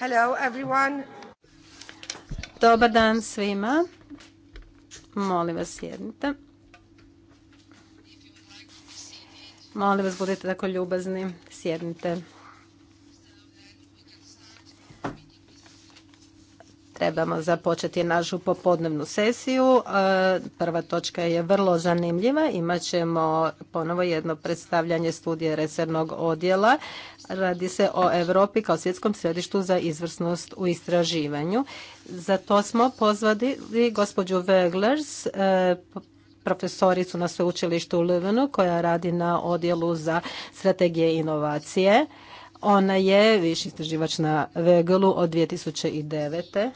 Hello everyone. Dobar dan svima. Molim vas sjednite. Molim vas budite tako ljubazni, sjednite. trebamo započeti našu popodnevnu sesiju. E, prva točka je vrlo zanimljiva. Imaćemo ponovo jedno predstavljanje studije resernog odjela. Radi se o Europi kao svjetskom središtu za izvrsnost u istraživanju. Za to smo pozvali gospođu Weglers, e, profesoricu na sveučilištu u livenu koja radi na odjelu za strategije i inovacije. Ona je viši istraživač na Vegelu od 2009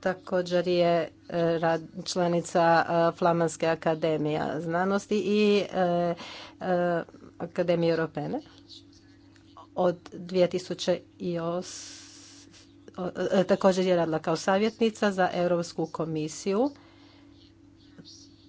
također je e, članica e, Flamanske akademije znanosti i e, Akademije Europene od 2008. Također je radila kao savjetnica za Europsku komisiju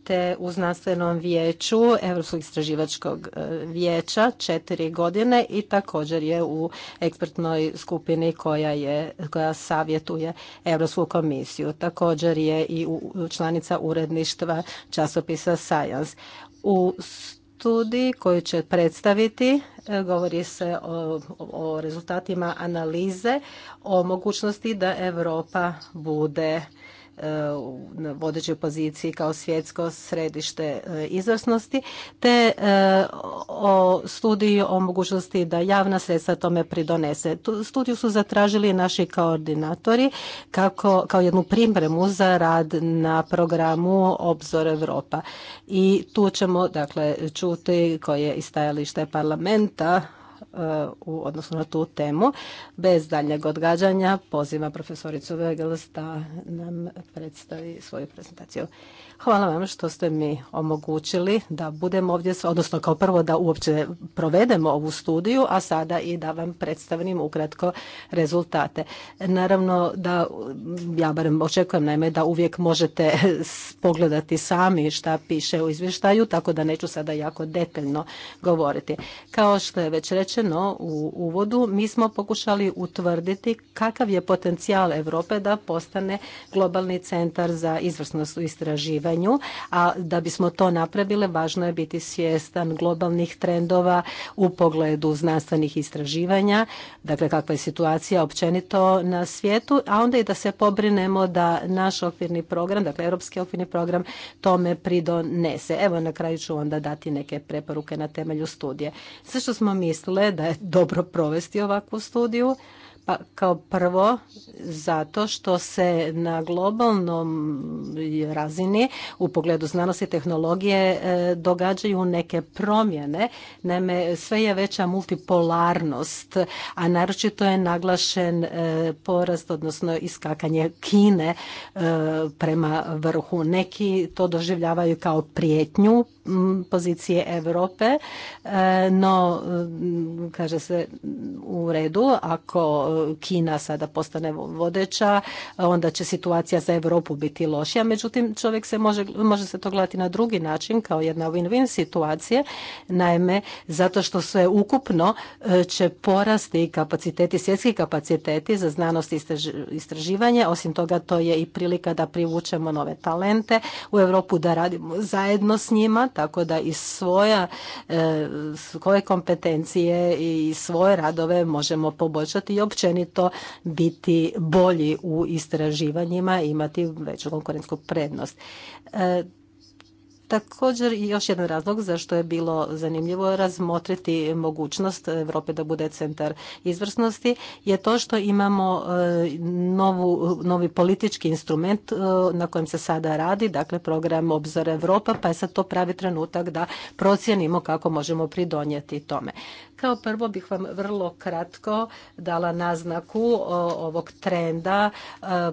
te u znanstvenom vijeću Europskog istraživačkog e, vijeća četiri godine i također je u ekspertnoj skupini koja, je, koja savjetuje Europsku komisiju. Također je i članica uredništva časopisa Science. U studiji koju će predstaviti e, govori se o, o rezultatima analize, o mogućnosti da Europa bude na vodećoj poziciji kao svjetsko središte e, izvrsnosti, te e, o studiji o mogućnosti da javna sredstva tome pridonese. studiju su zatražili naši koordinatori kao jednu primremu za rad na programu Obzor Europa. I tu ćemo dakle čuti koje je stajalište parlamenta E, u odnosu na tu temu. Bez daljnjeg odgađanja poziva profesoricu Vegels da nam predstavi svoju prezentaciju. Hvala vam što ste mi omogućili da budem ovdje, odnosno kao prvo da uopće provedemo ovu studiju, a sada i da vam predstavim ukratko rezultate. Naravno da ja barem očekujem naime da uvijek možete pogledati sami šta piše u izvještaju, tako da neću sada jako detaljno govoriti. Kao što je već rečeno u uvodu, mi smo pokušali utvrditi kakav je potencijal Europe da postane globalni centar za izvrsnost u istraživanju a da bismo to napravile važno je biti svjestan globalnih trendova u pogledu znanstvenih istraživanja, dakle kakva je situacija općenito na svijetu, a onda i da se pobrinemo da naš okvirni program, dakle europski okvirni program tome pridonese. Evo na kraju ću onda dati neke preporuke na temelju studije. Sve što smo mislile da je dobro provesti ovakvu studiju, pa kao prvo zato što se na globalnom razini u pogledu znanosti i tehnologije e, događaju neke promjene. Naime, sve je veća multipolarnost, a naročito je naglašen e, porast, odnosno iskakanje Kine e, prema vrhu. Neki to doživljavaju kao prijetnju, pozicije Europe, e, no kaže se u redu, ako Kina sada postane vodeća, onda će situacija za Europu biti lošija. Međutim, čovjek se može, može se to gledati na drugi način kao jedna win-win situacije, naime zato što sve ukupno e, će porasti kapaciteti, svjetski kapaciteti za znanost i istraživanje. Osim toga, to je i prilika da privučemo nove talente u Europu, da radimo zajedno s njima, tako da i svoja, e, svoje kompetencije i svoje radove možemo poboljšati i općenito biti bolji u istraživanjima i imati veću konkurentsku prednost. E, Također još jedan razlog zašto je bilo zanimljivo razmotriti mogućnost Europe da bude centar izvrsnosti je to što imamo e, novu, novi politički instrument e, na kojem se sada radi, dakle program Obzor Europa, pa je sad to pravi trenutak da procijenimo kako možemo pridonijeti tome. Kao prvo bih vam vrlo kratko dala naznaku e, ovog trenda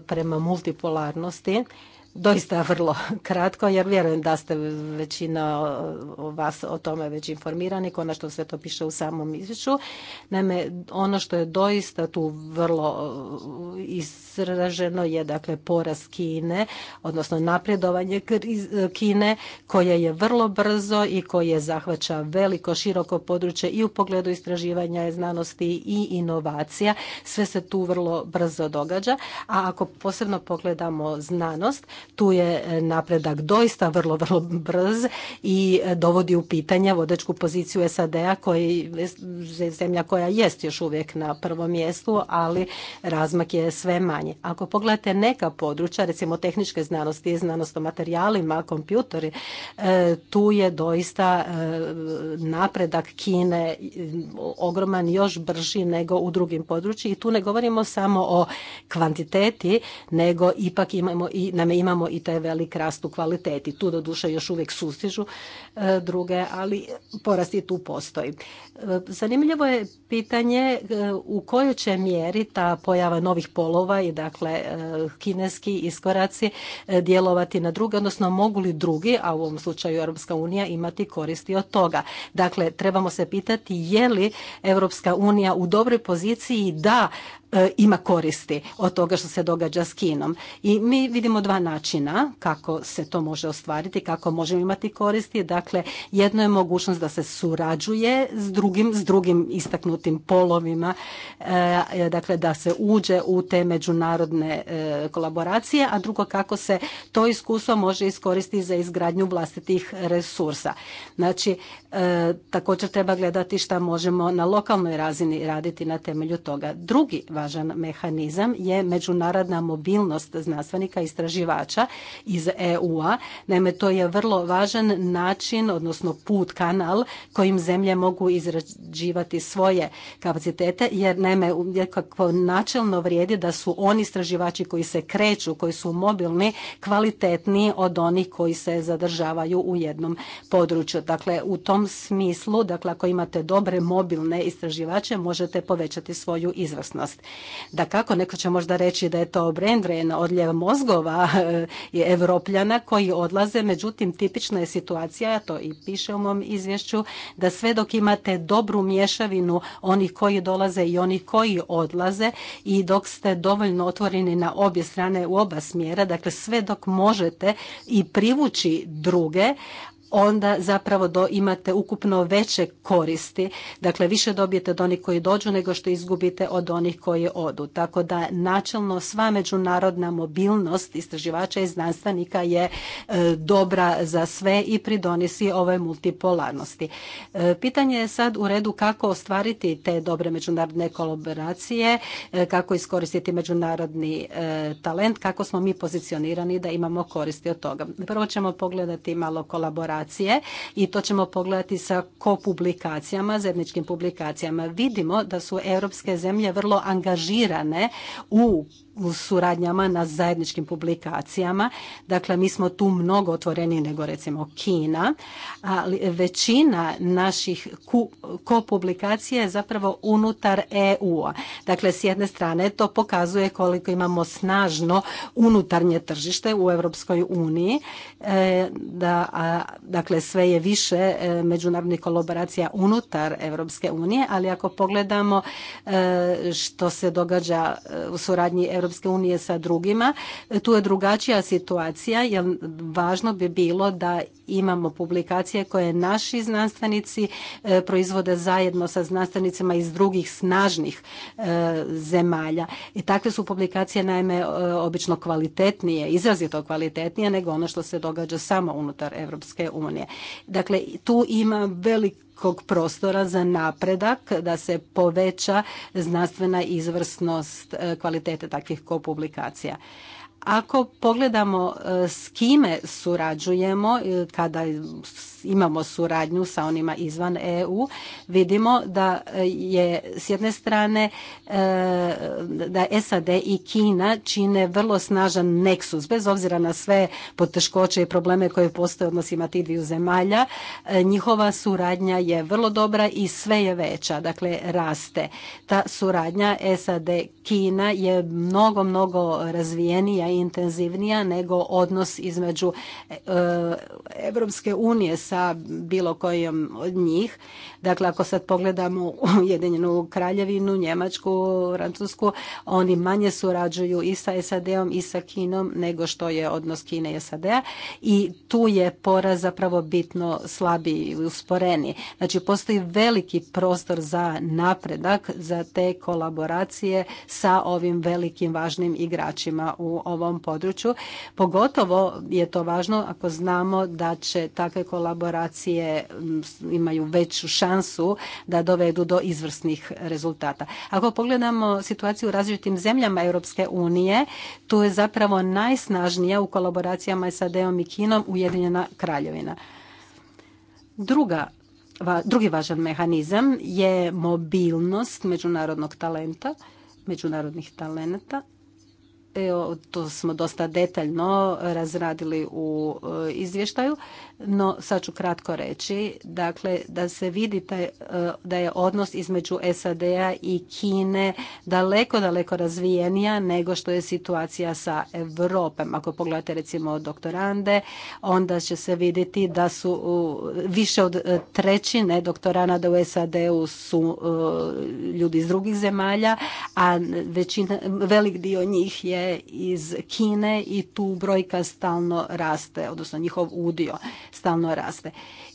prema multipolarnosti doista vrlo kratko jer vjerujem da ste većina vas o tome već informirani, konačno sve to piše u samom izvješću. Naime, ono što je doista tu vrlo iz izraženo je dakle porast Kine, odnosno napredovanje e, Kine koje je vrlo brzo i koje zahvaća veliko široko područje i u pogledu istraživanja znanosti i inovacija. Sve se tu vrlo brzo događa, a ako posebno pogledamo znanost, tu je e, napredak doista vrlo, vrlo brz i e, dovodi u pitanje vodečku poziciju SAD-a koji je zemlja koja jest još uvijek na prvom mjestu, ali razmak je sve manji. Ako pogledate neka područja, recimo tehničke znanosti i znanost o materijalima, kompjutori, e, tu je doista e, napredak Kine ogroman, još brži nego u drugim područjima. I tu ne govorimo samo o kvantiteti, nego ipak imamo i, nam imamo i taj velik rast u kvaliteti. Tu doduše još uvijek sustižu e, druge, ali porast i tu postoji. Zanimljivo je pitanje u kojoj će mjeri ta pojava novih polova i dakle e, kineski iskoraci e, djelovati na druge, odnosno mogu li drugi, a u ovom slučaju Europska unija, imati koristi od toga. Dakle, trebamo se pitati je li Europska unija u dobroj poziciji da E, ima koristi od toga što se događa s Kinom. I mi vidimo dva načina kako se to može ostvariti, kako možemo imati koristi. Dakle, jedno je mogućnost da se surađuje s drugim, s drugim istaknutim polovima, e, e, dakle da se uđe u te međunarodne kolaboracije, a drugo kako se to iskustvo može iskoristiti za izgradnju vlastitih resursa. Znači, također treba gledati šta možemo na lokalnoj razini raditi na temelju toga. Drugi važan mehanizam je međunarodna mobilnost znanstvenika i istraživača iz EU-a. Naime, to je vrlo važan način, odnosno put, kanal kojim zemlje mogu izrađivati svoje kapacitete, jer naime, kako načelno vrijedi da su oni istraživači koji se kreću, koji su mobilni, kvalitetniji od onih koji se zadržavaju u jednom području. Dakle, u tom smislu, dakle, ako imate dobre mobilne istraživače, možete povećati svoju izvrsnost. Da kako, neko će možda reći da je to brain drain, odljev mozgova e, je evropljana koji odlaze, međutim tipična je situacija, ja to i piše u mom izvješću, da sve dok imate dobru mješavinu onih koji dolaze i onih koji odlaze i dok ste dovoljno otvoreni na obje strane u oba smjera, dakle sve dok možete i privući druge, onda zapravo do, imate ukupno veće koristi. Dakle, više dobijete od onih koji dođu nego što izgubite od onih koji odu. Tako da načelno sva međunarodna mobilnost istraživača i znanstvenika je e, dobra za sve i pridonosi ovoj multipolarnosti. E, pitanje je sad u redu kako ostvariti te dobre međunarodne kolaboracije, e, kako iskoristiti međunarodni talent, kako smo mi pozicionirani da imamo koristi od toga. Prvo ćemo pogledati malo kolaboracije publikacije i to ćemo pogledati sa kopublikacijama, zajedničkim publikacijama. Vidimo da su europske zemlje vrlo angažirane u u suradnjama na zajedničkim publikacijama. Dakle, mi smo tu mnogo otvoreni nego recimo Kina, ali većina naših kopublikacija je zapravo unutar EU-a. Dakle, s jedne strane to pokazuje koliko imamo snažno unutarnje tržište u Europskoj uniji, e, da, dakle sve je više e, međunarodnih kolaboracija unutar Europske unije, ali ako pogledamo e, što se događa u suradnji Europske Europske unije sa drugima. Tu je drugačija situacija jer važno bi bilo da imamo publikacije koje naši znanstvenici e, proizvode zajedno sa znanstvenicima iz drugih snažnih e, zemalja. I takve su publikacije naime e, obično kvalitetnije, izrazito kvalitetnije nego ono što se događa samo unutar Europske unije. Dakle, tu ima velik velikog prostora za napredak da se poveća znanstvena izvrsnost e, kvalitete takvih kopublikacija. Ako pogledamo e, s kime surađujemo e, kada imamo suradnju sa onima izvan EU, vidimo da e, je s jedne strane e, da SAD i Kina čine vrlo snažan neksus, bez obzira na sve poteškoće i probleme koje postoje odnosima tih dviju zemalja. E, njihova suradnja je vrlo dobra i sve je veća, dakle raste. Ta suradnja SAD-Kina je mnogo, mnogo razvijenija i intenzivnija nego odnos između Evropske unije sa sa bilo kojom od njih. Dakle, ako sad pogledamo Ujedinjenu kraljevinu, Njemačku, Francusku, oni manje surađuju i sa SAD-om i sa Kinom nego što je odnos Kine i SAD-a i tu je poraz zapravo bitno slabiji i usporeni. Znači, postoji veliki prostor za napredak, za te kolaboracije sa ovim velikim važnim igračima u ovom području. Pogotovo je to važno ako znamo da će takve kolaboracije kolaboracije mm, imaju veću šansu da dovedu do izvrsnih rezultata. Ako pogledamo situaciju u različitim zemljama Europske unije, tu je zapravo najsnažnija u kolaboracijama sa Deom i Kinom Ujedinjena kraljevina. Druga Drugi važan mehanizam je mobilnost međunarodnog talenta, međunarodnih talenata. Evo, to smo dosta detaljno razradili u e, izvještaju no sad ću kratko reći, dakle da se vidi taj, e, da je odnos između SAD-a i Kine daleko, daleko razvijenija nego što je situacija sa Europom. Ako pogledate recimo doktorande, onda će se vidjeti da su više od e, trećine doktoranada u SAD-u su e, ljudi iz drugih zemalja, a većina, velik dio njih je iz Kine i tu brojka stalno raste, odnosno njihov udio stalno raste.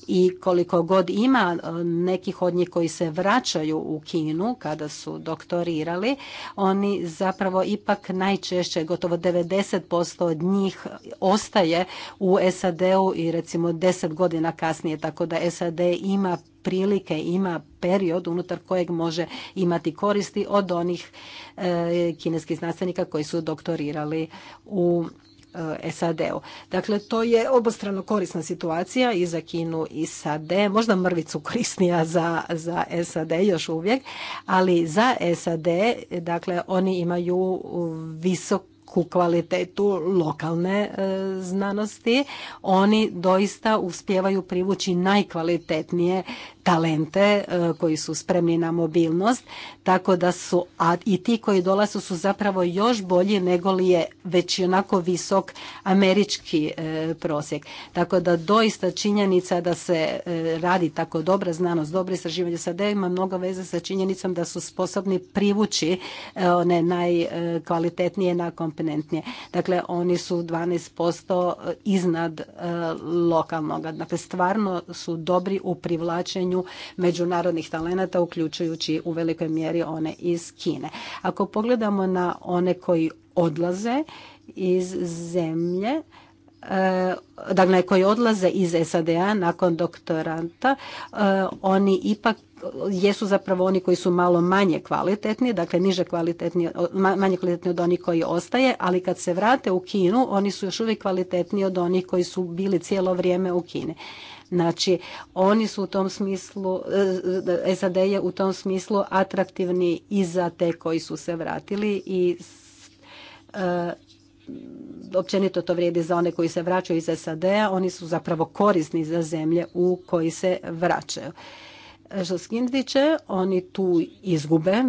I koliko god ima e, nekih od njih koji se vraćaju u Kinu kada su doktorirali, oni zapravo ipak najčešće, gotovo 90% od njih ostaje u SAD-u i recimo 10 godina kasnije, tako da SAD ima prilike, ima period unutar kojeg može imati koristi od onih e, kineskih znanstvenika koji su doktorirali u E, SAD-u. Dakle, to je obostrano korisna situacija i za Kinu i SAD, možda mrvicu korisnija za, za SAD još uvijek, ali za SAD, dakle, oni imaju visok u kvalitetu lokalne e, znanosti. Oni doista uspijevaju privući najkvalitetnije talente e, koji su spremni na mobilnost, tako da su, a i ti koji dolazu su zapravo još bolji nego li je već onako visok američki e, prosjek. Tako da doista činjenica da se radi tako dobra znanost, dobro istraživanje sada ima mnogo veze sa činjenicom da su sposobni privući one najkvalitetnije, nakon Dakle, oni su 12% eh, iznad eh, lokalnog. Dakle, stvarno su dobri u privlačenju međunarodnih talenata, uključujući u velikoj mjeri one iz Kine. Ako pogledamo na one koji odlaze iz zemlje, E, dakle koji odlaze iz SAD-a nakon doktoranta, e, oni ipak jesu zapravo oni koji su malo manje kvalitetni, dakle niže kvalitetni, manje kvalitetni od onih koji ostaje, ali kad se vrate u Kinu, oni su još uvijek kvalitetniji od onih koji su bili cijelo vrijeme u Kini. Znači, oni su u tom smislu, e, SAD je u tom smislu atraktivni i za te koji su se vratili i općenito to vrijedi za one koji se vraćaju iz SAD-a, oni su zapravo korisni za zemlje u koji se vraćaju. Što oni tu izgube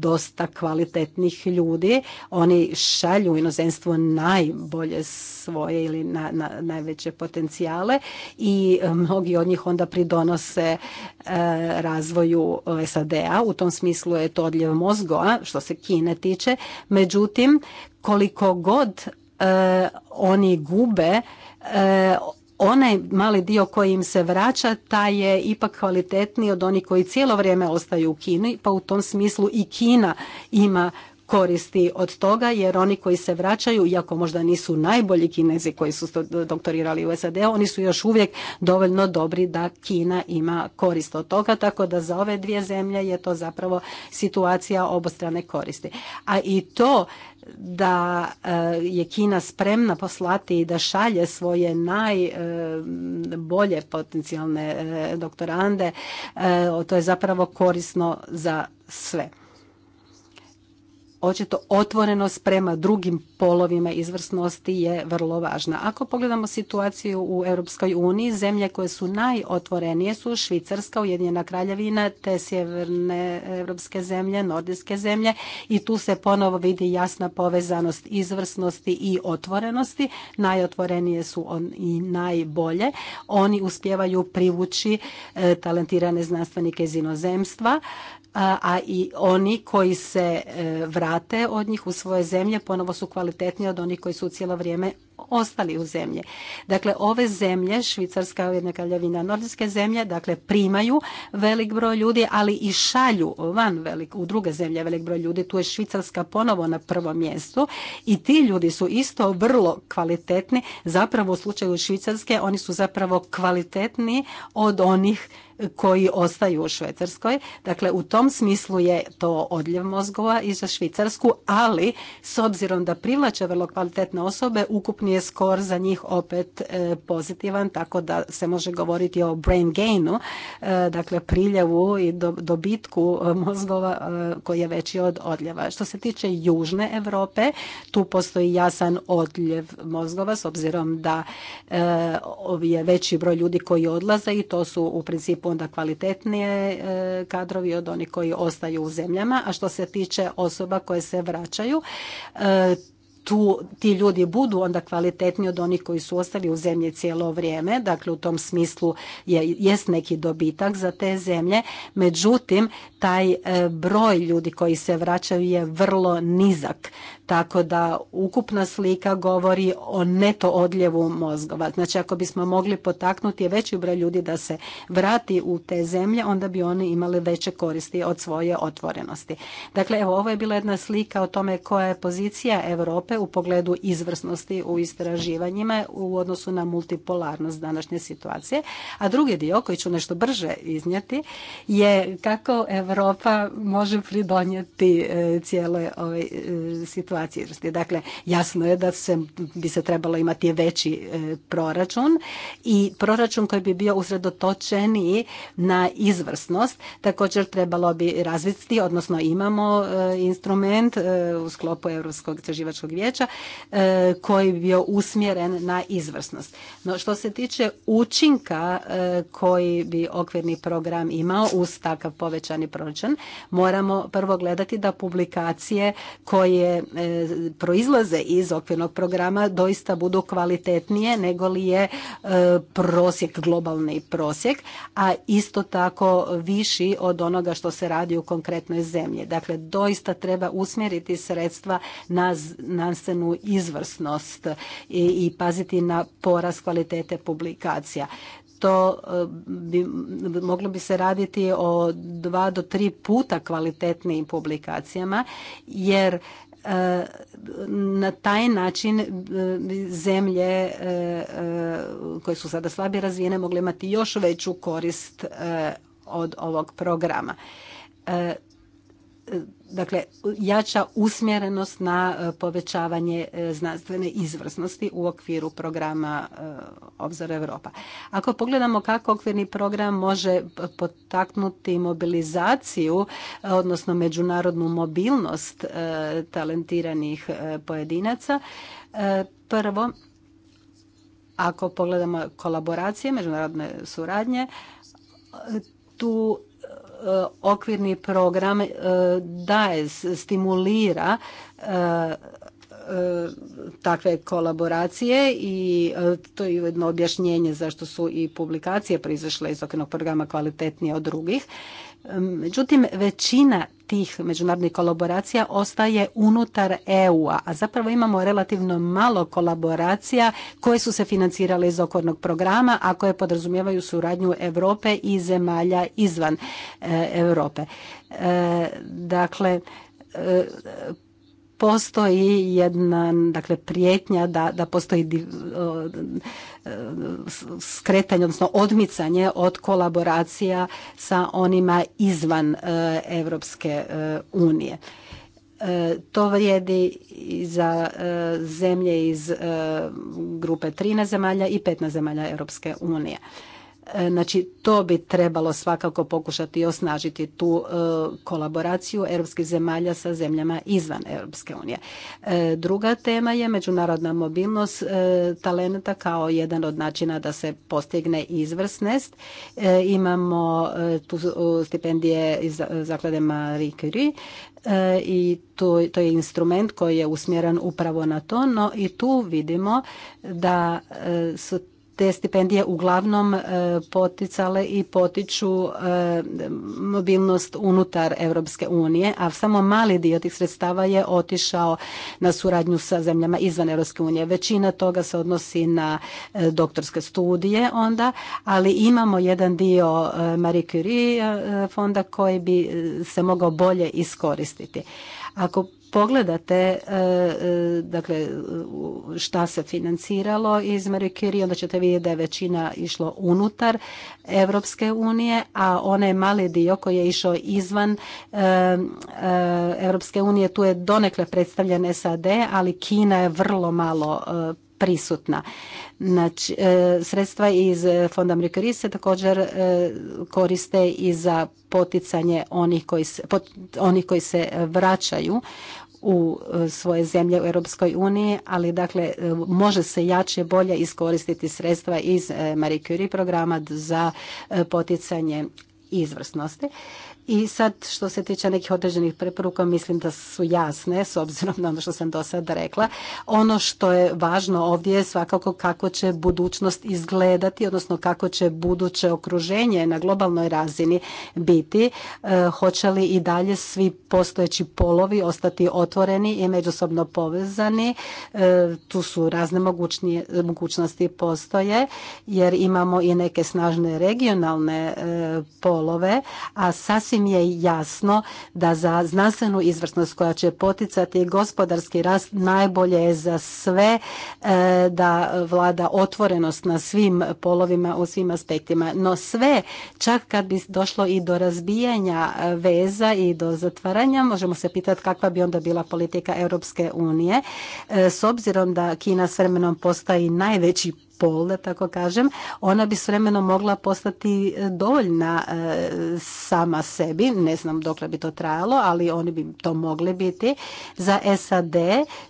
dosta kvalitetnih ljudi. Oni šalju u inozemstvo najbolje svoje ili na, najveće potencijale i e, mnogi od njih onda pridonose e, razvoju SAD-a. U tom smislu je to odljev mozgova što se Kine tiče. Međutim, koliko god e, oni gube onaj mali dio koji im se vraća, taj je ipak kvalitetniji od onih koji cijelo vrijeme ostaju u Kini, pa u tom smislu i Kina ima koristi od toga jer oni koji se vraćaju, iako možda nisu najbolji kinezi koji su doktorirali u SAD, oni su još uvijek dovoljno dobri da Kina ima korist od toga, tako da za ove dvije zemlje je to zapravo situacija obostrane koristi. A i to da e, je Kina spremna poslati i da šalje svoje najbolje e, potencijalne e, doktorande, to je zapravo korisno za sve očito otvorenost prema drugim polovima izvrsnosti je vrlo važna. Ako pogledamo situaciju u Europskoj uniji, zemlje koje su najotvorenije su Švicarska, Ujedinjena Kraljevina, te sjeverne europske zemlje, nordijske zemlje i tu se ponovo vidi jasna povezanost izvrsnosti i otvorenosti. Najotvorenije su i najbolje. Oni uspjevaju privući e, talentirane znanstvenike iz inozemstva a i oni koji se e, vrate od njih u svoje zemlje ponovo su kvalitetniji od onih koji su cijelo vrijeme ostali u zemlje. Dakle, ove zemlje, Švicarska je jedna kraljevina nordijske zemlje, dakle, primaju velik broj ljudi, ali i šalju van velik, u druge zemlje velik broj ljudi. Tu je Švicarska ponovo na prvom mjestu i ti ljudi su isto vrlo kvalitetni. Zapravo u slučaju Švicarske oni su zapravo kvalitetniji od onih koji ostaju u Švecarskoj. Dakle, u tom smislu je to odljev mozgova i za Švicarsku, ali s obzirom da privlače vrlo kvalitetne osobe, ukupni je skor za njih opet e, pozitivan, tako da se može govoriti o brain gainu, e, dakle priljevu i dobitku e, mozgova koji je veći od odljeva. Što se tiče južne Europe, tu postoji jasan odljev mozgova s obzirom da je veći broj ljudi koji odlaze i to su u principu onda kvalitetnije e, kadrovi od onih koji ostaju u zemljama. A što se tiče osoba koje se vraćaju, e, tu ti ljudi budu onda kvalitetniji od onih koji su ostali u zemlji cijelo vrijeme. Dakle, u tom smislu je, jest neki dobitak za te zemlje. Međutim, taj e, broj ljudi koji se vraćaju je vrlo nizak tako da ukupna slika govori o neto odljevu mozgova. Znači ako bismo mogli potaknuti veći broj ljudi da se vrati u te zemlje, onda bi oni imali veće koristi od svoje otvorenosti. Dakle, evo, ovo je bila jedna slika o tome koja je pozicija Europe u pogledu izvrsnosti u istraživanjima u odnosu na multipolarnost današnje situacije. A drugi dio, koji ću nešto brže iznijeti, je kako Europa može pridonijeti e, cijeloj e, situaciji situacije. Dakle, jasno je da se, bi se trebalo imati veći e, proračun i proračun koji bi bio usredotočeniji na izvrsnost. Također trebalo bi razviti, odnosno imamo e, instrument e, u sklopu Europskog istraživačkog vijeća koji bi bio usmjeren na izvrsnost. No, što se tiče učinka koji bi okvirni program imao uz takav povećani proračun, moramo prvo gledati da publikacije koje proizlaze iz okvirnog programa doista budu kvalitetnije nego li je e, prosjek, globalni prosjek, a isto tako viši od onoga što se radi u konkretnoj zemlji. Dakle, doista treba usmjeriti sredstva na znanstvenu izvrsnost i, i paziti na porast kvalitete publikacija to e, bi, moglo bi se raditi o dva do tri puta kvalitetnijim publikacijama jer na taj način e, zemlje e, e, koje su sada slabije razvijene mogle imati još veću korist od ovog programa dakle jača usmjerenost na e, povećavanje e, znanstvene izvrsnosti u okviru programa e, Obzor Europa. Ako pogledamo kako okvirni program može potaknuti mobilizaciju, odnosno međunarodnu mobilnost talentiranih pojedinaca, prvo, ako pogledamo kolaboracije, međunarodne suradnje, tu E, okvirni program e, daje, stimulira e, takve kolaboracije i to je jedno objašnjenje zašto su i publikacije proizašle iz okvirnog programa kvalitetnije od drugih Međutim, većina tih međunarodnih kolaboracija ostaje unutar EU-a, a zapravo imamo relativno malo kolaboracija koje su se financirale iz okornog programa, a koje podrazumijevaju suradnju Europe i zemalja izvan e, Europe. E, dakle, e, postoji jedna dakle, prijetnja da, da postoji skretanje, odnosno odmicanje od kolaboracija sa onima izvan Europske e, unije. E, to vrijedi i za e, zemlje iz grupe 13 zemalja i 15 zemalja Evropske unije. E, znači, to bi trebalo svakako pokušati osnažiti tu e, kolaboraciju europskih zemalja sa zemljama izvan Europske unije. E, druga tema je međunarodna mobilnost talenta kao jedan od načina da se postigne izvrsnost. Imamo tu stipendije iz zaklade Marie Curie i to, to je instrument koji je usmjeren upravo na to, no i tu vidimo da su te stipendije uglavnom e, poticale i potiču e, mobilnost unutar Europske unije, a samo mali dio tih sredstava je otišao na suradnju sa zemljama izvan Europske unije. Većina toga se odnosi na e, doktorske studije onda, ali imamo jedan dio Marie Curie fonda koji bi se mogao bolje iskoristiti. Ako pogledate e, e, dakle, šta se financiralo iz Marie onda ćete vidjeti da je većina išlo unutar Europske unije, a onaj mali dio koji je išao izvan Europske e, unije, tu je donekle predstavljen SAD, ali Kina je vrlo malo prisutna. Znači, sredstva iz fonda Mrikori se također koriste i za poticanje onih koji se, onih koji se vraćaju u e, svoje zemlje u Europskoj uniji, ali dakle e, može se jače, bolje iskoristiti sredstva iz e, Marie Curie programa za poticanje izvrsnosti. I sad što se tiče nekih određenih preporuka mislim da su jasne s obzirom na ono što sam do sada rekla. Ono što je važno ovdje je svakako kako će budućnost izgledati, odnosno kako će buduće okruženje na globalnoj razini biti. E, hoće li i dalje svi postojeći polovi ostati otvoreni i međusobno povezani? E, tu su razne mogućnosti postoje jer imamo i neke snažne regionalne e, polove, a sasvim sasvim je jasno da za znanstvenu izvrsnost koja će poticati gospodarski rast najbolje je za sve e, da vlada otvorenost na svim polovima, u svim aspektima. No sve, čak kad bi došlo i do razbijanja veza i do zatvaranja, možemo se pitati kakva bi onda bila politika Europske unije. E, s obzirom da Kina s vremenom postaje najveći pol, da tako kažem, ona bi s vremenom mogla postati e, dovoljna e, sama sebi, ne znam dokle bi to trajalo, ali oni bi to mogli biti. Za SAD,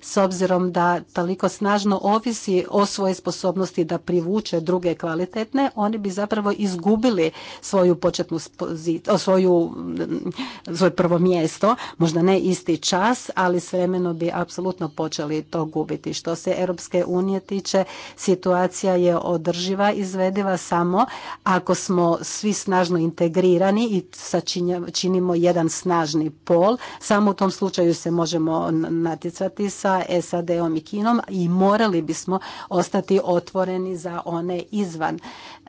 s obzirom da toliko snažno ovisi o svoje sposobnosti da privuče druge kvalitetne, oni bi zapravo izgubili svoju početnu svoju, mm, svoje prvo mjesto, možda ne isti čas, ali s vremenom bi apsolutno počeli to gubiti. Što se Europske unije tiče, situacija je održiva, izvediva samo ako smo svi snažno integrirani i činimo jedan snažni pol. Samo u tom slučaju se možemo natjecati sa SAD-om i Kinom i morali bismo ostati otvoreni za one izvan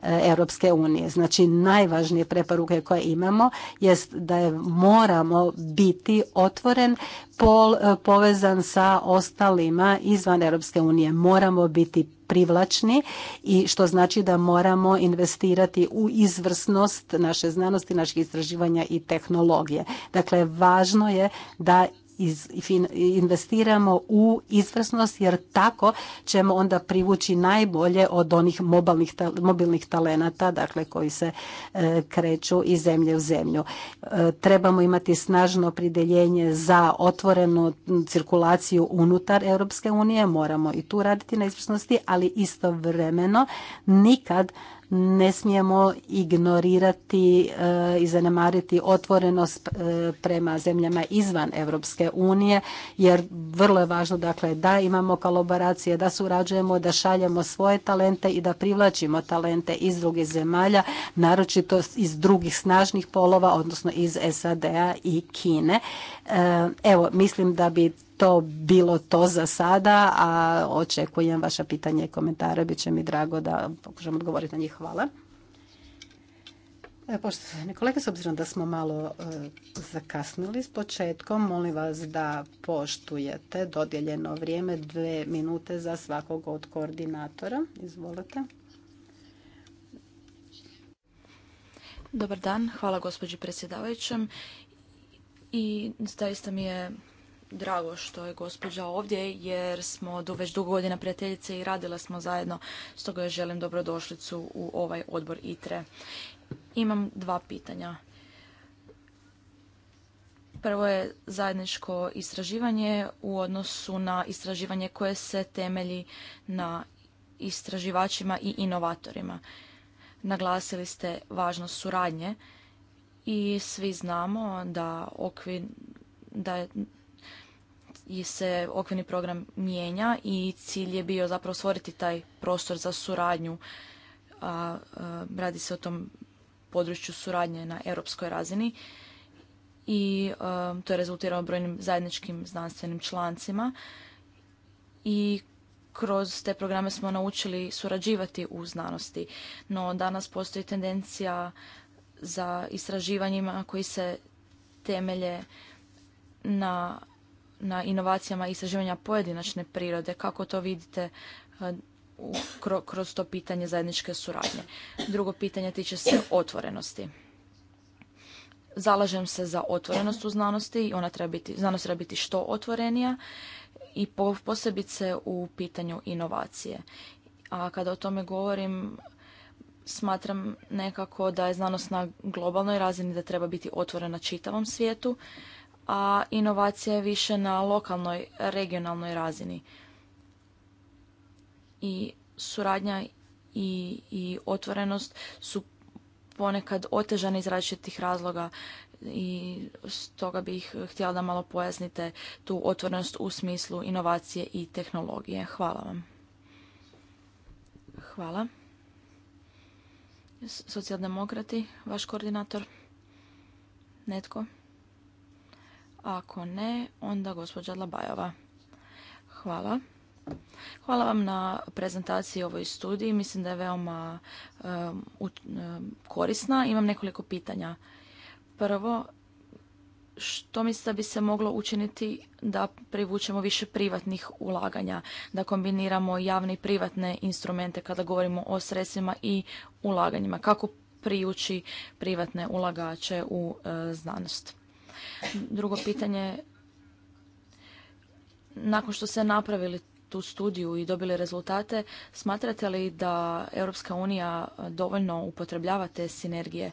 e, Europske unije. Znači najvažnije preporuke koje imamo jest da je moramo biti otvoren pol e, povezan sa ostalima izvan Europske unije. Moramo biti privlačni i što znači da moramo investirati u izvrsnost naše znanosti, naših istraživanja i tehnologije. Dakle, važno je da iz, investiramo u izvrsnost jer tako ćemo onda privući najbolje od onih mobilnih, mobilnih talenata dakle koji se e, kreću iz zemlje u zemlju. E, trebamo imati snažno prideljenje za otvorenu cirkulaciju unutar Europske unije, moramo i tu raditi na izvrsnosti, ali istovremeno nikad ne smijemo ignorirati eh, i zanemariti otvorenost eh, prema zemljama izvan Europske unije jer vrlo je važno dakle da imamo kolaboracije, da surađujemo, da šaljemo svoje talente i da privlačimo talente iz drugih zemalja, naročito iz drugih snažnih polova, odnosno iz SAD-a i Kine. Eh, evo, mislim da bi to bilo to za sada, a očekujem vaša pitanja i komentare. Biće mi drago da pokušam odgovoriti na njih. Hvala. E, poštovani kolege, s obzirom da smo malo e, zakasnili s početkom, molim vas da poštujete dodjeljeno vrijeme dve minute za svakog od koordinatora. Izvolite. Dobar dan, hvala gospođi predsjedavajućem i zaista mi je drago što je gospođa ovdje jer smo do već dugo godina prijateljice i radila smo zajedno. Stoga joj želim dobrodošlicu u ovaj odbor ITRE. Imam dva pitanja. Prvo je zajedničko istraživanje u odnosu na istraživanje koje se temelji na istraživačima i inovatorima. Naglasili ste važnost suradnje i svi znamo da okvir da je i se okvirni program mijenja i cilj je bio zapravo stvoriti taj prostor za suradnju. A, radi se o tom području suradnje na europskoj razini i to je rezultiralo brojnim zajedničkim znanstvenim člancima i kroz te programe smo naučili surađivati u znanosti. No danas postoji tendencija za istraživanjima koji se temelje na na inovacijama i istraživanja pojedinačne prirode, kako to vidite e, kroz to pitanje zajedničke suradnje. Drugo pitanje tiče se otvorenosti. Zalažem se za otvorenost u znanosti i ona treba biti, znanost treba biti što otvorenija i posebice u pitanju inovacije. A kada o tome govorim, smatram nekako da je znanost na globalnoj razini da treba biti otvorena čitavom svijetu a inovacija je više na lokalnoj, regionalnoj razini. I suradnja i, i otvorenost su ponekad otežani iz različitih razloga i stoga bih htjela da malo pojasnite tu otvorenost u smislu inovacije i tehnologije. Hvala vam. Hvala. Socijaldemokrati, vaš koordinator? Netko? Ako ne, onda gospođa Labajova. Hvala. Hvala vam na prezentaciji ovoj studiji. Mislim da je veoma um, um, korisna. Imam nekoliko pitanja. Prvo, što mislite da bi se moglo učiniti da privučemo više privatnih ulaganja, da kombiniramo javne i privatne instrumente kada govorimo o sredstvima i ulaganjima? Kako prijući privatne ulagače u uh, znanost? Drugo pitanje, nakon što ste napravili tu studiju i dobili rezultate, smatrate li da Europska unija dovoljno upotrebljava te sinergije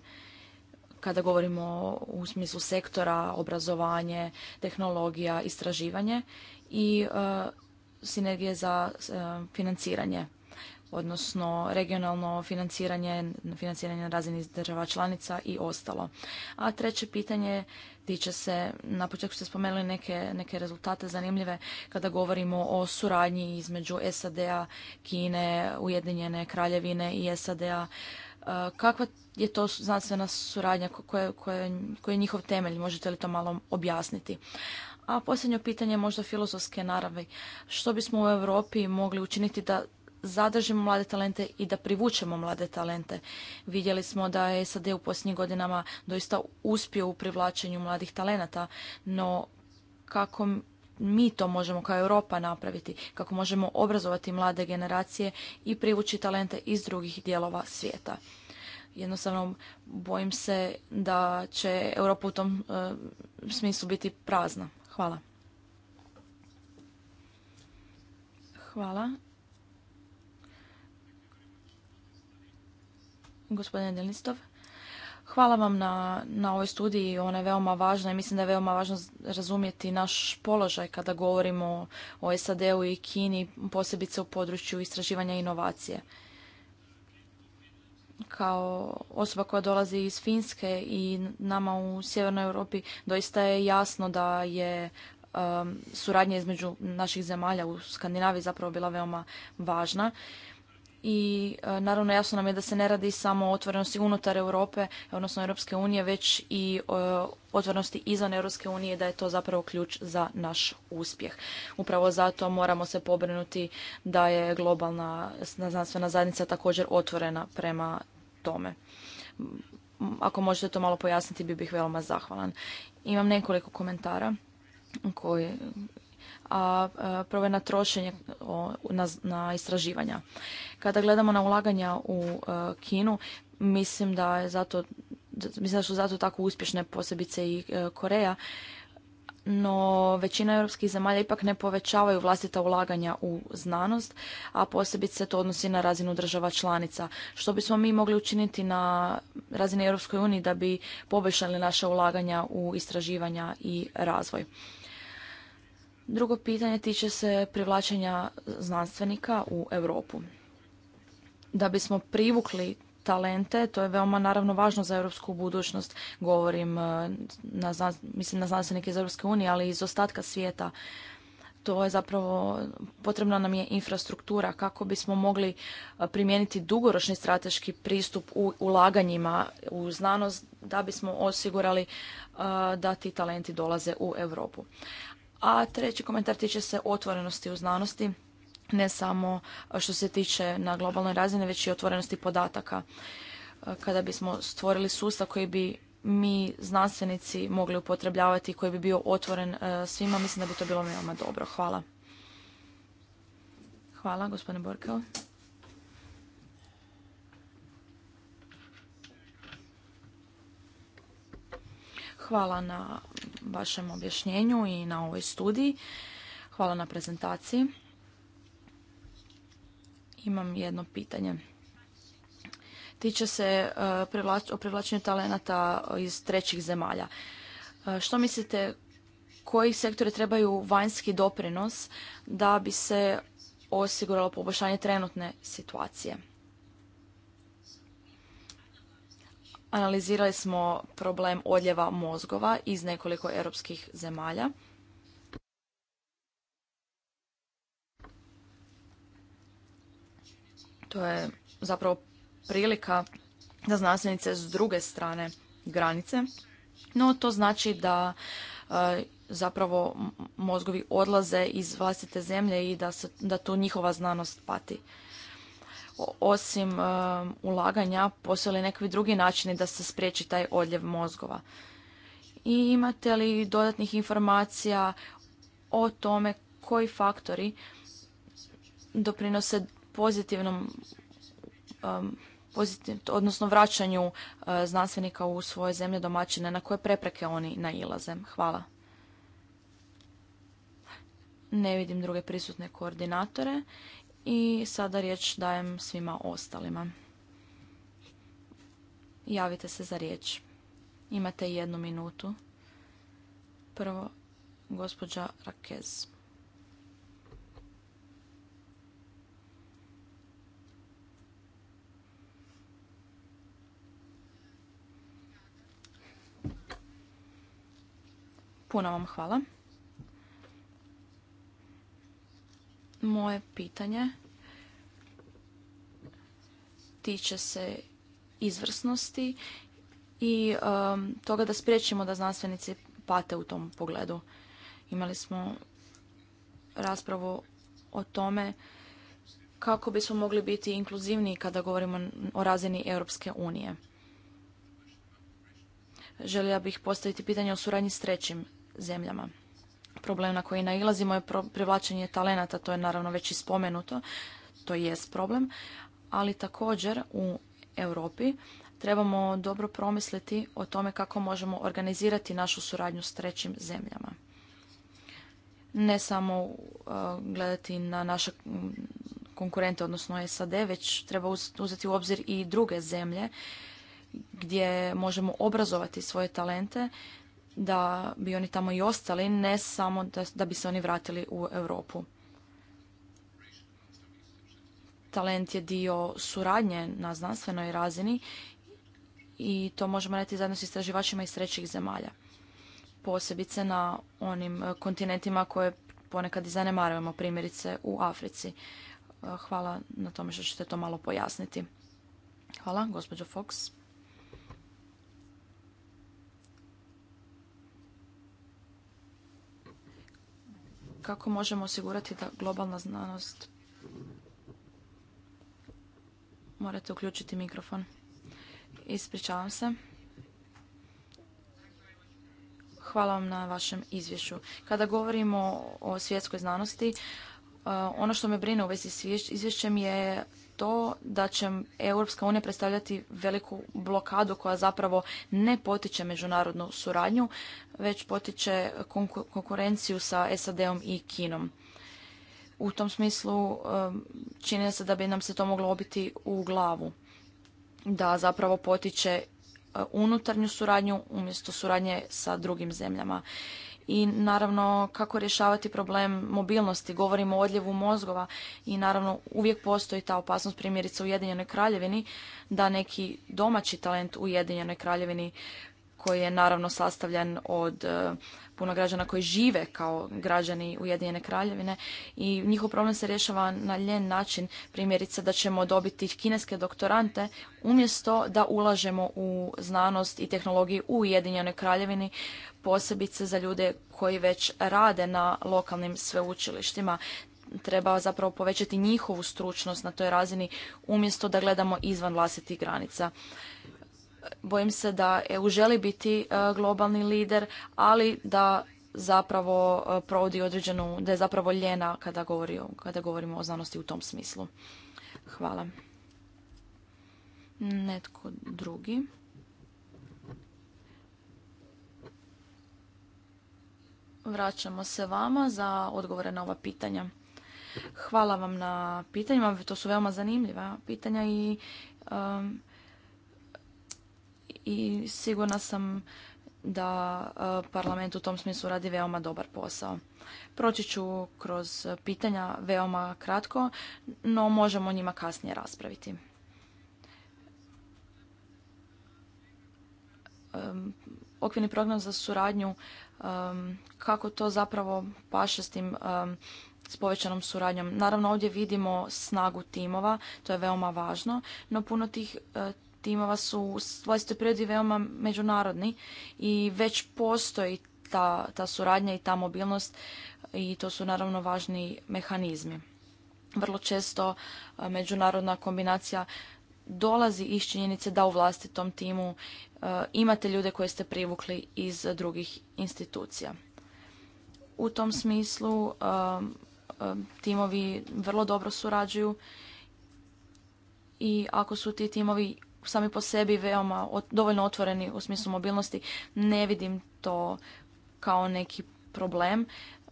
kada govorimo u smislu sektora, obrazovanje, tehnologija, istraživanje i e, sinergije za e, financiranje, odnosno regionalno financiranje, financiranje na razini država članica i ostalo. A treće pitanje tiče se, na početku ste spomenuli neke, neke rezultate zanimljive kada govorimo o suradnji između SAD-a, Kine, Ujedinjene kraljevine i SAD-a. E, kakva je to znanstvena suradnja, koji je njihov temelj, možete li to malo objasniti? A posljednje pitanje možda filozofske naravi. Što bismo u Europi mogli učiniti da zadržimo mlade talente i da privučemo mlade talente. Vidjeli smo da je SAD u posljednjim godinama doista uspio u privlačenju mladih talenata, no kako mi to možemo kao Europa napraviti, kako možemo obrazovati mlade generacije i privući talente iz drugih dijelova svijeta. Jednostavno bojim se da će Europa u tom e, smislu biti prazna. Hvala. Hvala. Gospodine Delnistov. hvala vam na, na ovoj studiji, ona je veoma važna i mislim da je veoma važno razumjeti naš položaj kada govorimo o SAD-u i Kini, posebice u području istraživanja inovacije kao osoba koja dolazi iz Finske i nama u Sjevernoj Europi doista je jasno da je um, suradnja između naših zemalja u Skandinaviji zapravo bila veoma važna i e, naravno jasno nam je da se ne radi samo o otvorenosti unutar Europe, odnosno Europske unije, već i e, otvorenosti izvan Europske unije, da je to zapravo ključ za naš uspjeh. Upravo zato moramo se pobrinuti da je globalna znanstvena zajednica također otvorena prema tome. Ako možete to malo pojasniti, bi bih veoma zahvalan. Imam nekoliko komentara koji a prvo na trošenje na istraživanja. Kada gledamo na ulaganja u e, Kinu, mislim da je zato mislim da su zato tako uspješne posebice i e, Koreja, no većina europskih zemalja ipak ne povećavaju vlastita ulaganja u znanost, a posebice se to odnosi na razinu država članica. Što bismo mi mogli učiniti na razini Europskoj uniji da bi poboljšali naša ulaganja u istraživanja i razvoj? Drugo pitanje tiče se privlačenja znanstvenika u Europu. Da bismo privukli talente, to je veoma naravno važno za europsku budućnost, govorim e, na, mislim na znanstvenike iz Europske unije, ali iz ostatka svijeta. To je zapravo, potrebna nam je infrastruktura kako bismo mogli e, primijeniti dugoročni strateški pristup u ulaganjima u znanost da bismo osigurali e, da ti talenti dolaze u Europu. A treći komentar tiče se otvorenosti u znanosti, ne samo što se tiče na globalnoj razini, već i otvorenosti podataka. E, kada bismo stvorili sustav koji bi mi znanstvenici mogli upotrebljavati koji bi bio otvoren e, svima, mislim da bi to bilo veoma dobro. Hvala. Hvala, gospodine Borkeo. Hvala na vašem objašnjenju i na ovoj studiji. Hvala na prezentaciji. Imam jedno pitanje. Tiče se e, o privlačenju talenata iz trećih zemalja. E, što mislite, koji sektore trebaju vanjski doprinos da bi se osiguralo poboljšanje trenutne situacije? Analizirali smo problem odljeva mozgova iz nekoliko europskih zemalja. To je zapravo prilika da znanstvenice s druge strane granice. No, to znači da e, zapravo mozgovi odlaze iz vlastite zemlje i da, da tu njihova znanost pati osim e, ulaganja postoje li nekakvi drugi načini da se spriječi taj odljev mozgova? I imate li dodatnih informacija o tome koji faktori doprinose pozitivnom e, pozitiv, odnosno vraćanju e, znanstvenika u svoje zemlje domaćine, na koje prepreke oni nailaze. Hvala. Ne vidim druge prisutne koordinatore i sada riječ dajem svima ostalima. Javite se za riječ. Imate jednu minutu. Prvo, gospođa Rakez. Puno vam hvala. Moje pitanje tiče se izvrsnosti i um, toga da spriječimo da znanstvenici pate u tom pogledu. Imali smo raspravu o tome kako bismo mogli biti inkluzivniji kada govorimo o razini Europske unije. Želja bih postaviti pitanje o suradnji s trećim zemljama problem na koji nailazimo je privlačenje talenata, to je naravno već i spomenuto, to jest problem, ali također u Europi trebamo dobro promisliti o tome kako možemo organizirati našu suradnju s trećim zemljama. Ne samo uh, gledati na naše mm, konkurente, odnosno SAD, već treba uzeti u obzir i druge zemlje gdje možemo obrazovati svoje talente da bi oni tamo i ostali, ne samo da, bi se oni vratili u Europu. Talent je dio suradnje na znanstvenoj razini i to možemo reći zajedno s istraživačima iz trećih zemalja. Posebice na onim kontinentima koje ponekad i zanemarujemo, primjerice u Africi. Hvala na tome što ćete to malo pojasniti. Hvala, gospođo Fox. kako možemo osigurati da globalna znanost morate uključiti mikrofon ispričavam se hvala vam na vašem izvješću kada govorimo o svjetskoj znanosti eh, ono što me brine u vezi s izvješćem je to da će Europska unija predstavljati veliku blokadu koja zapravo ne potiče međunarodnu suradnju, već potiče konkurenciju sa SAD-om i Kinom. U tom smislu čini se da bi nam se to moglo obiti u glavu, da zapravo potiče e, unutarnju suradnju umjesto suradnje sa drugim zemljama i naravno kako rješavati problem mobilnosti. Govorimo o odljevu mozgova i naravno uvijek postoji ta opasnost primjerice u Ujedinjenoj Kraljevini da neki domaći talent u Ujedinjenoj Kraljevini koji je naravno sastavljen od e, puno građana koji žive kao građani Ujedinjene kraljevine i njihov problem se rješava na ljen način, primjerice da ćemo dobiti kineske doktorante umjesto da ulažemo u znanost i tehnologiju u Ujedinjenoj kraljevini, posebice za ljude koji već rade na lokalnim sveučilištima treba zapravo povećati njihovu stručnost na toj razini umjesto da gledamo izvan vlastitih granica. Bojim se da EU želi biti e, globalni lider, ali da zapravo e, provodi određenu, da je zapravo ljena kada, kada govorimo o znanosti u tom smislu. Hvala. Netko drugi. Vraćamo se vama za odgovore na ova pitanja. Hvala vam na pitanjima, to su veoma zanimljiva pitanja i i sigurna sam da e, parlament u tom smislu radi veoma dobar posao. Proći ću kroz pitanja veoma kratko, no možemo o njima kasnije raspraviti. Okvirni program za suradnju, kako to zapravo paše s tim s povećanom suradnjom. Naravno ovdje vidimo snagu timova, to je veoma važno, no puno tih e, timova su svojstvoj prirodi veoma međunarodni i već postoji ta, ta suradnja i ta mobilnost i to su naravno važni mehanizmi. Vrlo često e, međunarodna kombinacija dolazi iz činjenice da u vlastitom timu e, imate ljude koje ste privukli iz drugih institucija. U tom smislu e, timovi vrlo dobro surađuju i ako su ti timovi sami po sebi veoma dovoljno otvoreni u smislu mobilnosti. Ne vidim to kao neki problem,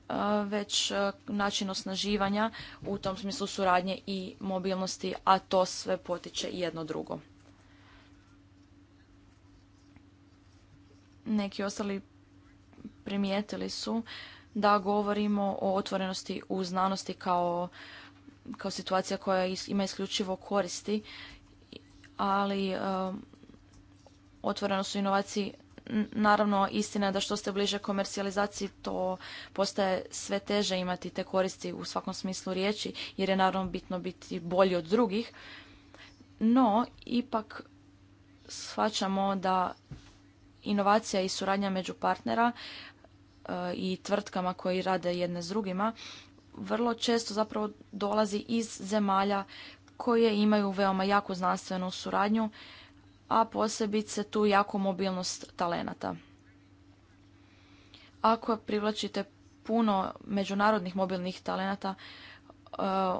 e, već e, način osnaživanja u tom smislu suradnje i mobilnosti, a to sve potiče jedno drugo. Neki ostali primijetili su da govorimo o otvorenosti u znanosti kao, kao situacija koja ima isključivo koristi ali um, otvoreno su inovaciji. Naravno, istina je da što ste bliže komercijalizaciji, to postaje sve teže imati te koristi u svakom smislu riječi, jer je naravno bitno biti bolji od drugih. No, ipak shvaćamo da inovacija i suradnja među partnera uh, i tvrtkama koji rade jedne s drugima vrlo često zapravo dolazi iz zemalja koje imaju veoma jako znanstvenu suradnju, a posebice tu jako mobilnost talenata. Ako privlačite puno međunarodnih mobilnih talenata, e,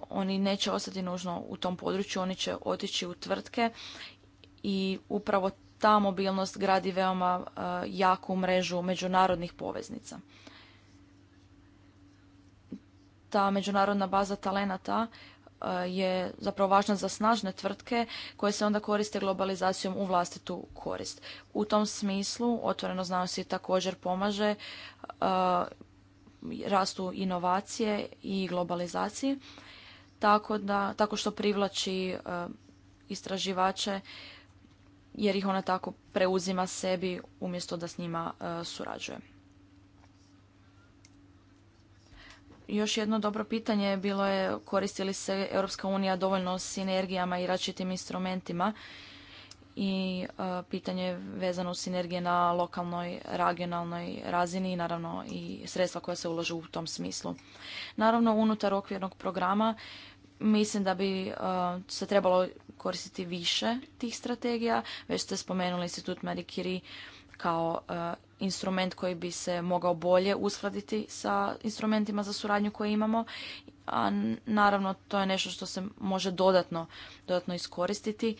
oni neće ostati nužno u tom području, oni će otići u tvrtke i upravo ta mobilnost gradi veoma e, jaku mrežu međunarodnih poveznica. Ta međunarodna baza talenata Eh, je zapravo važna za snažne tvrtke koje se onda koriste globalizacijom u vlastitu korist. U tom smislu otvoreno znanosti također pomaže eh, rastu inovacije i globalizaciji tako, da, tako što privlači eh, istraživače jer ih ona tako preuzima sebi umjesto da s njima surađuje. Još jedno dobro pitanje bilo je koristi li se Europska unija dovoljno sinergijama i različitim instrumentima i e, pitanje vezano uz sinergije na lokalnoj, regionalnoj razini i naravno i sredstva koja se ulažu u tom smislu. Naravno, unutar okvirnog programa mislim da bi e, se trebalo koristiti više tih strategija. Već ste spomenuli institut Marie kao e, instrument koji bi se mogao bolje uskladiti sa instrumentima za suradnju koje imamo. A naravno to je nešto što se može dodatno, dodatno iskoristiti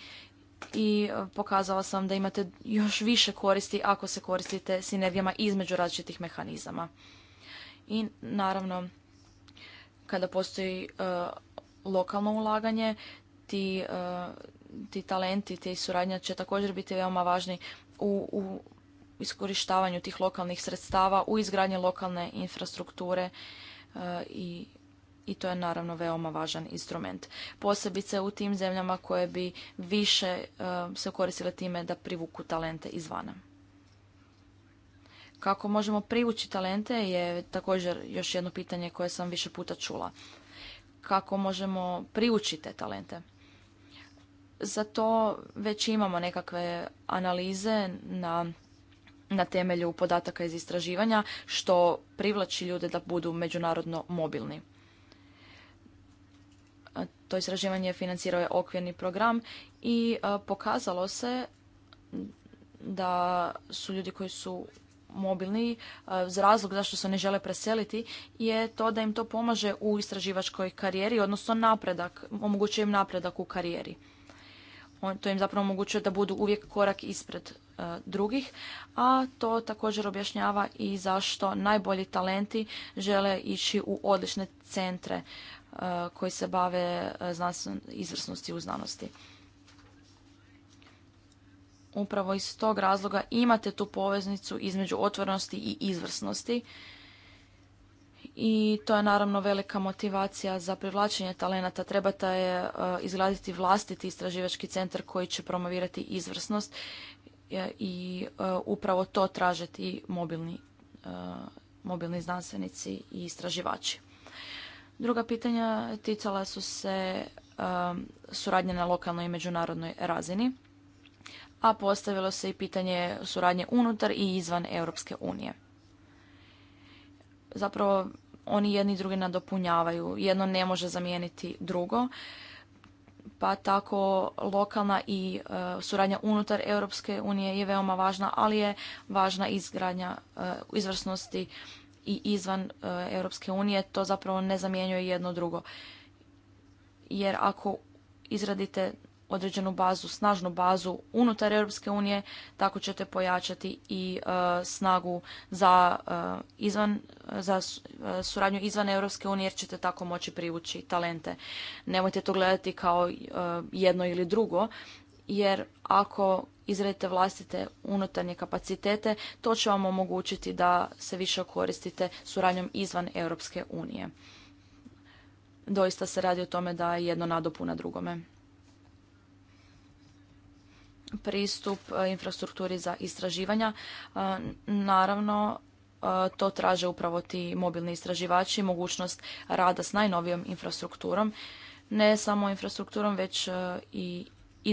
i e, pokazala sam da imate još više koristi ako se koristite sinergijama između različitih mehanizama. I naravno kada postoji e, lokalno ulaganje, ti, ti talenti, ti suradnja će također biti veoma važni u, u iskorištavanju tih lokalnih sredstava u izgradnje lokalne infrastrukture e, i i to je naravno veoma važan instrument. Posebice u tim zemljama koje bi više e, se koristile time da privuku talente izvana. Kako možemo privući talente je također još jedno pitanje koje sam više puta čula. Kako možemo privući te talente? Za to već imamo nekakve analize na na temelju podataka iz istraživanja što privlači ljude da budu međunarodno mobilni. To istraživanje financirao je okvirni program i pokazalo se da su ljudi koji su mobilni, za razlog zašto se ne žele preseliti, je to da im to pomaže u istraživačkoj karijeri, odnosno napredak, omogućuje im napredak u karijeri on to im zapravo omogućuje da budu uvijek korak ispred e, drugih, a to također objašnjava i zašto najbolji talenti žele ići u odlične centre e, koji se bave e, izvrsnosti u znanosti. Upravo iz tog razloga imate tu poveznicu između otvornosti i izvrsnosti i to je naravno velika motivacija za privlačenje talenata. Trebata je e, izgraditi vlastiti istraživački centar koji će promovirati izvrsnost e, i e, upravo to tražiti mobilni, mobilni znanstvenici i istraživači. Druga pitanja ticala su se suradnje na lokalnoj i međunarodnoj razini, a postavilo se i pitanje suradnje unutar i izvan Europske unije zapravo oni jedni drugi nadopunjavaju. Jedno ne može zamijeniti drugo. Pa tako lokalna i e, suradnja unutar Europske unije je veoma važna, ali je važna izgradnja e, izvrsnosti i izvan EU. Europske unije. To zapravo ne zamjenjuje jedno drugo. Jer ako izradite određenu bazu, snažnu bazu unutar Europske unije, tako ćete pojačati i e, snagu za, e, izvan, za e, suradnju izvan Europske unije jer ćete tako moći privući talente. Nemojte to gledati kao jedno ili drugo jer ako izradite vlastite unutarnje kapacitete, to će vam omogućiti da se više koristite suradnjom izvan Europske unije. Doista se radi o tome da je jedno nadopuna drugome pristup e, infrastrukturi za istraživanja. E, naravno, e, to traže upravo ti mobilni istraživači, mogućnost rada s najnovijom infrastrukturom, ne samo infrastrukturom, već i,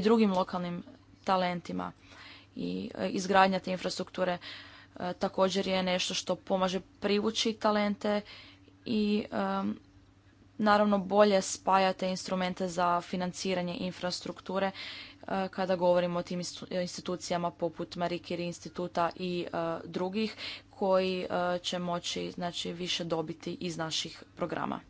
drugim lokalnim talentima. I izgradnja te infrastrukture također je nešto što pomaže privući talente i naravno bolje spajate instrumente za financiranje infrastrukture E, kada govorimo o tim e, institucijama poput Marikiri instituta i e, drugih koji će moći znači, više dobiti iz naših programa.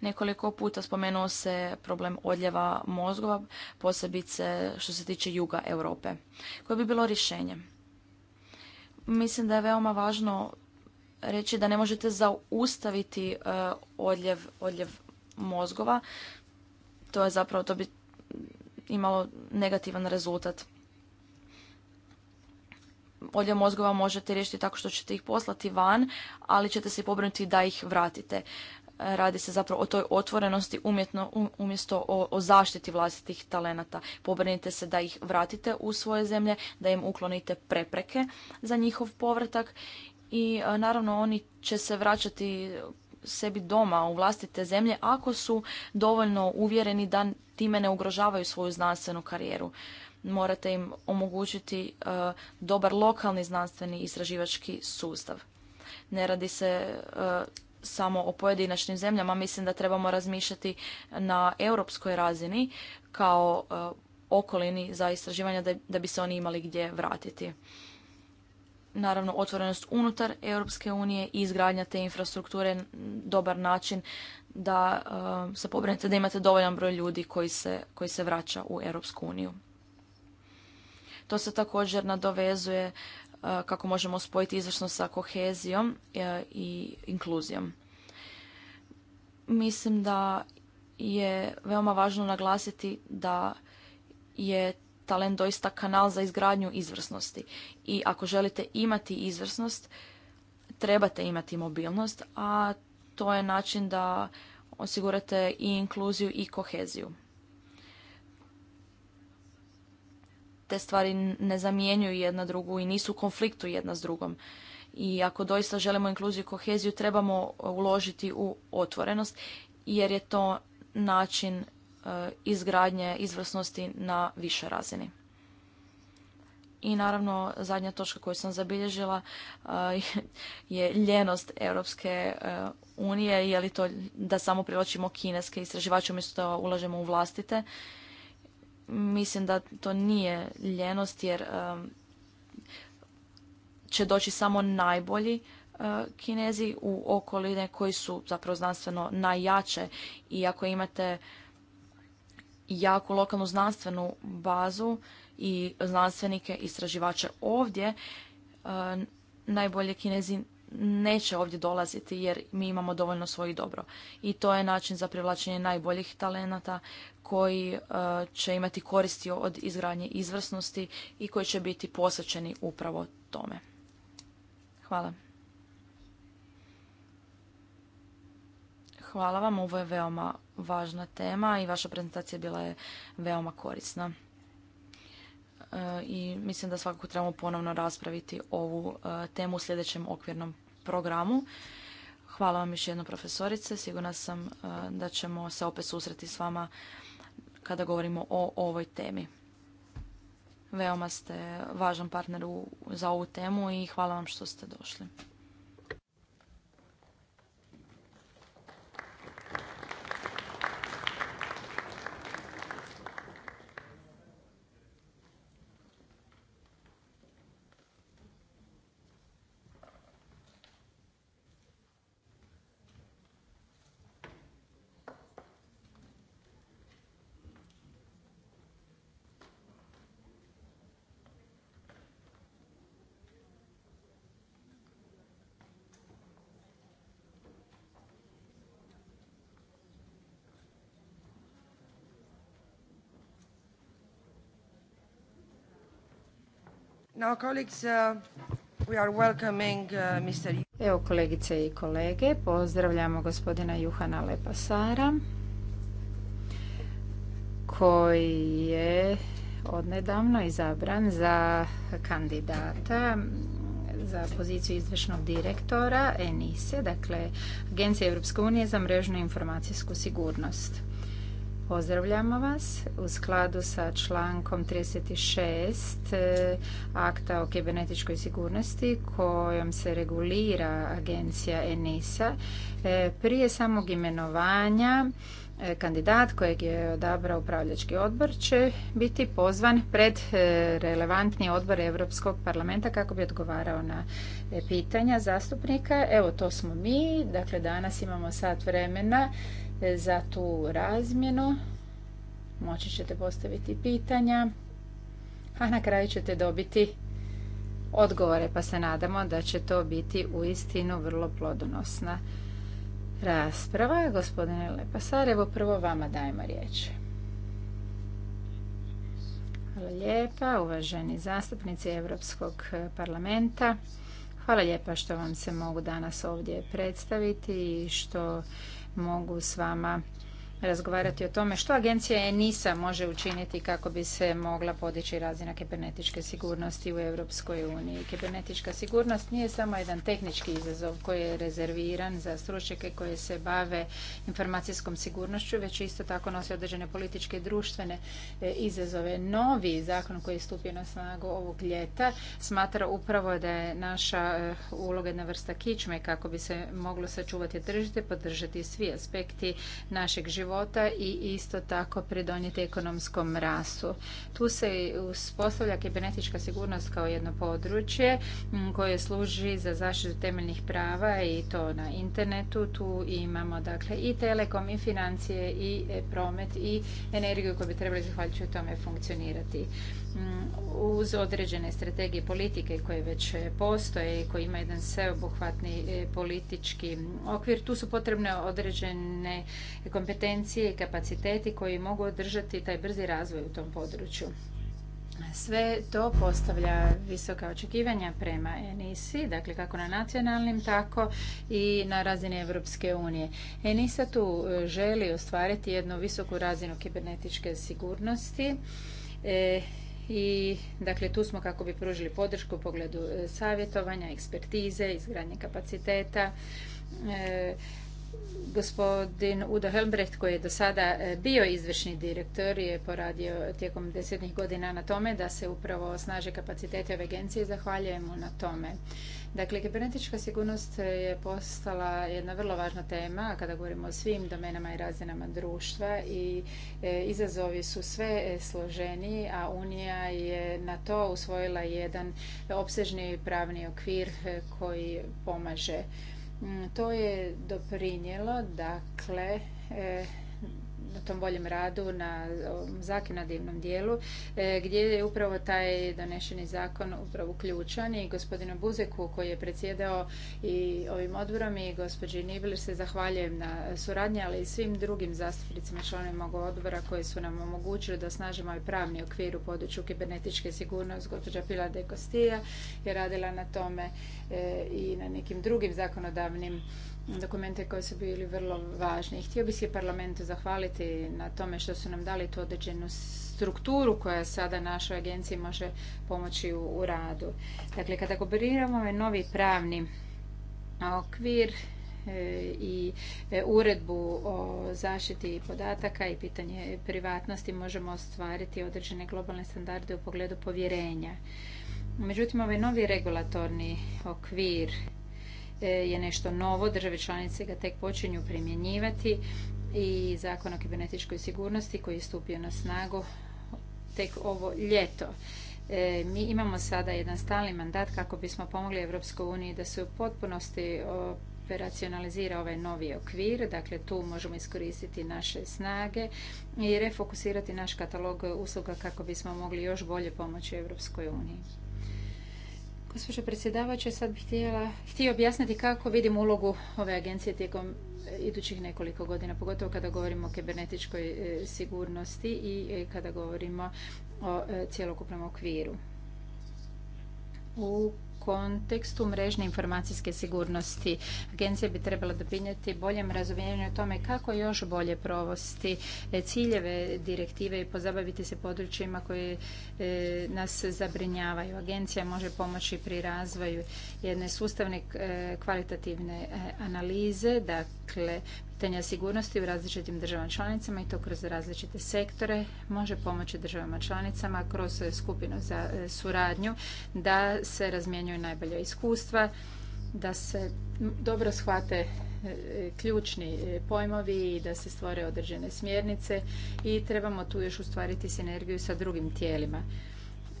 Nekoliko puta spomenuo se problem odljeva mozgova, posebice što se tiče juga Europe. Koje bi bilo rješenje? Mislim da je veoma važno reći da ne možete zaustaviti odljev, odljev mozgova to je zapravo, to bi imalo negativan rezultat. Odljev mozgova možete riješiti tako što ćete ih poslati van, ali ćete se pobrinuti da ih vratite. Radi se zapravo o toj otvorenosti umjetno, umjesto o, o zaštiti vlastitih talenata. Pobrinite se da ih vratite u svoje zemlje, da im uklonite prepreke za njihov povratak i e, naravno oni će se vraćati sebi doma u vlastite zemlje ako su dovoljno uvjereni da time ne ugrožavaju svoju znanstvenu karijeru. Morate im omogućiti e, dobar lokalni znanstveni istraživački sustav. Ne radi se e, samo o pojedinačnim zemljama, mislim da trebamo razmišljati na europskoj razini kao e, okolini za istraživanja da bi se oni imali gdje vratiti naravno otvorenost unutar Europske unije i izgradnja te infrastrukture dobar način da uh, se pobrinete da imate dovoljan broj ljudi koji se, koji se vraća u Europsku uniju. To se također nadovezuje uh, kako možemo spojiti izvršno sa kohezijom uh, i inkluzijom. Mislim da je veoma važno naglasiti da je talent doista kanal za izgradnju izvrsnosti. I ako želite imati izvrsnost, trebate imati mobilnost, a to je način da osigurate i inkluziju i koheziju. Te stvari ne zamjenjuju jedna drugu i nisu u konfliktu jedna s drugom. I ako doista želimo inkluziju i koheziju, trebamo uložiti u otvorenost, jer je to način E, izgradnje izvrsnosti na više razini. I naravno, zadnja točka koju sam zabilježila e, je ljenost Europske e, unije. Je li to da samo privlačimo kineske istraživače umjesto da ulažemo u vlastite? Mislim da to nije ljenost jer će doći samo najbolji kinezi u okoline koji su zapravo znanstveno najjače i ako imate jaku lokalnu znanstvenu bazu i znanstvenike, istraživače ovdje, e, najbolje kinezi neće ovdje dolaziti jer mi imamo dovoljno svojih dobro. I to je način za privlačenje najboljih talenata koji e, će imati koristi od izgradnje izvrsnosti i koji će biti posvećeni upravo tome. Hvala. Hvala vam, ovo je veoma važna tema i vaša prezentacija bila je veoma korisna. E, I mislim da svakako trebamo ponovno raspraviti ovu e, temu u sljedećem okvirnom programu. Hvala vam još jedno, profesorice. Sigurna sam e, da ćemo se opet susreti s vama kada govorimo o ovoj temi. Veoma ste važan partner za ovu temu i hvala vam što ste došli. Uh, uh, Evo kolegice i kolege, pozdravljamo gospodina Juhana Lepasara koji je odnedavno izabran za kandidata za poziciju izvršnog direktora ENISE, dakle Agencije Europske unije za mrežnu informacijsku sigurnost. Pozdravljamo vas. U skladu sa člankom 36 e, akta o kibernetičkoj sigurnosti kojom se regulira agencija ENISA, e, prije samog imenovanja e, kandidat kojeg je odabrao upravljački odbor će biti pozvan pred relevantni odbor Europskog parlamenta kako bi odgovarao na pitanja zastupnika. Evo to smo mi, dakle danas imamo sat vremena za tu razmjenu. Moći ćete postaviti pitanja, a na kraju ćete dobiti odgovore, pa se nadamo da će to biti u istinu vrlo plodonosna rasprava. Gospodine Lepasar, evo prvo vama dajemo riječ. Hvala lijepa, uvaženi zastupnici Europskog parlamenta. Hvala lijepa što vam se mogu danas ovdje predstaviti i što mogu s vama razgovarati o tome što agencija NISA može učiniti kako bi se mogla podići razina kibernetičke sigurnosti u Europskoj uniji. Kibernetička sigurnost nije samo jedan tehnički izazov koji je rezerviran za stručnjake koje se bave informacijskom sigurnošću, već isto tako nosi određene političke i društvene e, izazove. Novi zakon koji je stupio na snagu ovog ljeta smatra upravo da je naša e, uloga jedna vrsta kičme kako bi se moglo sačuvati tržište, podržati svi aspekti našeg života života i isto tako pridonijeti ekonomskom rasu. Tu se uspostavlja kibernetička sigurnost kao jedno područje koje služi za zaštitu temeljnih prava i to na internetu. Tu imamo dakle i telekom i financije i e, promet i energiju koju bi trebali zahvaljujući tome funkcionirati. Mm, uz određene strategije politike koje već e, postoje i koji ima jedan sveobuhvatni e, politički okvir. Tu su potrebne određene kompetencije i kapaciteti koji mogu održati taj brzi razvoj u tom području. Sve to postavlja visoka očekivanja prema ENISI, dakle kako na nacionalnim, tako i na razini Europske unije. ENISA tu e, želi ostvariti jednu visoku razinu kibernetičke sigurnosti, i dakle tu smo kako bi pružili podršku u pogledu e, savjetovanja, ekspertize, izgradnje kapaciteta. E, gospodin Udo Helmbrecht koji je do sada e, bio izvršni direktor je poradio tijekom desetnih godina na tome da se upravo snaže kapacitete ove agencije. zahvaljujemo na tome. Dakle, kibernetička sigurnost je postala jedna vrlo važna tema kada govorimo o svim domenama i razinama društva i e, izazovi su sve e, složeniji, a Unija je na to usvojila jedan opsežni pravni okvir e, koji pomaže. Mm, to je doprinijelo, dakle, na tom boljem radu, na ovom zakonodavnom dijelu, e, gdje je upravo taj donešeni zakon upravo ključan i gospodinu Buzeku koji je predsjedao i ovim odborom i gospođi Nibler se zahvaljujem na suradnji, ali i svim drugim zastupnicima članovima ovog odbora koji su nam omogućili da snažimo ovaj pravni okvir u području kibernetičke sigurnosti. Gospođa Pila de Kostija je radila na tome e, i na nekim drugim zakonodavnim dokumente koji su bili vrlo važni. Htio bih se parlamentu zahvaliti na tome što su nam dali tu određenu strukturu koja sada našoj agenciji može pomoći u, radu. Dakle, kada kooperiramo ovaj novi pravni okvir e, i e, uredbu o zaštiti podataka i pitanje privatnosti možemo ostvariti određene globalne standarde u pogledu povjerenja. Međutim, ovaj novi regulatorni okvir E, je nešto novo, države članice ga tek počinju primjenjivati i zakon o kibernetičkoj sigurnosti koji je stupio na snagu tek ovo ljeto. E, mi imamo sada jedan stalni mandat kako bismo pomogli Europskoj uniji da se u potpunosti operacionalizira ovaj novi okvir, dakle tu možemo iskoristiti naše snage i refokusirati naš katalog usluga kako bismo mogli još bolje pomoći Europskoj uniji. Gospođo predsjedavajuća, sad bih htjela, htio objasniti kako vidim ulogu ove agencije tijekom e, idućih nekoliko godina, pogotovo kada govorimo o kibernetičkoj e, sigurnosti i e, kada govorimo o cjelokupnom okviru. U kontekstu mrežne informacijske sigurnosti. Agencija bi trebala doprinijeti boljem o tome kako još bolje provosti e, ciljeve direktive i pozabaviti se područjima koje e, nas zabrinjavaju. Agencija može pomoći pri razvoju jedne sustavne e, kvalitativne analize, dakle Dakle, pitanja sigurnosti u različitim državama članicama i to kroz različite sektore može pomoći državama članicama kroz skupinu za e, suradnju da se razmjenjuju najbolja iskustva, da se dobro shvate e, ključni e, pojmovi i da se stvore određene smjernice i trebamo tu još ustvariti sinergiju sa drugim tijelima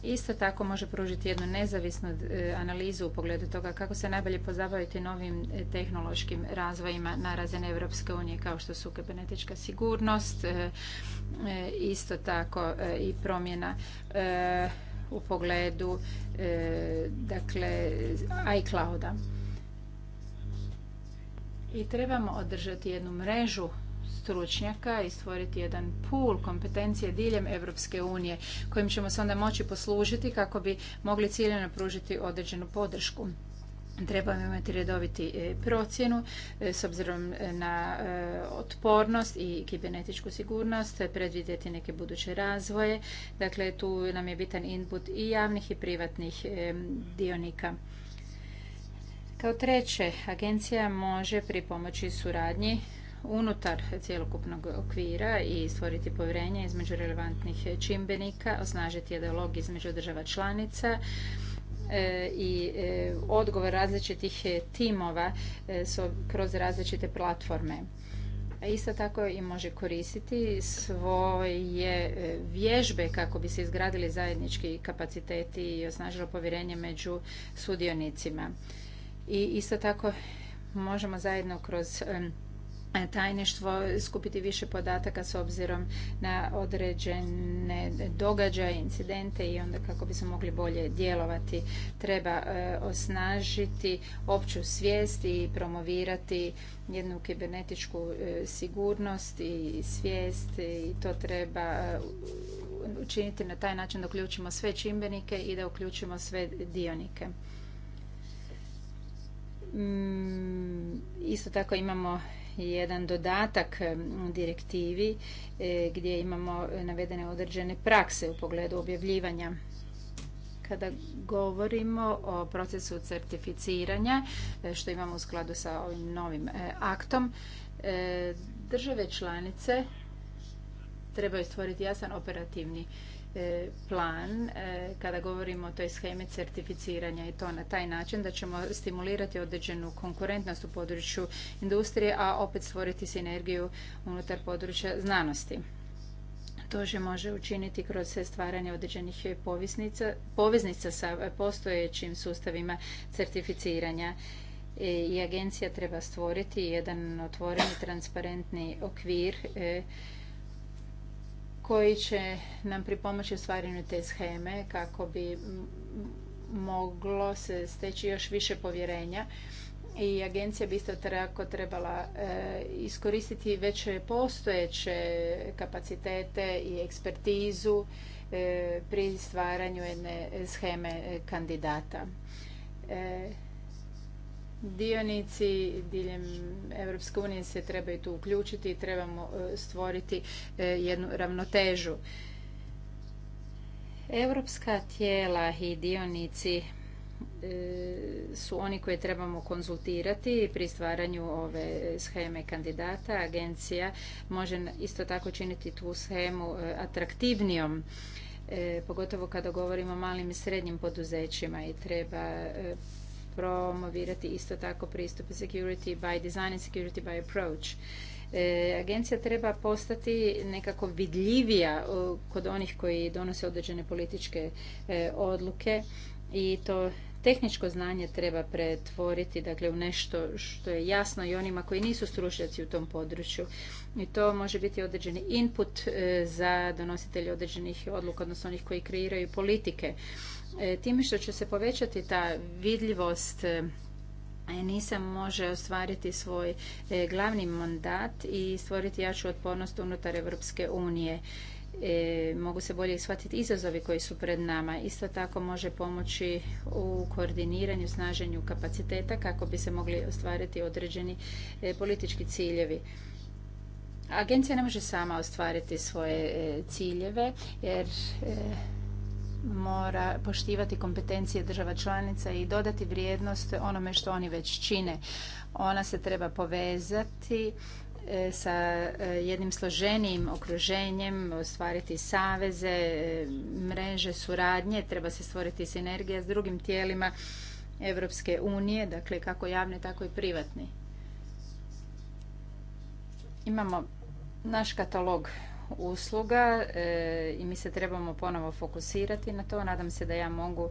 isto tako može pružiti jednu nezavisnu e, analizu u pogledu toga kako se najbolje pozabaviti novim e, tehnološkim razvojima na razini Europske unije kao što su kibernetička sigurnost, e, isto tako i promjena u pogledu dakle iClouda. I trebamo održati jednu mrežu stručnjaka i stvoriti jedan pool kompetencije diljem Europske unije kojim ćemo se onda moći poslužiti kako bi mogli ciljeno pružiti određenu podršku. Trebamo imati redoviti e, procjenu e, s obzirom e, na otpornost i kibernetičku sigurnost, predvidjeti neke buduće razvoje. Dakle, tu nam je bitan input i javnih i privatnih dionika. Kao treće, agencija može pripomoći suradnji unutar cjelokupnog okvira i stvoriti povjerenje između relevantnih čimbenika, osnažiti dijalog između država članica e, i e, odgovor različitih timova e, kroz različite platforme. Isto tako i može koristiti svoje vježbe kako bi se izgradili zajednički kapaciteti i osnažilo povjerenje među sudionicima. I isto tako možemo zajedno kroz tajništvo skupiti više podataka s obzirom na određene događaje, incidente i onda kako bismo mogli bolje djelovati. Treba e, osnažiti opću svijest i promovirati jednu kibernetičku e, sigurnost i svijest i to treba e, učiniti na taj način da uključimo sve čimbenike i da uključimo sve dionike. Mm, isto tako imamo jedan dodatak direktivi e, gdje imamo navedene određene prakse u pogledu objavljivanja. Kada govorimo o procesu certificiranja, e, što imamo u skladu sa ovim novim e, aktom, države članice trebaju stvoriti jasan operativni E, plan e, kada govorimo o toj shemi certificiranja i to na taj način da ćemo stimulirati određenu konkurentnost u području industrije, a opet stvoriti sinergiju unutar područja znanosti. To se može učiniti kroz stvaranje određenih poveznica sa postojećim sustavima certificiranja e, i agencija treba stvoriti jedan otvoreni, transparentni okvir koji će nam pripomoći u stvaranju te sheme kako bi moglo se steći još više povjerenja i agencija bi isto tako trebala e, iskoristiti već postojeće kapacitete i ekspertizu e, pri stvaranju jedne sheme kandidata. E, dionici diljem Europske unije se trebaju tu uključiti i trebamo e, stvoriti e, jednu ravnotežu. Europska tijela i dionici e, su oni koje trebamo konzultirati pri stvaranju ove sheme kandidata. Agencija može isto tako činiti tu schemu atraktivnijom, pogotovo kada govorimo o malim i srednjim poduzećima i treba promovirati isto tako pristup security by design and security by approach. E, agencija treba postati nekako vidljivija e, kod onih koji donose određene političke e, odluke i to tehničko znanje treba pretvoriti dakle u nešto što je jasno i onima koji nisu stručnjaci u tom području i to može biti određeni input za donositelje određenih odluka odnosno onih koji kreiraju politike E, time što će se povećati ta vidljivost e, nisam može ostvariti svoj e, glavni mandat i stvoriti jaču otpornost unutar Europske unije. mogu se bolje shvatiti izazovi koji su pred nama. Isto tako može pomoći u koordiniranju, snaženju kapaciteta kako bi se mogli ostvariti određeni politički ciljevi. Agencija ne može sama ostvariti svoje ciljeve jer mora poštivati kompetencije država članica i dodati vrijednost onome što oni već čine. Ona se treba povezati e, sa e, jednim složenijim okruženjem, ostvariti saveze, e, mreže, suradnje, treba se stvoriti sinergija s drugim tijelima Europske unije, dakle kako javne, tako i privatni. Imamo naš katalog usluga e, i mi se trebamo ponovo fokusirati na to. Nadam se da ja mogu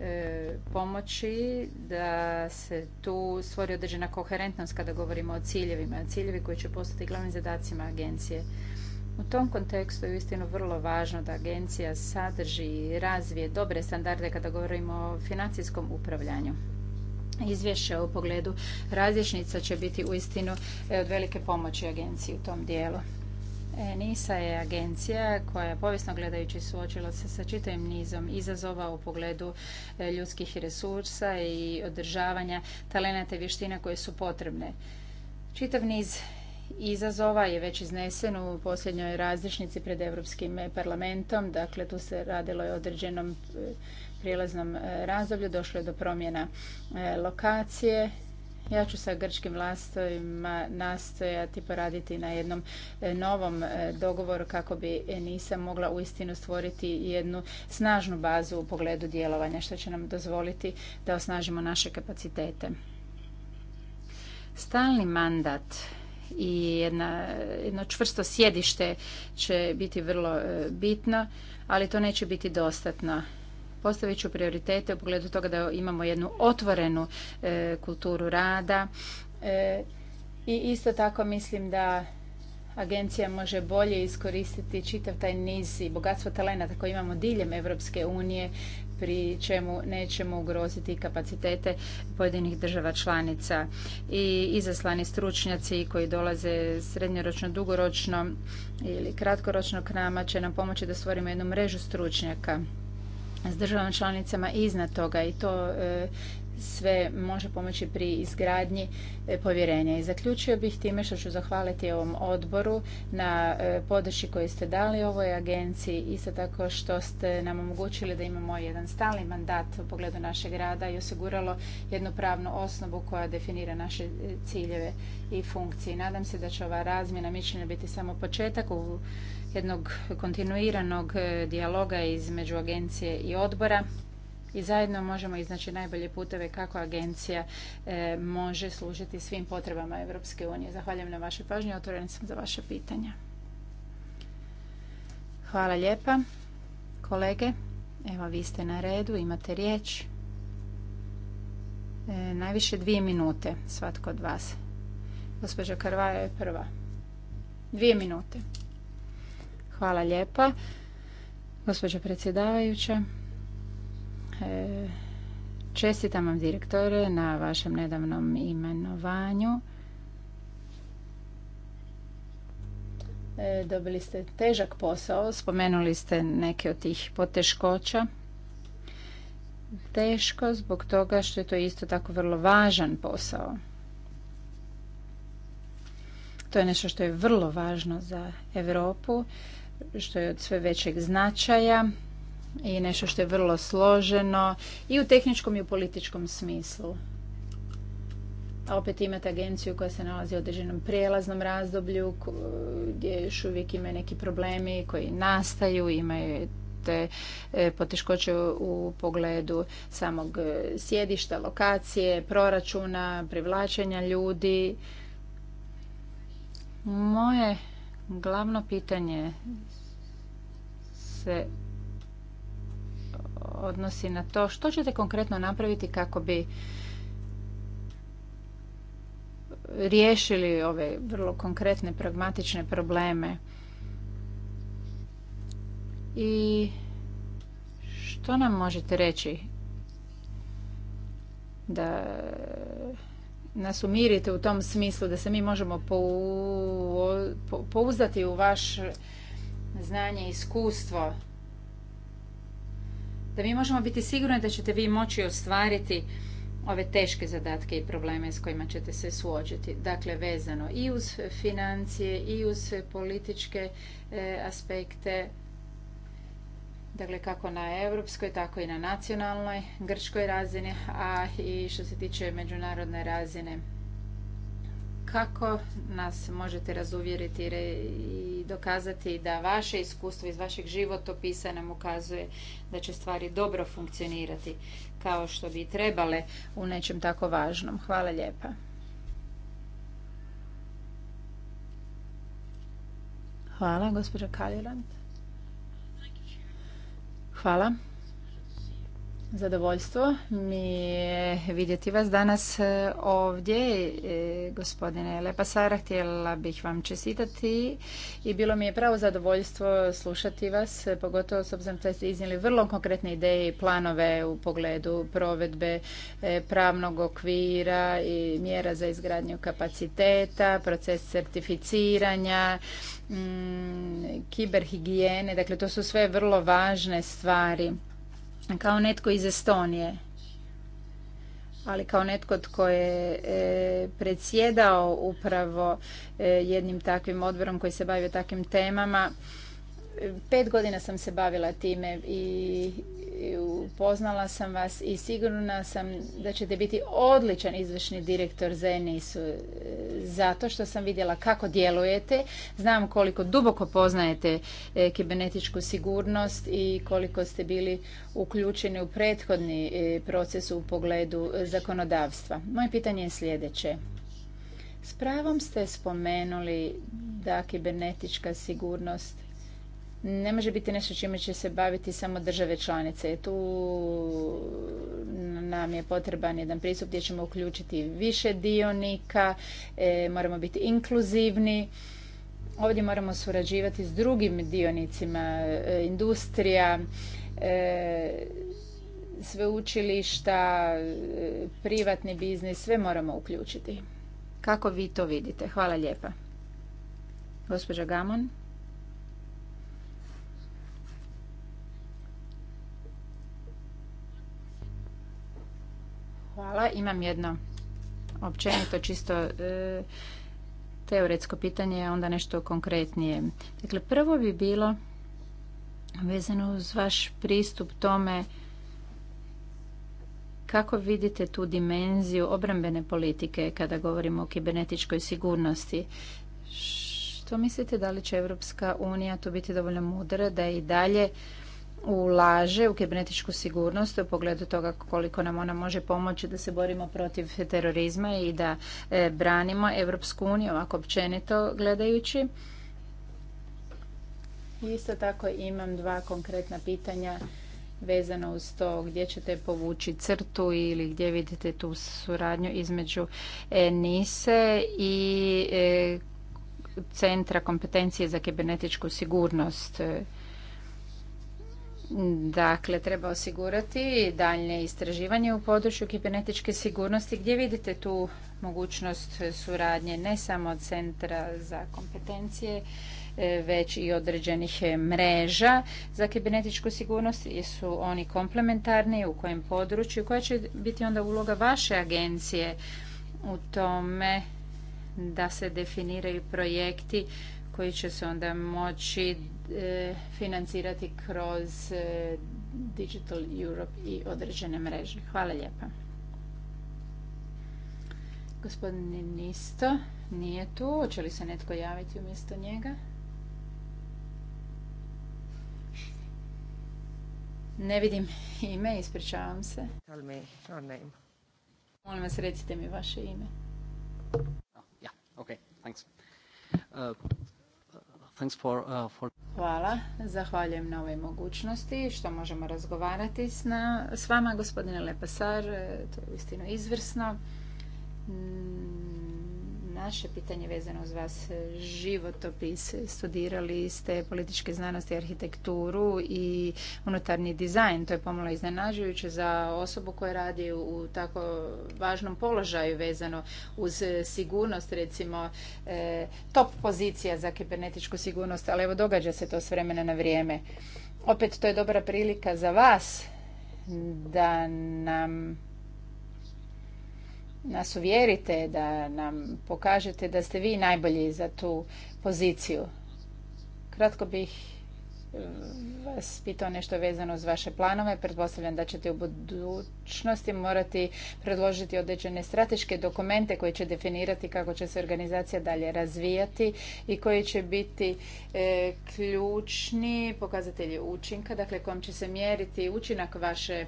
e, pomoći da se tu stvori određena koherentnost kada govorimo o ciljevima, ciljevi koji će postati glavnim zadacima agencije. U tom kontekstu je uistinu vrlo važno da agencija sadrži i razvije dobre standarde kada govorimo o financijskom upravljanju izvješće u pogledu različnica će biti uistinu e, od velike pomoći agenciji u tom dijelu. E, NISA je agencija koja je povijesno gledajući suočila se sa čitavim nizom izazova u pogledu e, ljudskih resursa i održavanja talenata i vještina koje su potrebne. Čitav niz izazova je već iznesen u posljednjoj različnici pred Europskim parlamentom. Dakle, tu se radilo je o određenom e, prijelaznom razdoblju. Došlo je do promjena lokacije ja ću sa grčkim vlastovima nastojati poraditi na jednom e, novom e, dogovoru kako bi nisam mogla uistinu stvoriti jednu snažnu bazu u pogledu djelovanja što će nam dozvoliti da osnažimo naše kapacitete. Stalni mandat i jedno čvrsto sjedište će biti vrlo e, bitno, ali to neće biti dostatno Postavit ću prioritete u pogledu toga da imamo jednu otvorenu e, kulturu rada e, i isto tako mislim da agencija može bolje iskoristiti čitav taj niz i bogatstvo talenata koje imamo diljem Europske unije pri čemu nećemo ugroziti kapacitete pojedinih država članica i izaslani stručnjaci koji dolaze srednjoročno, dugoročno ili kratkoročno k nama će nam pomoći da stvorimo jednu mrežu stručnjaka s državama članicama iznad toga i to e, sve može pomoći pri izgradnji e, povjerenja. I zaključio bih time što ću zahvaliti ovom odboru na e, podršci koju ste dali ovoj agenciji, isto tako što ste nam omogućili da imamo jedan stalni mandat u pogledu našeg rada i osiguralo jednu pravnu osnovu koja definira naše e, ciljeve i funkcije. Nadam se da će ova razmjena mišljenja biti samo početak u jednog kontinuiranog dijaloga između agencije i odbora i zajedno možemo iznaći najbolje puteve kako agencija e, može služiti svim potrebama Europske unije. Zahvaljujem na vašoj pažnji, otvoren sam za vaše pitanja. Hvala lijepa. Kolege, evo vi ste na redu, imate riječ. E, najviše dvije minute svatko od vas. Gospođa Karvaja je prva. Dvije minute. Hvala lijepa. Gospođa predsjedavajuća, E, čestitam vam direktore na vašem nedavnom imenovanju. E, dobili ste težak posao, spomenuli ste neke od tih poteškoća. Teško zbog toga što je to isto tako vrlo važan posao. To je nešto što je vrlo važno za Europu, što je od sve većeg značaja i nešto što je vrlo složeno i u tehničkom i u političkom smislu. A opet imate agenciju koja se nalazi u određenom prijelaznom razdoblju gdje još uvijek imaju neki problemi koji nastaju, imaju te e, poteškoće u pogledu samog e, sjedišta, lokacije, proračuna, privlačenja ljudi. Moje glavno pitanje se odnosi na to što ćete konkretno napraviti kako bi riješili ove vrlo konkretne pragmatične probleme i što nam možete reći da nas umirite u tom smislu da se mi možemo pouzdati u vaš znanje i iskustvo da mi možemo biti sigurni da ćete vi moći ostvariti ove teške zadatke i probleme s kojima ćete se suočiti. Dakle, vezano i uz financije i uz političke e, aspekte, dakle kako na europskoj, tako i na nacionalnoj grčkoj razini, a i što se tiče međunarodne razine kako nas možete razuvjeriti i dokazati da vaše iskustvo iz vašeg životopisa nam ukazuje da će stvari dobro funkcionirati kao što bi trebale u nečem tako važnom. Hvala lijepa. Hvala, gospođa Kaljeland. Hvala. Zadovoljstvo mi je vidjeti vas danas e, ovdje. E, gospodine Lepasara, htjela bih vam čestitati i bilo mi je pravo zadovoljstvo slušati vas, e, pogotovo s obzirom da ste iznijeli vrlo konkretne ideje i planove u pogledu provedbe pravnog okvira i mjera za izgradnju kapaciteta, proces certificiranja, mm, kiberhigijene, dakle to su sve vrlo važne stvari kao netko iz Estonije, ali kao netko tko je e, predsjedao upravo e, jednim takvim odborom koji se bavio takvim temama, Pet godina sam se bavila time i upoznala sam vas i sigurna sam da ćete biti odličan izvršni direktor za e, zato što sam vidjela kako djelujete, znam koliko duboko poznajete e, kibernetičku sigurnost i koliko ste bili uključeni u prethodni e, proces u pogledu zakonodavstva. Moje pitanje je sljedeće. S pravom ste spomenuli da kibernetička sigurnost ne može biti nešto čime će se baviti samo države članice. Tu nam je potreban jedan pristup gdje ćemo uključiti više dionika, e, moramo biti inkluzivni. Ovdje moramo surađivati s drugim dionicima, e, industrija, e, sveučilišta, e, privatni biznis, sve moramo uključiti. Kako vi to vidite? Hvala lijepa. Gospođa Gamon. Hvala. Imam jedno općenito čisto e, teoretsko pitanje, a onda nešto konkretnije. Dakle, prvo bi bilo vezano uz vaš pristup tome kako vidite tu dimenziju obrambene politike kada govorimo o kibernetičkoj sigurnosti? Što mislite da li će Europska unija tu biti dovoljno mudra da i dalje ulaže u kibernetičku sigurnost u pogledu toga koliko nam ona može pomoći da se borimo protiv terorizma i da e, branimo Europsku uniju, ovako općenito gledajući. Isto tako imam dva konkretna pitanja vezano uz to gdje ćete povući crtu ili gdje vidite tu suradnju između NISE i e e, Centra kompetencije za kibernetičku sigurnost Dakle, treba osigurati dalje istraživanje u području kibernetičke sigurnosti. Gdje vidite tu mogućnost suradnje ne samo od Centra za kompetencije, e, već i određenih mreža za kibernetičku sigurnost? Jesu oni komplementarni? U kojem području? Koja će biti onda uloga vaše agencije u tome da se definiraju projekti koji će se onda moći e, financirati kroz e, Digital Europe i određene mreže. Hvala lijepa. Gospodin Nisto nije tu. Hoće li se netko javiti umjesto njega? Ne vidim ime, ispričavam se. Molim vas, recite mi vaše ime. Oh, ok, thanks. Uh, Uh, Hvala, zahvaljujem na ovoj mogućnosti što možemo razgovarati s, vama, gospodine Lepasar, to je uistinu izvrsno. Mm, naše pitanje vezano uz vas e, životopis. Studirali ste političke znanosti, arhitekturu i unutarnji dizajn. To je pomalo iznenađujuće za osobu koja radi u tako važnom položaju vezano uz sigurnost, recimo e, top pozicija za kibernetičku sigurnost, ali evo događa se to s vremena na vrijeme. Opet to je dobra prilika za vas da nam nas uvjerite, da nam pokažete da ste vi najbolji za tu poziciju. Kratko bih vas pitao nešto vezano uz vaše planove. Pretpostavljam da ćete u budućnosti morati predložiti određene strateške dokumente koji će definirati kako će se organizacija dalje razvijati i koji će biti e, ključni pokazatelji učinka, dakle kojom će se mjeriti učinak vaše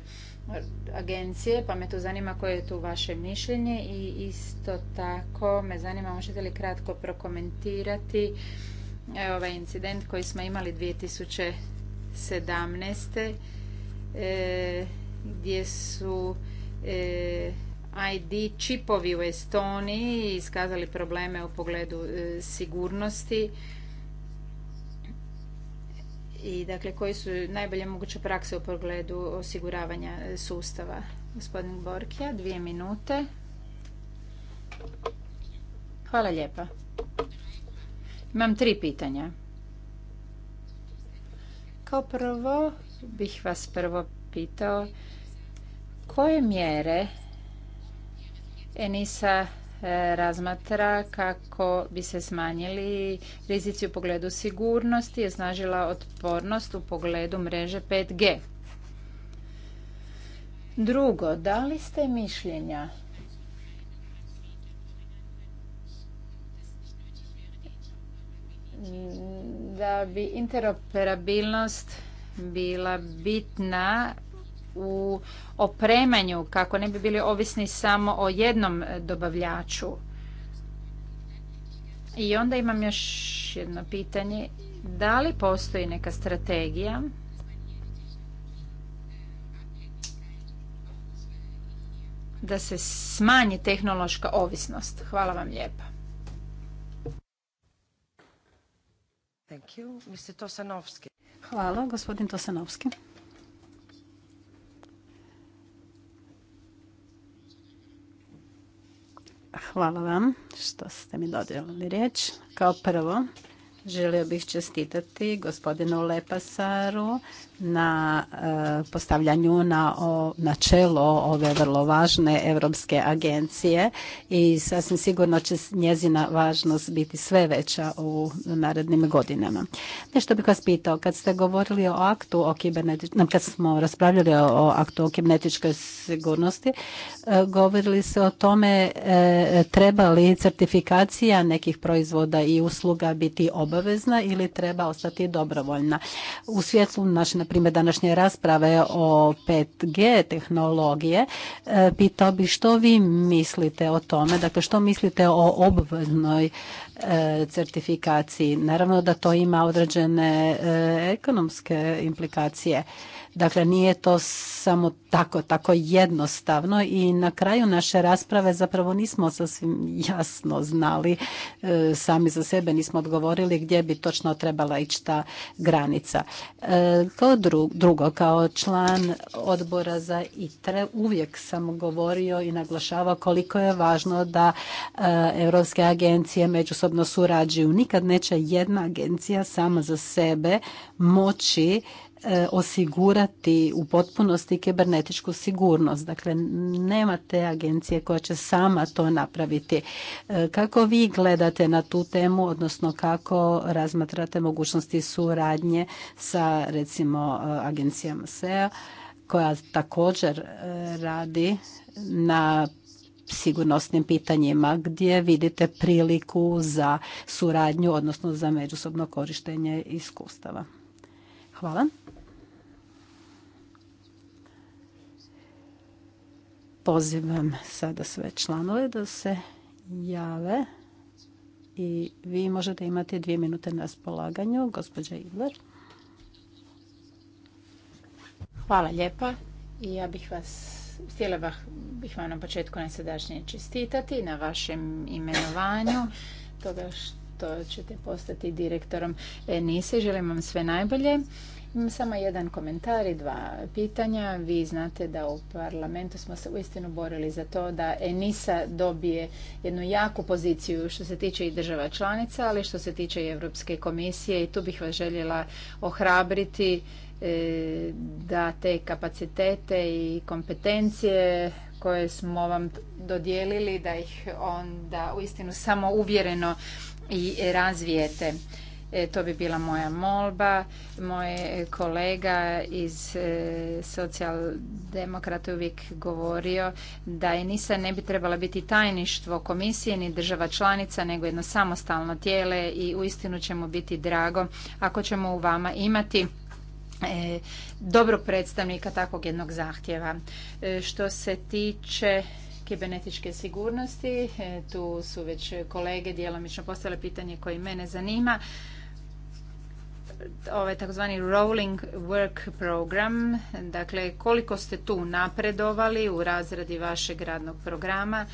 agencije, pa me tu zanima koje je tu vaše mišljenje i isto tako me zanima možete li kratko prokomentirati ovaj incident koji smo imali 2017. E, gdje su e, ID čipovi u Estoniji iskazali probleme u pogledu e, sigurnosti i dakle koji su najbolje moguće prakse u pogledu osiguravanja sustava. Gospodin Borkija, dvije minute. Hvala lijepa. Imam tri pitanja. Kao prvo bih vas prvo pitao koje mjere Enisa e, razmatra kako bi se smanjili rizici u pogledu sigurnosti i osnažila otpornost u pogledu mreže 5G. Drugo, da li ste mišljenja da bi interoperabilnost bila bitna u opremanju kako ne bi bili ovisni samo o jednom dobavljaču. I onda imam još jedno pitanje. Da li postoji neka strategija da se smanji tehnološka ovisnost? Hvala vam lijepa. Thank Tosanovski. Hvala, gospodin Tosanovski. Hvala vam što ste mi dodjeli riječ. Kao prvo, želio bih čestitati gospodinu Lepasaru na e, postavljanju na načelo ove vrlo važne europske agencije i sasvim sigurno će njezina važnost biti sve veća u narednim godinama. Nešto bih vas pitao, kad ste govorili o aktu o kibernetičkoj, kad smo raspravljali o aktu o kibernetičkoj sigurnosti, e, govorili se o tome e, treba li certifikacija nekih proizvoda i usluga biti obavezna ili treba ostati dobrovoljna. U svjetlu naše primjer današnje rasprave o 5G tehnologije, e, pitao bi što vi mislite o tome, dakle što mislite o obveznoj e, certifikaciji. Naravno da to ima određene e, ekonomske implikacije. Dakle, nije to samo tako, tako jednostavno i na kraju naše rasprave zapravo nismo sasvim jasno znali, e, sami za sebe nismo odgovorili gdje bi točno trebala ići ta granica. To e, kao drugo, kao član odbora za ITRE uvijek sam govorio i naglašavao koliko je važno da e, evropske europske agencije međusobno surađuju. Nikad neće jedna agencija sama za sebe moći E, osigurati u potpunosti kibernetičku sigurnost. Dakle, nema te agencije koja će sama to napraviti. E, kako vi gledate na tu temu, odnosno kako razmatrate mogućnosti suradnje sa, recimo, e, agencijama SEA, koja također radi na sigurnosnim pitanjima gdje vidite priliku za suradnju, odnosno za međusobno korištenje iskustava. Hvala. Pozivam sada sve članove da se jave i vi možete imati dvije minute na spolaganju, Gospođa Idler. Hvala lijepa i ja bih vas htjela bih vam na početku najsadašnje čestitati na vašem imenovanju toga što to ćete postati direktorom Nise. Želim vam sve najbolje. Imam samo jedan komentar i dva pitanja. Vi znate da u parlamentu smo se uistinu borili za to da ENISA dobije jednu jaku poziciju što se tiče i država članica, ali što se tiče i Europske komisije i tu bih vas željela ohrabriti e, da te kapacitete i kompetencije koje smo vam dodijelili, da ih onda uistinu samo uvjereno i razvijete. E, to bi bila moja molba. Moj kolega iz e, socijaldemokrata uvijek govorio da NISA ne bi trebala biti tajništvo komisije ni država članica, nego jedno samostalno tijele i uistinu ćemo biti drago ako ćemo u vama imati e, dobro predstavnika takvog jednog zahtjeva. Što se tiče kibernetičke sigurnosti. E, tu su već kolege djelomično postavile pitanje koje mene zanima. Ovaj takozvani rolling work program, dakle koliko ste tu napredovali u razradi vašeg radnog programa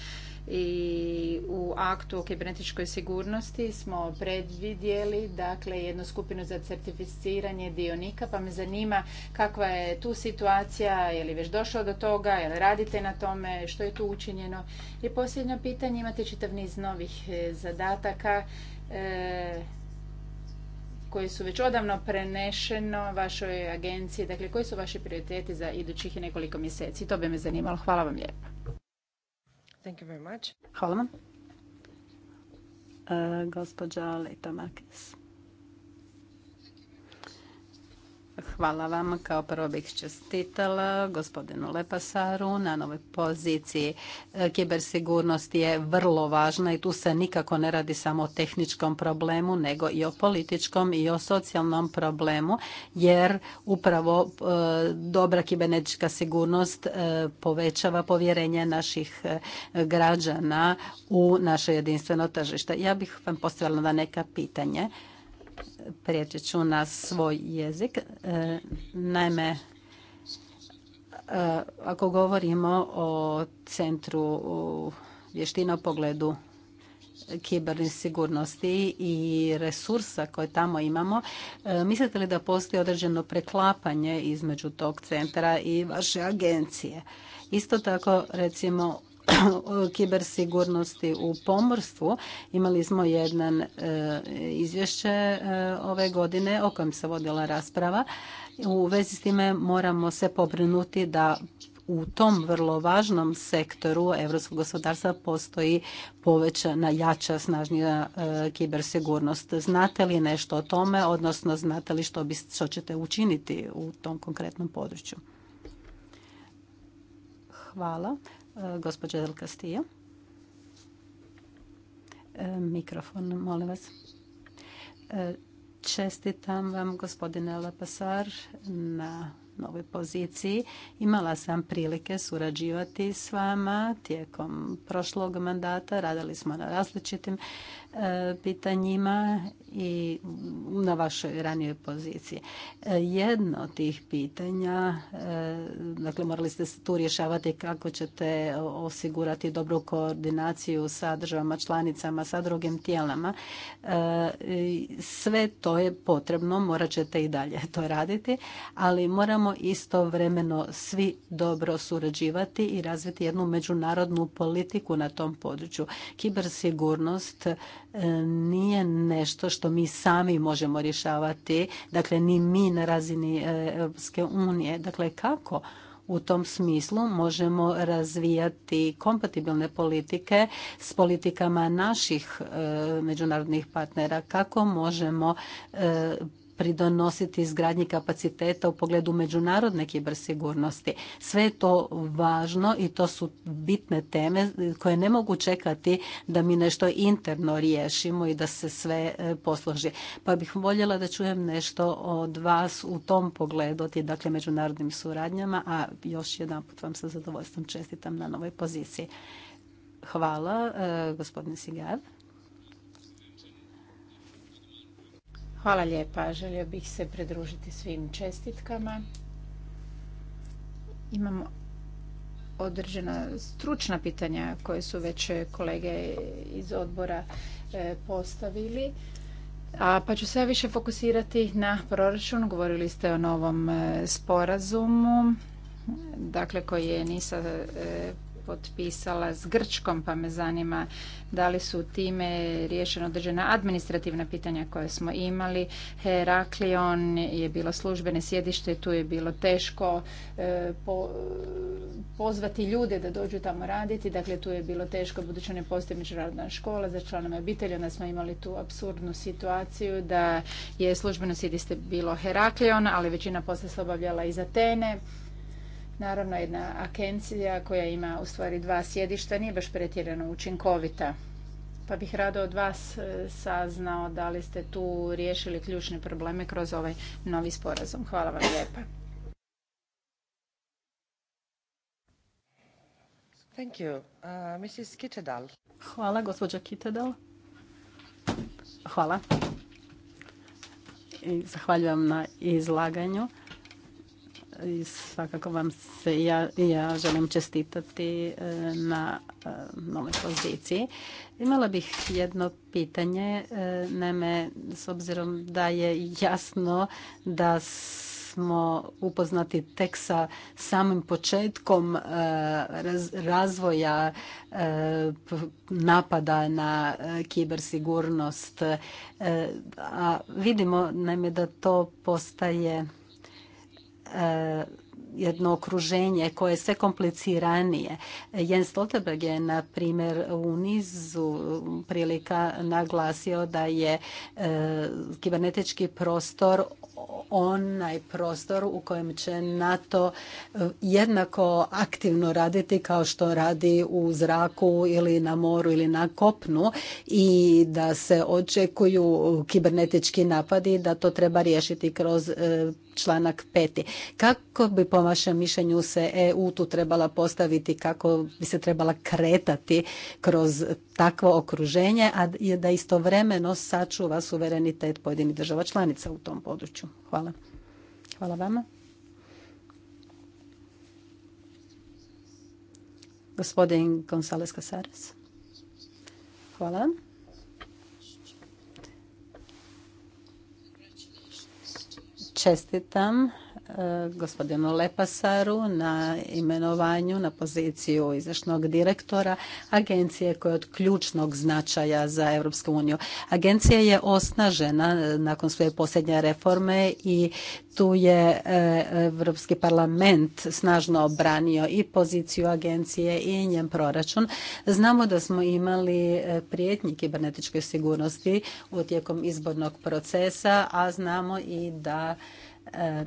i u aktu o kibernetičkoj sigurnosti smo predvidjeli dakle jednu skupinu za certificiranje dionika pa me zanima kakva je tu situacija, je li već došlo do toga, je li radite na tome, što je tu učinjeno. I posljednje pitanje, imate čitav niz novih e, zadataka e, koji su već odavno prenešeno vašoj agenciji, dakle koji su vaši prioriteti za idućih nekoliko mjeseci, to bi me zanimalo. Hvala vam lijepa. Thank you very much. Hvala vam. E, gospođa Leta Hvala vam. Kao prvo bih čestitala gospodinu Lepasaru na novoj poziciji. E, kibersigurnost je vrlo važna i tu se nikako ne radi samo o tehničkom problemu, nego i o političkom i o socijalnom problemu, jer upravo e, dobra kibernetička sigurnost e, povećava povjerenje naših građana u naše jedinstveno tržište. Ja bih vam postavila na neka pitanje prijeći ću na svoj jezik. E, naime, e, ako govorimo o centru vještina u pogledu kiberne sigurnosti i resursa koje tamo imamo. E, mislite li da postoji određeno preklapanje između tog centra i vaše agencije? Isto tako, recimo, kibersigurnosti u pomorstvu. Imali smo jedan e, izvješće e, ove godine o kojem se vodila rasprava. U vezi s time moramo se pobrinuti da u tom vrlo važnom sektoru europskog gospodarstva postoji povećana, jača, snažnija e, kibersigurnost. Znate li nešto o tome, odnosno znate li što, bi, što ćete učiniti u tom konkretnom području? Hvala. Gospođa Del Castillo. E, mikrofon, molim vas. E, čestitam vam, gospodine Pasar na ovoj poziciji. Imala sam prilike surađivati s vama tijekom prošlog mandata. Radili smo na različitim e, pitanjima i na vašoj ranijoj poziciji. E, jedno od tih pitanja, e, dakle morali ste tu rješavati kako ćete osigurati dobru koordinaciju sa državama članicama, sa drugim tijelama. Sve to je potrebno, morat ćete i dalje to raditi, ali moramo istovremeno svi dobro surađivati i razviti jednu međunarodnu politiku na tom području. Kibersigurnost e, nije nešto što mi sami možemo rješavati, dakle ni mi na razini e, Europske unije. Dakle, kako? U tom smislu možemo razvijati kompatibilne politike s politikama naših e, međunarodnih partnera. Kako možemo pridonositi izgradnji kapaciteta u pogledu međunarodne kibersigurnosti. Sve je to važno i to su bitne teme koje ne mogu čekati da mi nešto interno riješimo i da se sve e, posloži. Pa bih voljela da čujem nešto od vas u tom pogledu, ti dakle međunarodnim suradnjama, a još jedan put vam sa zadovoljstvom čestitam na novoj poziciji. Hvala, e, gospodin Sigar. Hvala lijepa. Želio bih se pridružiti svim čestitkama. Imamo određena stručna pitanja koje su već kolege iz odbora e, postavili. A pa ću se više fokusirati na proračun. Govorili ste o novom e, sporazumu, dakle koji je NISA e, potpisala s Grčkom, pa me zanima da li su time riješena određena administrativna pitanja koje smo imali. Heraklion je bilo službene sjedište, tu je bilo teško e, pozvati ljude da dođu tamo raditi, dakle tu je bilo teško budući ne postoji međunarodna škola za članove obitelji, onda smo imali tu apsurdnu situaciju da je službeno sjedište bilo Heraklion, ali većina posla se obavljala iz Atene. Naravno, jedna agencija koja ima u stvari dva sjedišta nije baš pretjerano učinkovita. Pa bih rado od vas e, saznao da li ste tu riješili ključne probleme kroz ovaj novi sporazum. Hvala vam lijepa. Thank uh, Hvala, gospođa Kitedal. Hvala. zahvaljujem na izlaganju i svakako vam se ja, ja želim čestitati e, na e, novoj poziciji. Imala bih jedno pitanje, e, naime, s obzirom da je jasno da smo upoznati tek sa samim početkom razvoja napada na kibersigurnost, a vidimo naime da to postaje E, jedno okruženje koje je sve kompliciranije. Jens Stoltenberg je, na primjer, u nizu prilika naglasio da je e, kibernetički prostor onaj prostor u kojem će NATO e, jednako aktivno raditi kao što radi u zraku ili na moru ili na kopnu i da se očekuju kibernetički napadi da to treba riješiti kroz e, članak peti. Kako bi po vašem mišljenju se EU tu trebala postaviti, kako bi se trebala kretati kroz takvo okruženje, a da istovremeno sačuva suverenitet pojedinih država članica u tom području. Hvala. Hvala vama. Gospodin Gonzales Casares. Hvala. Čestitam gospodinu Lepasaru na imenovanju na poziciju izvršnog direktora agencije koja je od ključnog značaja za Europsku uniju. Agencija je osnažena nakon svoje posljednje reforme i tu je Europski parlament snažno obranio i poziciju agencije i njen proračun. Znamo da smo imali e, prijetnji kibernetičke sigurnosti u tijekom izbornog procesa, a znamo i da e,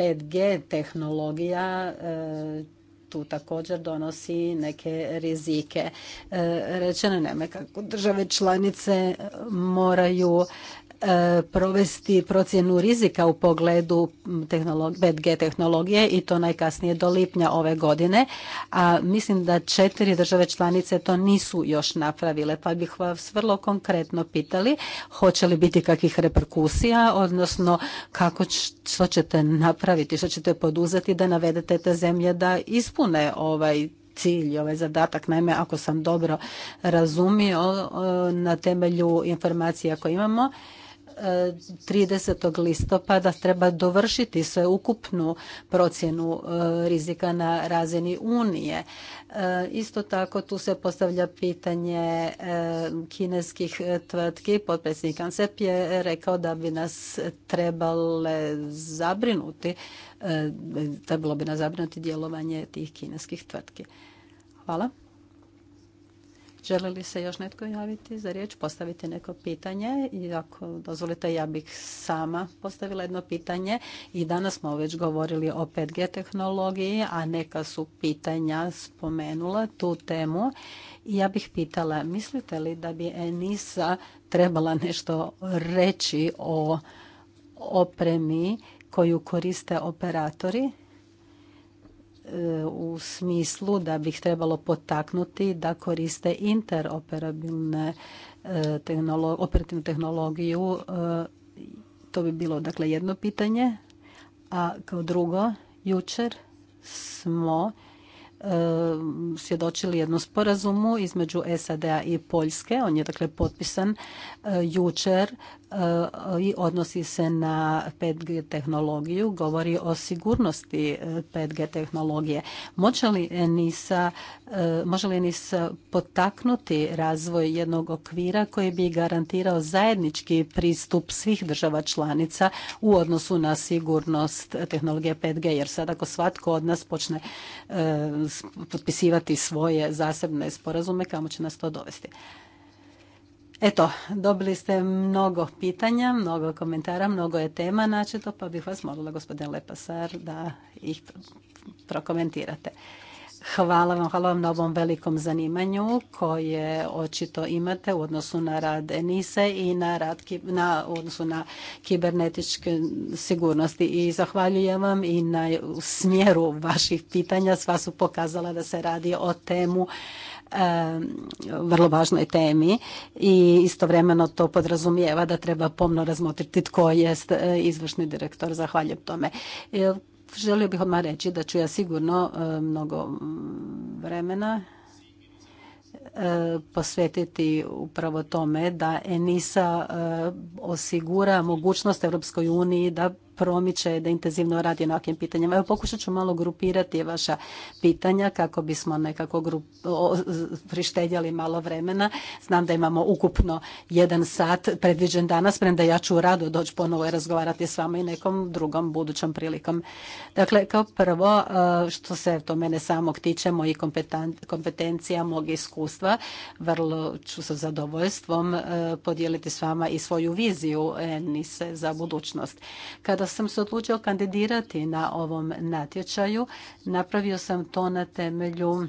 5G tehnologija e, tu također donosi neke rizike. E, rečeno nema kako države članice moraju E, provesti procjenu rizika u pogledu 5G tehnologije i to najkasnije do lipnja ove godine, a mislim da četiri države članice to nisu još napravile, pa bih vas vrlo konkretno pitali hoće li biti kakvih reperkusija, odnosno kako, što ćete napraviti, što ćete poduzeti da navedete te zemlje da ispune ovaj cilj, ovaj zadatak. Naime, ako sam dobro razumio e, na temelju informacija koje imamo, 30. listopada treba dovršiti sveukupnu ukupnu procjenu e, rizika na razini Unije. E, isto tako tu se postavlja pitanje e, kineskih tvrtki. Potpredsjednik Ansep je rekao da bi nas trebale zabrinuti, trebalo bi nas zabrinuti djelovanje tih kineskih tvrtki. Hvala. Želi li se još netko javiti za riječ, postaviti neko pitanje? I ako dozvolite, ja bih sama postavila jedno pitanje. I danas smo već govorili o 5G tehnologiji, a neka su pitanja spomenula tu temu. I ja bih pitala, mislite li da bi Enisa trebala nešto reći o opremi koju koriste operatori u smislu da bi ih trebalo potaknuti da koriste interoperabilne e, operativnu tehnologiju. E, to bi bilo dakle jedno pitanje. A kao drugo, jučer smo e, svjedočili jednom sporazumu između SAD-a i Poljske. On je dakle potpisan jučer i odnosi se na 5G tehnologiju, govori o sigurnosti 5G e, tehnologije. E, može li sa, potaknuti razvoj jednog okvira koji bi garantirao zajednički pristup svih država članica u odnosu na sigurnost tehnologije 5G? Jer sad ako svatko od nas počne e, potpisivati svoje zasebne sporazume, kamo će nas to dovesti? Eto, dobili ste mnogo pitanja, mnogo komentara, mnogo je tema načeto, pa bih vas molila, gospodin Lepasar, da ih prokomentirate. Hvala vam, hvala vam na ovom velikom zanimanju koje očito imate u odnosu na rad Enise i na rad na odnosu na kibernetičke sigurnosti i zahvaljujem vam i na smjeru vaših pitanja. Sva su pokazala da se radi o temu vrlo važnoj temi i istovremeno to podrazumijeva da treba pomno razmotriti tko jest e, izvršni direktor. Zahvaljujem tome. E, želio bih odmah reći da ću ja sigurno e, mnogo vremena posvetiti upravo tome da ENISA osigura mogućnost Europskoj uniji da promiče da intenzivno radi na ovakvim pitanjima. Evo pokušat ću malo grupirati vaša pitanja kako bismo nekako prištedjali prištedjeli malo vremena. Znam da imamo ukupno jedan sat predviđen danas, premda ja ću radu doći ponovo i razgovarati s vama i nekom drugom budućom prilikom. Dakle, kao prvo, e, što se to mene samog tiče, mojih kompetencija, mog iskustva, vrlo ću sa zadovoljstvom e, podijeliti s vama i svoju viziju se za budućnost. Kada sam se odlučio kandidirati na ovom natječaju. Napravio sam to na temelju e,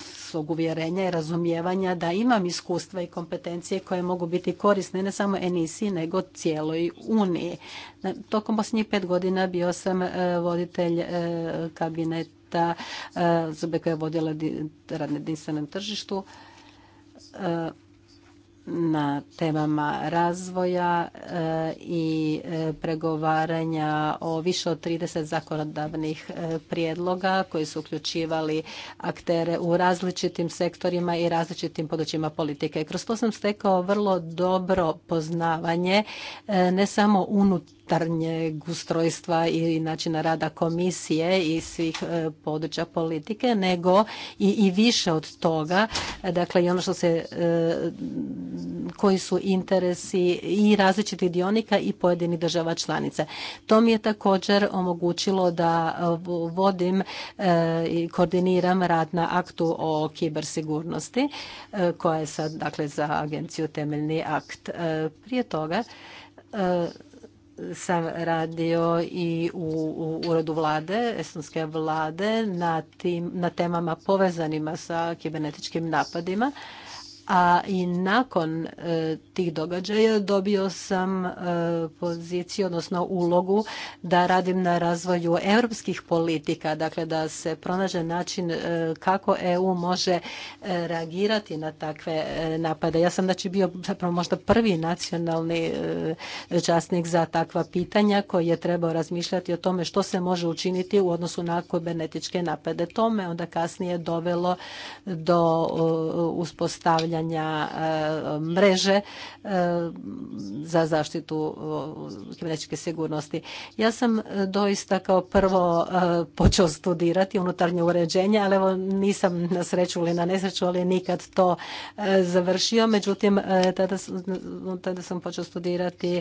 svog uvjerenja i razumijevanja da imam iskustva i kompetencije koje mogu biti korisne ne samo Enisi nego cijeloj Uniji. Tokom posljednjih pet godina bio sam e, voditelj e, kabineta ZBK koja je vodila rad na jedinstvenom tržištu na temama razvoja e, i e, pregovaranja o više od 30 zakonodavnih e, prijedloga koji su uključivali aktere u različitim sektorima i različitim područjima politike. Kroz to sam stekao vrlo dobro poznavanje ne samo unutar unutarnjeg ustrojstva i načina rada komisije i svih e, područja politike, nego i, više od toga. Dakle, i ono što se, e, koji su interesi i različitih dionika i pojedinih država članice. To mi je također omogućilo da e, vodim i koordiniram rad na aktu o kibersigurnosti, koja je sad, dakle, za agenciju temeljni akt. Prije toga, sam radio i u uredu vlade, estonske vlade, na, tim, na temama povezanima sa kibernetičkim napadima a i nakon e, tih događaja dobio sam e, poziciju, odnosno ulogu da radim na razvoju europskih politika, dakle da se pronaže način e, kako EU može reagirati na takve napade. Ja sam znači bio zapravo možda prvi nacionalni časnik za takva pitanja koji je trebao razmišljati o tome što se može učiniti u odnosu na kibernetičke napade. To me onda kasnije dovelo do uspostavljanja E, mreže e, za zaštitu e, kibernetičke sigurnosti. Ja sam doista kao prvo počeo studirati unutarnje uređenje, ali evo nisam na sreću ili na nesreću, ali nikad to završio. Međutim, tada, sam počeo studirati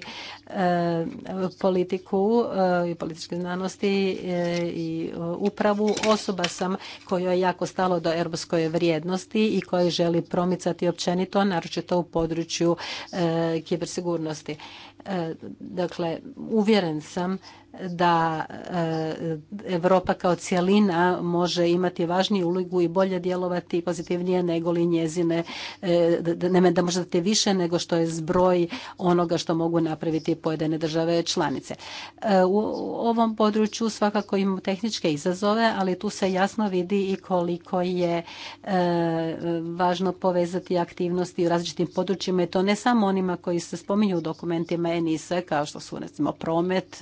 politiku i političke znanosti i upravu. Osoba sam kojoj je jako stalo do europskoj vrijednosti i koja želi promicati i općenito, naročito u području e, kibersigurnosti. E, dakle, uvjeren sam da Europa kao cjelina može imati važniju ulogu i bolje djelovati pozitivnije nego li njezine, e, da može dati više nego što je zbroj onoga što mogu napraviti pojedine države članice. E, u ovom području svakako imamo tehničke izazove, ali tu se jasno vidi i koliko je e, važno povezati aktivnosti u različitim područjima i to ne samo onima koji se spominju u dokumentima ENISE, kao što su recimo promet,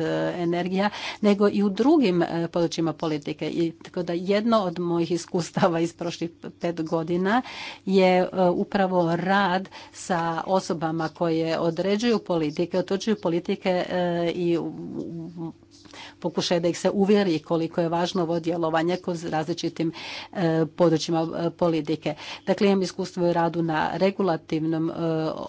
energija, nego i u drugim e, područjima politike. I tako da jedno od mojih iskustava iz prošlih pet godina je e, upravo rad sa osobama koje određuju politike, otočuju politike e, i pokušaj da ih se uvjeri koliko je važno ovo djelovanje kroz različitim e, područjima e, politike. Dakle, imam iskustvo i radu na regulativnom e,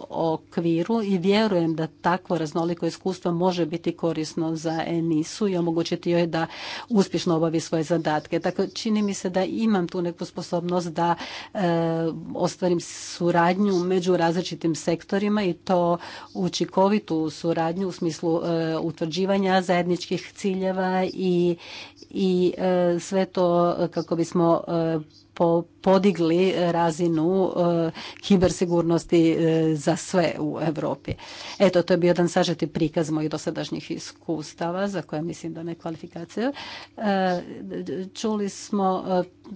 okviru i vjerujem da takvo raznoliko iskustvo može biti korisno za ENIS-u i omogućiti joj da uspješno obavi svoje zadatke. Dakle, čini mi se da imam tu neku sposobnost da ostvarim suradnju među različitim sektorima i to učinkovitu suradnju u smislu utvrđivanja zajedničkih ciljeva i, e, sve to kako bismo e, podigli e, razinu e, hibersigurnosti kibersigurnosti za sve u Europi. Eto, to je bio jedan sažeti prikaz mojih dosadašnjih iskustava, za koje mislim da ne kvalifikacija. E, čuli smo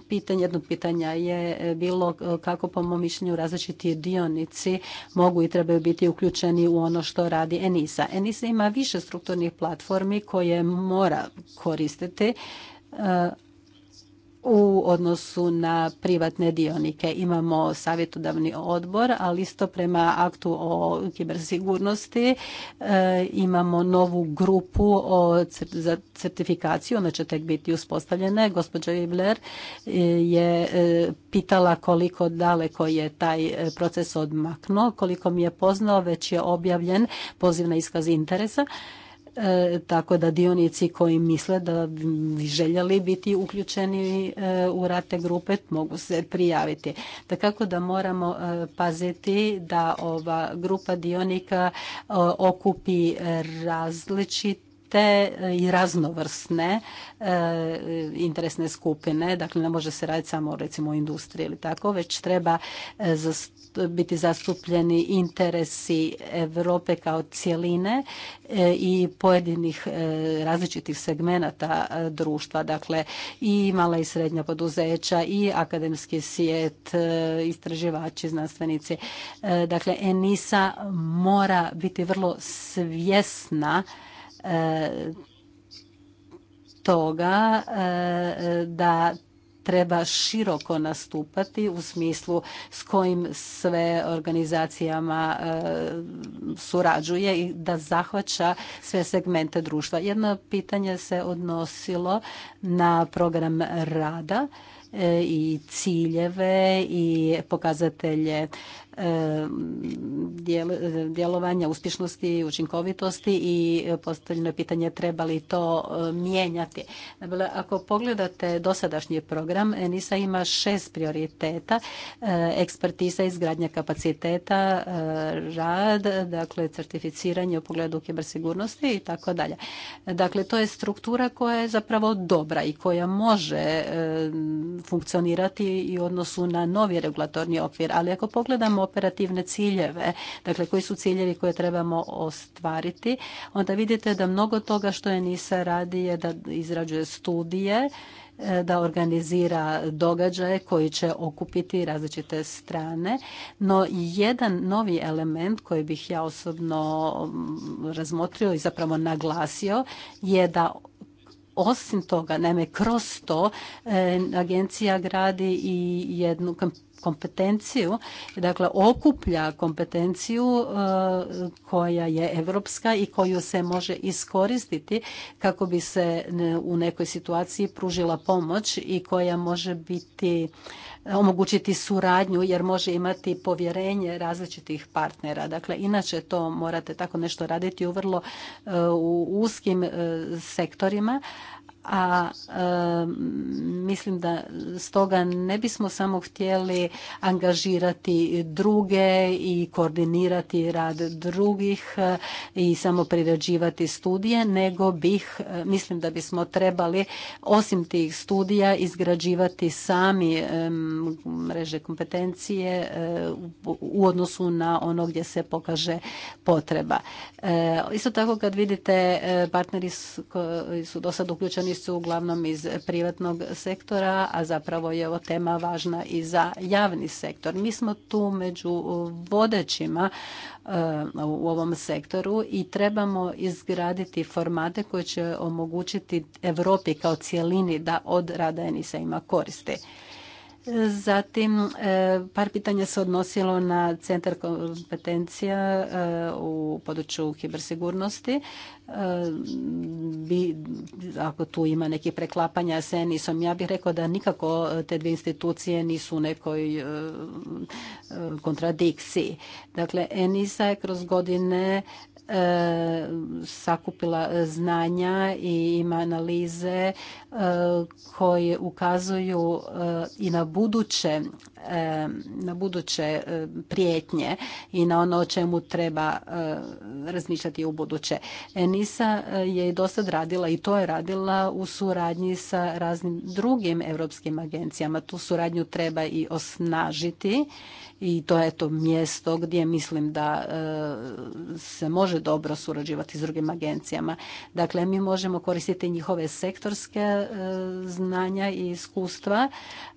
pitanje, jedno pitanja je bilo kako po mom mišljenju različiti dionici mogu i trebaju biti uključeni u ono što radi Enisa. Enisa ima više strukturnih platformi koje mora koristiti u odnosu na privatne dionike. Imamo savjetodavni odbor, ali isto prema aktu o kibersigurnosti e, imamo novu grupu za certifikaciju, ona će tek biti uspostavljena. Gospođa Ibler e, je e, pitala koliko daleko je taj proces odmakno. Koliko mi je poznao, već je objavljen poziv na iskaz interesa E, tako da dionici koji misle da bi željeli biti uključeni e, u rate grupe mogu se prijaviti. Tako da moramo e, paziti da ova grupa dionika okupi različite i raznovrsne interesne skupine, dakle ne može se raditi samo recimo o industriji ili tako, već treba biti zastupljeni interesi Europe kao cjeline e, i pojedinih e, različitih segmenata e, društva, dakle i mala i srednja poduzeća i akademski svijet, istraživači, znanstvenici. Dakle, Enisa mora biti vrlo svjesna toga da treba široko nastupati u smislu s kojim sve organizacijama e, surađuje i da zahvaća sve segmente društva. Jedno pitanje se odnosilo na program rada e, i ciljeve i pokazatelje djelovanja, uspješnosti i učinkovitosti i postavljeno je pitanje treba li to e, mijenjati. Dakle, ako pogledate dosadašnji program, ENISA ima šest prioriteta, e, ekspertiza, izgradnja kapaciteta, e, rad, dakle certificiranje u pogledu kibersigurnosti i tako dalje. Dakle, to je struktura koja je zapravo dobra i koja može funkcionirati i u odnosu na novi regulatorni okvir. Ali ako pogledamo operativne ciljeve, dakle koji su ciljevi koje trebamo ostvariti, onda vidite da mnogo toga što je NISA radi je da izrađuje studije, e, da organizira događaje koji će okupiti različite strane. No jedan novi element koji bih ja osobno mm, razmotrio i zapravo naglasio je da osim toga, naime, kroz to e, agencija gradi i jednu kompetenciju, dakle okuplja kompetenciju e, koja je europska i koju se može iskoristiti kako bi se e, u nekoj situaciji pružila pomoć i koja može biti omogućiti suradnju jer može imati povjerenje različitih partnera. Dakle, inače to morate tako nešto raditi u vrlo e, u uskim e, sektorima, a e, mislim da stoga ne bismo samo htjeli angažirati druge i koordinirati rad drugih e, i samo priređivati studije, nego bih, e, mislim da bismo trebali osim tih studija izgrađivati sami mreže kompetencije u, u odnosu na ono gdje se pokaže potreba. E, isto tako kad vidite e, partneri koji su do sad uključeni su uglavnom iz privatnog sektora, a zapravo je ovo tema važna i za javni sektor. Mi smo tu među vodećima e, u ovom sektoru i trebamo izgraditi formate koji će omogućiti Europi kao cjelini da od rada Enisa ima koristi. Zatim, e, par pitanja se odnosilo na centar kompetencija e, u području kibersigurnosti. E, ako tu ima nekih preklapanja s Enisom, ja bih rekao da nikako te dvije institucije nisu u nekoj kontradikciji. Dakle, Enisa je kroz godine E, sakupila znanja i ima analize e, koje ukazuju e, i na buduće na buduće prijetnje i na ono o čemu treba razmišljati u buduće. Enisa je i do radila i to je radila u suradnji sa raznim drugim europskim agencijama. Tu suradnju treba i osnažiti i to je to mjesto gdje mislim da e, se može dobro surađivati s drugim agencijama. Dakle, mi možemo koristiti njihove sektorske e, znanja i iskustva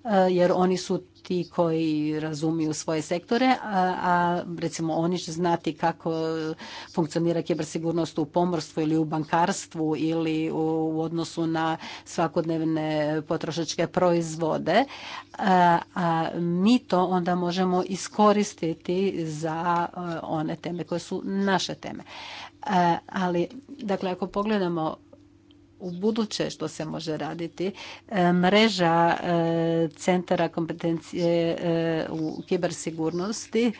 e, jer oni su ti koji razumiju svoje sektore, a, recimo oni će znati kako funkcionira kibersigurnost u pomorstvu ili u bankarstvu ili u, odnosu na svakodnevne potrošačke proizvode, a, a mi to onda možemo iskoristiti za one teme koje su naše teme. Ali, dakle, ako pogledamo u buduće što se može raditi. E, mreža e, centara kompetencije e, u kibersigurnosti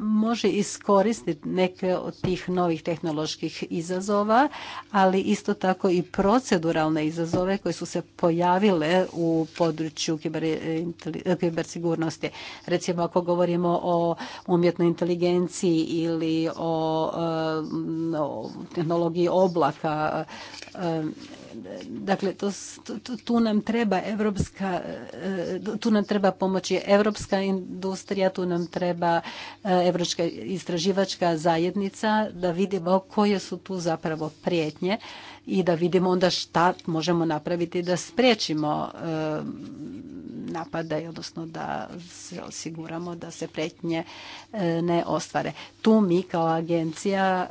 može iskoristiti neke od tih novih tehnoloških izazova, ali isto tako i proceduralne izazove koje su se pojavile u području kibersigurnosti. Recimo ako govorimo o umjetnoj inteligenciji ili o tehnologiji oblaka, dakle tu nam treba evropska tu nam treba pomoći evropska industrija tu nam treba evropska istraživačka zajednica da vidimo koje su tu zapravo prijetnje i da vidimo onda šta možemo napraviti da spriječimo napada odnosno da se osiguramo da se prijetnje ne ostvare. Tu mi kao agencija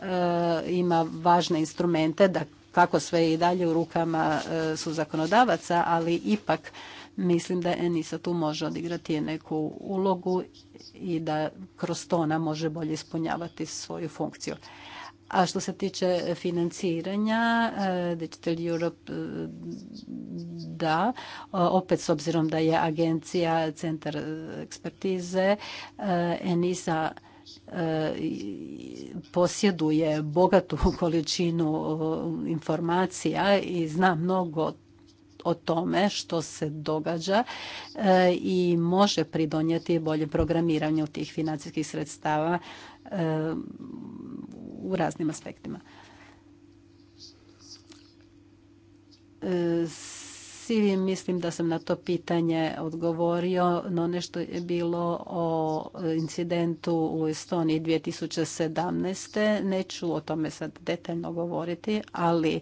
ima važne instrumente da kako sve i dalje u rukama e, su zakonodavaca, ali ipak mislim da Enisa tu može odigrati neku ulogu i da kroz to ona može bolje ispunjavati svoju funkciju. A što se tiče financiranja, e, Digital Europe e, da, opet s obzirom da je agencija centar ekspertize, ENISA posjeduje bogatu količinu informacija i zna mnogo o tome što se događa e, i može pridonijeti boljem programiranju tih financijskih sredstava e, u raznim aspektima e, i Mislim da sam na to pitanje odgovorio, no nešto je bilo o incidentu u Estoniji 2017. Neću o tome sad detaljno govoriti, ali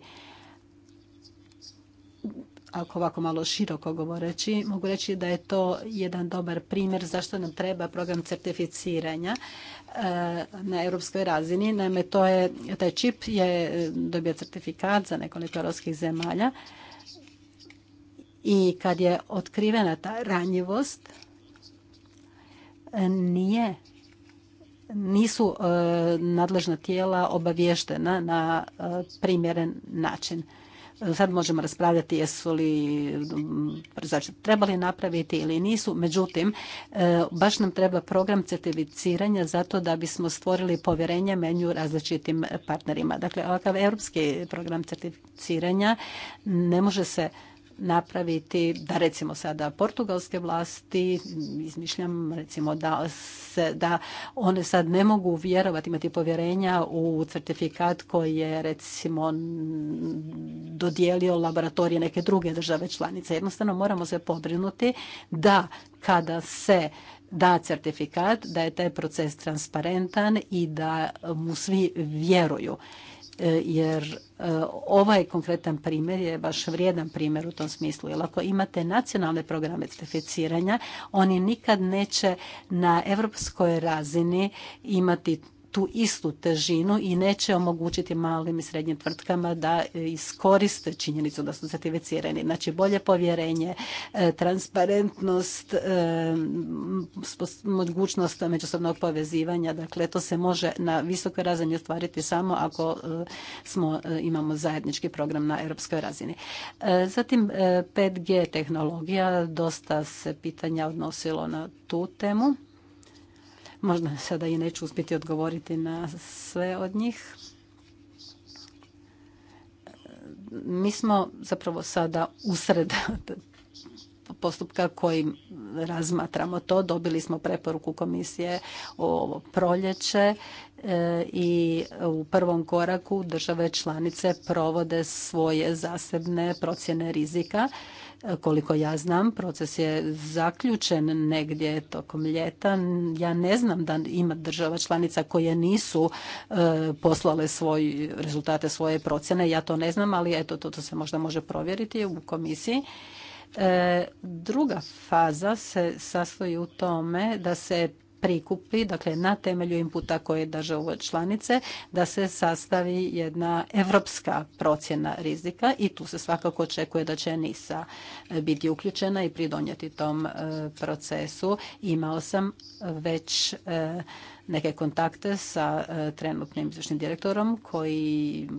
ako ovako malo široko govoreći, mogu reći da je to jedan dobar primjer zašto nam treba program certificiranja eh, na europskoj razini. Naime, to je, taj čip je eh, dobio certifikat za nekoliko europskih zemalja i kad je otkrivena ta ranjivost nije nisu e, nadležna tijela obavještena na e, primjeren način. Sad možemo raspravljati jesu li znači, trebali napraviti ili nisu. Međutim, e, baš nam treba program certificiranja zato da bismo stvorili povjerenje među različitim partnerima. Dakle, ovakav europski program certificiranja ne može se napraviti da recimo sada portugalske vlasti, izmišljam recimo da, se, da one sad ne mogu vjerovati, imati povjerenja u certifikat koji je recimo dodijelio laboratorije neke druge države članice. Jednostavno moramo se pobrinuti da kada se da certifikat, da je taj proces transparentan i da mu svi vjeruju e, jer Ovaj konkretan primjer je baš vrijedan primjer u tom smislu. Jer ako imate nacionalne programe certificiranja, oni nikad neće na europskoj razini imati tu istu težinu i neće omogućiti malim i srednjim tvrtkama da e, iskoriste činjenicu da su certificirani. Znači bolje povjerenje, e, transparentnost, e, mogućnost međusobnog povezivanja. Dakle, to se može na visokoj razini ostvariti samo ako smo, imamo zajednički program na europskoj razini. Zatim 5G tehnologija, dosta se pitanja odnosilo na tu temu. Možda sada i neću uspjeti odgovoriti na sve od njih. Mi smo zapravo sada usred postupka kojim razmatramo to. Dobili smo preporuku komisije o proljeće e, i u prvom koraku države članice provode svoje zasebne procjene rizika koliko ja znam, proces je zaključen negdje tokom ljeta. Ja ne znam da ima država članica koje nisu e, poslale svoj, rezultate svoje procjene. Ja to ne znam, ali eto, to, to se možda može provjeriti u komisiji. E, druga faza se sastoji u tome da se prikupi, dakle na temelju inputa koje ove članice, da se sastavi jedna evropska procjena rizika i tu se svakako očekuje da će NISA e, biti uključena i pridonijeti tom e, procesu. Imao sam e, već neke kontakte sa trenutnim izvršnim direktorom koji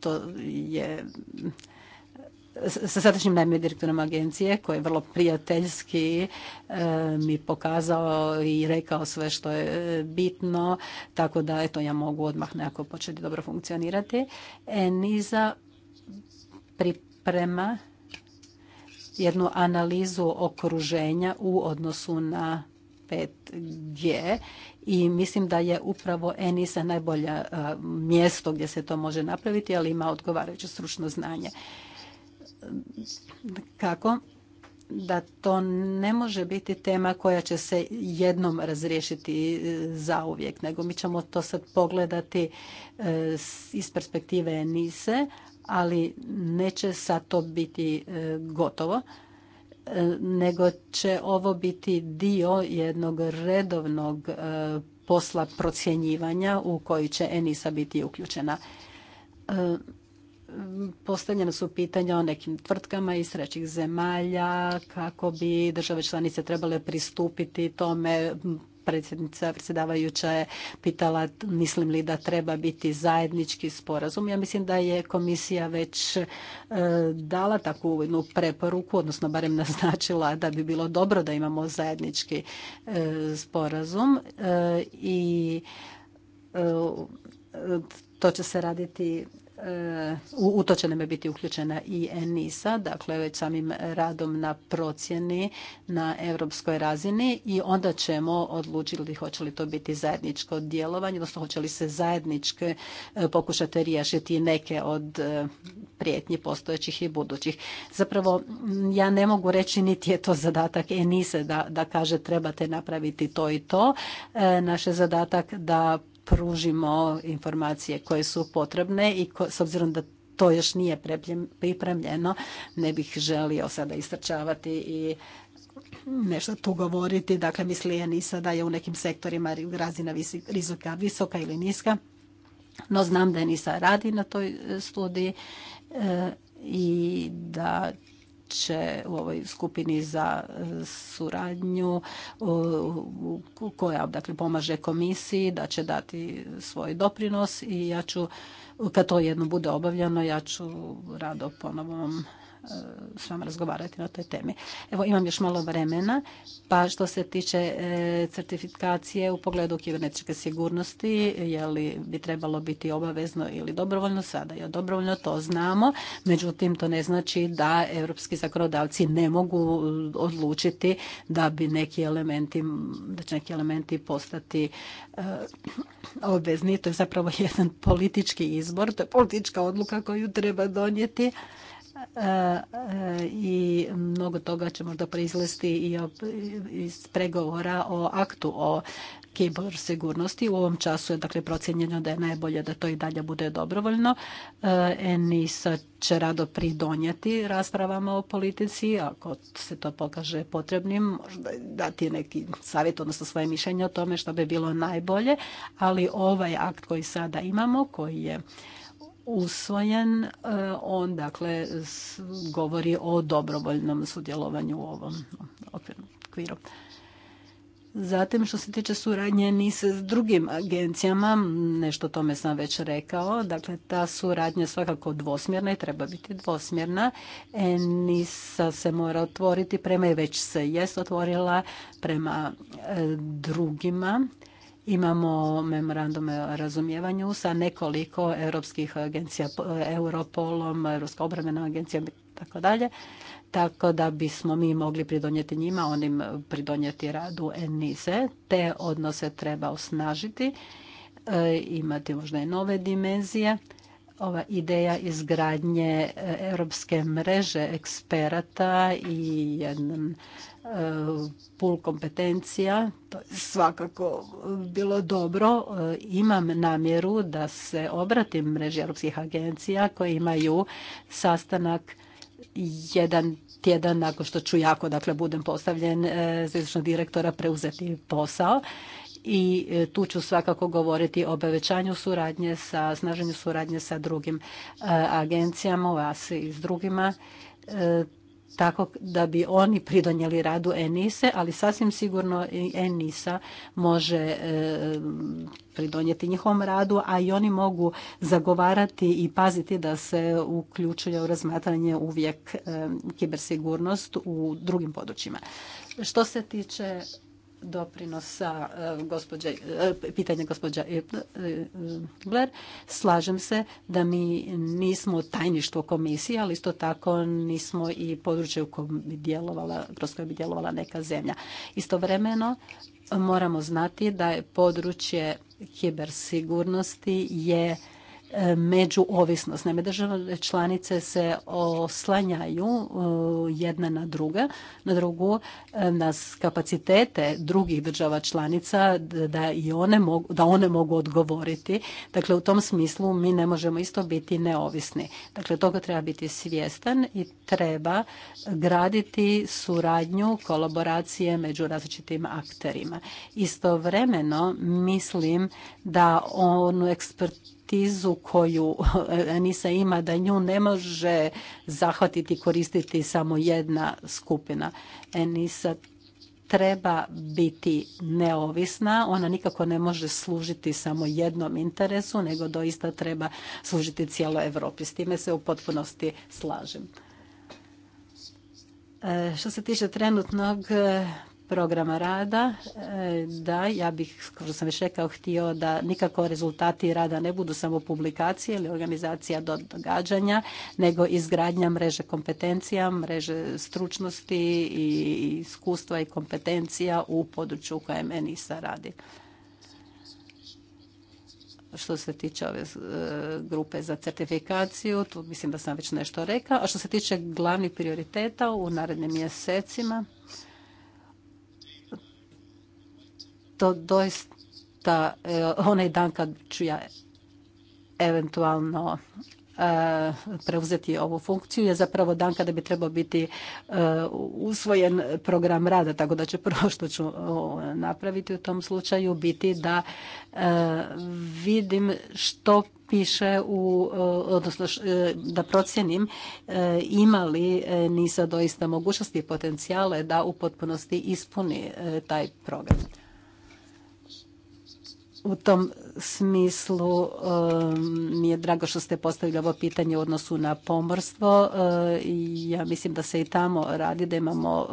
to je sa sadašnjim najmijem direktorom agencije koji je vrlo prijateljski e, mi pokazao i rekao sve što je e, bitno, tako da eto ja mogu odmah nekako početi dobro funkcionirati. E, Niza priprema jednu analizu okruženja u odnosu na 5G i mislim da je upravo ENISA najbolje mjesto gdje se to može napraviti, ali ima odgovarajuće stručno znanje kako da to ne može biti tema koja će se jednom razriješiti zauvijek, nego mi ćemo to sad pogledati e, iz perspektive nise, ali neće sad to biti e, gotovo, e, nego će ovo biti dio jednog redovnog posla procjenjivanja u koji će Enisa biti uključena postavljena su pitanja o nekim tvrtkama iz trećih zemalja kako bi države članice trebale pristupiti tome predsjednica predsjedavajuća je pitala mislim li da treba biti zajednički sporazum. Ja mislim da je komisija već e, dala takvu jednu preporuku, odnosno barem naznačila da bi bilo dobro da imamo zajednički e, sporazum e, i to će se raditi u to će nam biti uključena i ENISA, dakle već samim radom na procjeni na europskoj razini i onda ćemo odlučiti hoće li to biti zajedničko djelovanje, odnosno hoće li se zajedničke e, pokušati riješiti neke od e, prijetnji postojećih i budućih. Zapravo ja ne mogu reći niti je to zadatak enisa da, da kaže trebate napraviti to i to. E, naš je zadatak da pružimo informacije koje su potrebne i s obzirom da to još nije pripremljeno, ne bih želio sada istrčavati i nešto tu govoriti. Dakle, misli je nisa da je u nekim sektorima razina rizika visoka ili niska. No, znam da je Nisa radi na toj e, studiji e, i da će u ovoj skupini za e, suradnju e, koja dakle, pomaže komisiji da će dati svoj doprinos i ja ću kad to jedno bude obavljeno ja ću rado ponovo s vama razgovarati na toj temi. Evo imam još malo vremena, pa što se tiče e, certifikacije u pogledu kibernetičke sigurnosti, je li bi trebalo biti obavezno ili dobrovoljno sada? je dobrovoljno to znamo, međutim to ne znači da europski zakonodavci ne mogu e, odlučiti da bi neki elementi, da će neki elementi postati e, obvezni. To je zapravo jedan politički izbor, to je politička odluka koju treba donijeti i mnogo toga će možda proizvesti i iz pregovora o aktu o kibor-sigurnosti. U ovom času je dakle procijenjeno da je najbolje da to i dalje bude dobrovoljno. E, ENISA će rado pridonijeti raspravama o politici, ako se to pokaže potrebnim, možda dati neki savjet, odnosno svoje mišljenje o tome što bi bilo najbolje, ali ovaj akt koji sada imamo, koji je usvojen, e, on dakle govori o dobrovoljnom sudjelovanju u ovom okviru. Zatim što se tiče suradnje ni s drugim agencijama, nešto o tome sam već rekao, dakle ta suradnja svakako dvosmjerna i treba biti dvosmjerna. NISA se mora otvoriti prema i već se jest otvorila prema e, drugima. Imamo memorandume o razumijevanju sa nekoliko europskih agencija, Europolom, Europska obrambena agencija, tako dalje. Tako da bismo mi mogli pridonijeti njima, onim pridonijeti radu ENISE. Te odnose treba osnažiti, e, imati možda i nove dimenzije. Ova ideja izgradnje e, europske mreže eksperata i jedan pul kompetencija, to je svakako bilo dobro. E, imam namjeru da se obratim mreži europskih agencija koje imaju sastanak jedan tjedan nakon što ću jako, dakle, budem postavljen e, za direktora preuzeti posao i e, tu ću svakako govoriti o obavećanju suradnje sa, snaženju suradnje sa drugim agencijama, u i s drugima tako da bi oni pridonijeli radu Enise, ali sasvim sigurno Enisa može e, pridonijeti njihovom radu, a i oni mogu zagovarati i paziti da se uključuje u razmatranje uvijek e, kibersigurnost u drugim područjima. Što se tiče doprinosa e, gospođe, e, pitanja gospođa Ebler. E, Slažem se da mi nismo tajništvo komisije, ali isto tako nismo i područje u kojem bi djelovala, kroz koje bi djelovala neka zemlja. Istovremeno moramo znati da je područje kibersigurnosti je međuovisnost. Naime, države članice se oslanjaju e, jedna na druga, na drugu, e, na kapacitete drugih država članica da i one mogu, da one mogu odgovoriti. Dakle, u tom smislu mi ne možemo isto biti neovisni. Dakle, toga treba biti svjestan i treba graditi suradnju, kolaboracije među različitim akterima. Istovremeno mislim da onu ekspert ekspertizu koju Enisa eh, ima, da nju ne može zahvatiti i koristiti samo jedna skupina. Nisa treba biti neovisna, ona nikako ne može služiti samo jednom interesu, nego doista treba služiti cijeloj Europi. S time se u potpunosti slažem. Eh, što se tiče trenutnog programa rada. E, da, ja bih, kao što sam već rekao, htio da nikako rezultati rada ne budu samo publikacije ili organizacija događanja, nego izgradnja mreže kompetencija, mreže stručnosti i iskustva i kompetencija u području u kojem ENISA radi što se tiče ove e, grupe za certifikaciju, tu mislim da sam već nešto rekao. A što se tiče glavnih prioriteta u narednim mjesecima, to doista e, onaj dan kad ću ja eventualno e, preuzeti ovu funkciju je zapravo dan kada bi trebao biti e, usvojen program rada, tako da će prvo što ću napraviti u tom slučaju biti da vidim što piše u, odnosno da procjenim ima li NISA doista mogućnosti i potencijale da u potpunosti ispuni taj program u tom smislu mi je drago što ste postavili ovo pitanje u odnosu na pomorstvo. E, ja mislim da se i tamo radi da imamo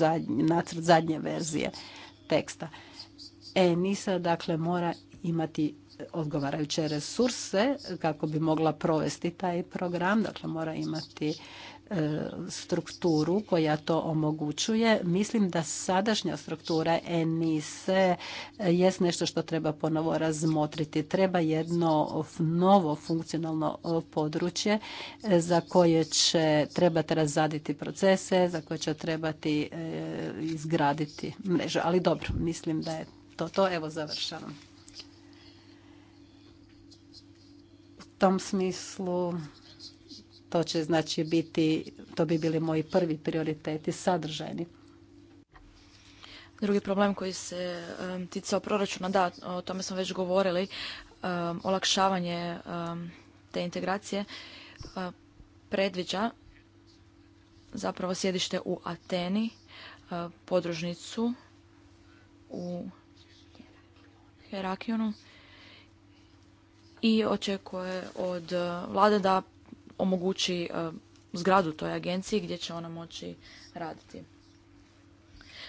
e, nacrt zadnje verzije teksta. ENISA dakle mora imati odgovarajuće resurse kako bi mogla provesti taj program, dakle mora imati strukturu koja to omogućuje. Mislim da sadašnja struktura ENISE jest nešto što treba ponovo razmotriti. Treba jedno novo funkcionalno područje e, za koje će trebati razaditi procese, za koje će trebati e, izgraditi mrežu. Ali dobro, mislim da je to to. Evo završavam. U tom smislu to će znači biti, to bi bili moji prvi prioriteti sadržajni. Drugi problem koji se ticao proračuna, da, o tome smo već govorili, olakšavanje te integracije e, predviđa zapravo sjedište u Ateni, e, podružnicu u Herakionu i očekuje od e, vlade da omogući e, zgradu toj agenciji gdje će ona moći raditi.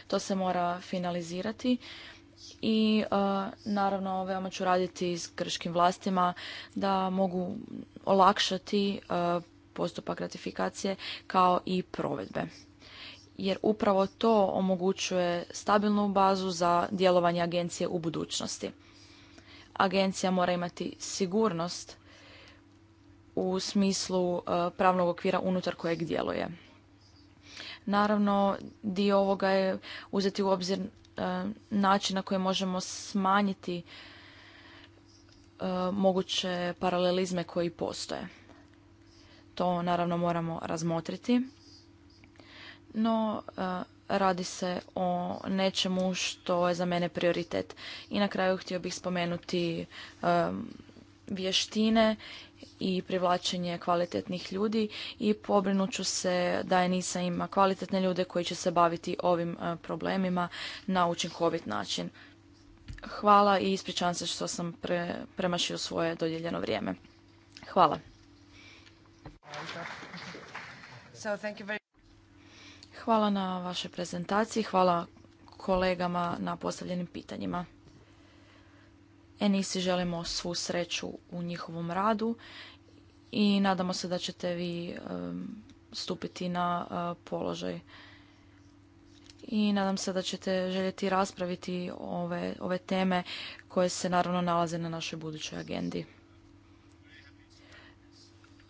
To se mora finalizirati i e, naravno veoma ću raditi s grškim vlastima da mogu olakšati e, postupak ratifikacije kao i provedbe. Jer upravo to omogućuje stabilnu bazu za djelovanje agencije u budućnosti. Agencija mora imati sigurnost u smislu e, pravnog okvira unutar kojeg djeluje. Naravno, dio ovoga je uzeti u obzir e, način na koji možemo smanjiti e, moguće paralelizme koji postoje. To naravno moramo razmotriti. No, radi se o nečemu što je za mene prioritet. I na kraju htio bih spomenuti vještine i privlačenje kvalitetnih ljudi i pobrinuću se da nisa ima kvalitetne ljude koji će se baviti ovim e, problemima na učinkovit način. Hvala i ispričavam se što sam pre, premašio svoje dodijeljeno vrijeme. Hvala. Hvala na vašoj prezentaciji, hvala kolegama na postavljenim pitanjima. Enisi želimo svu sreću u njihovom radu i nadamo se da ćete vi stupiti na e, položaj. I nadam se da ćete željeti raspraviti ove, ove teme koje se naravno nalaze na našoj budućoj agendi.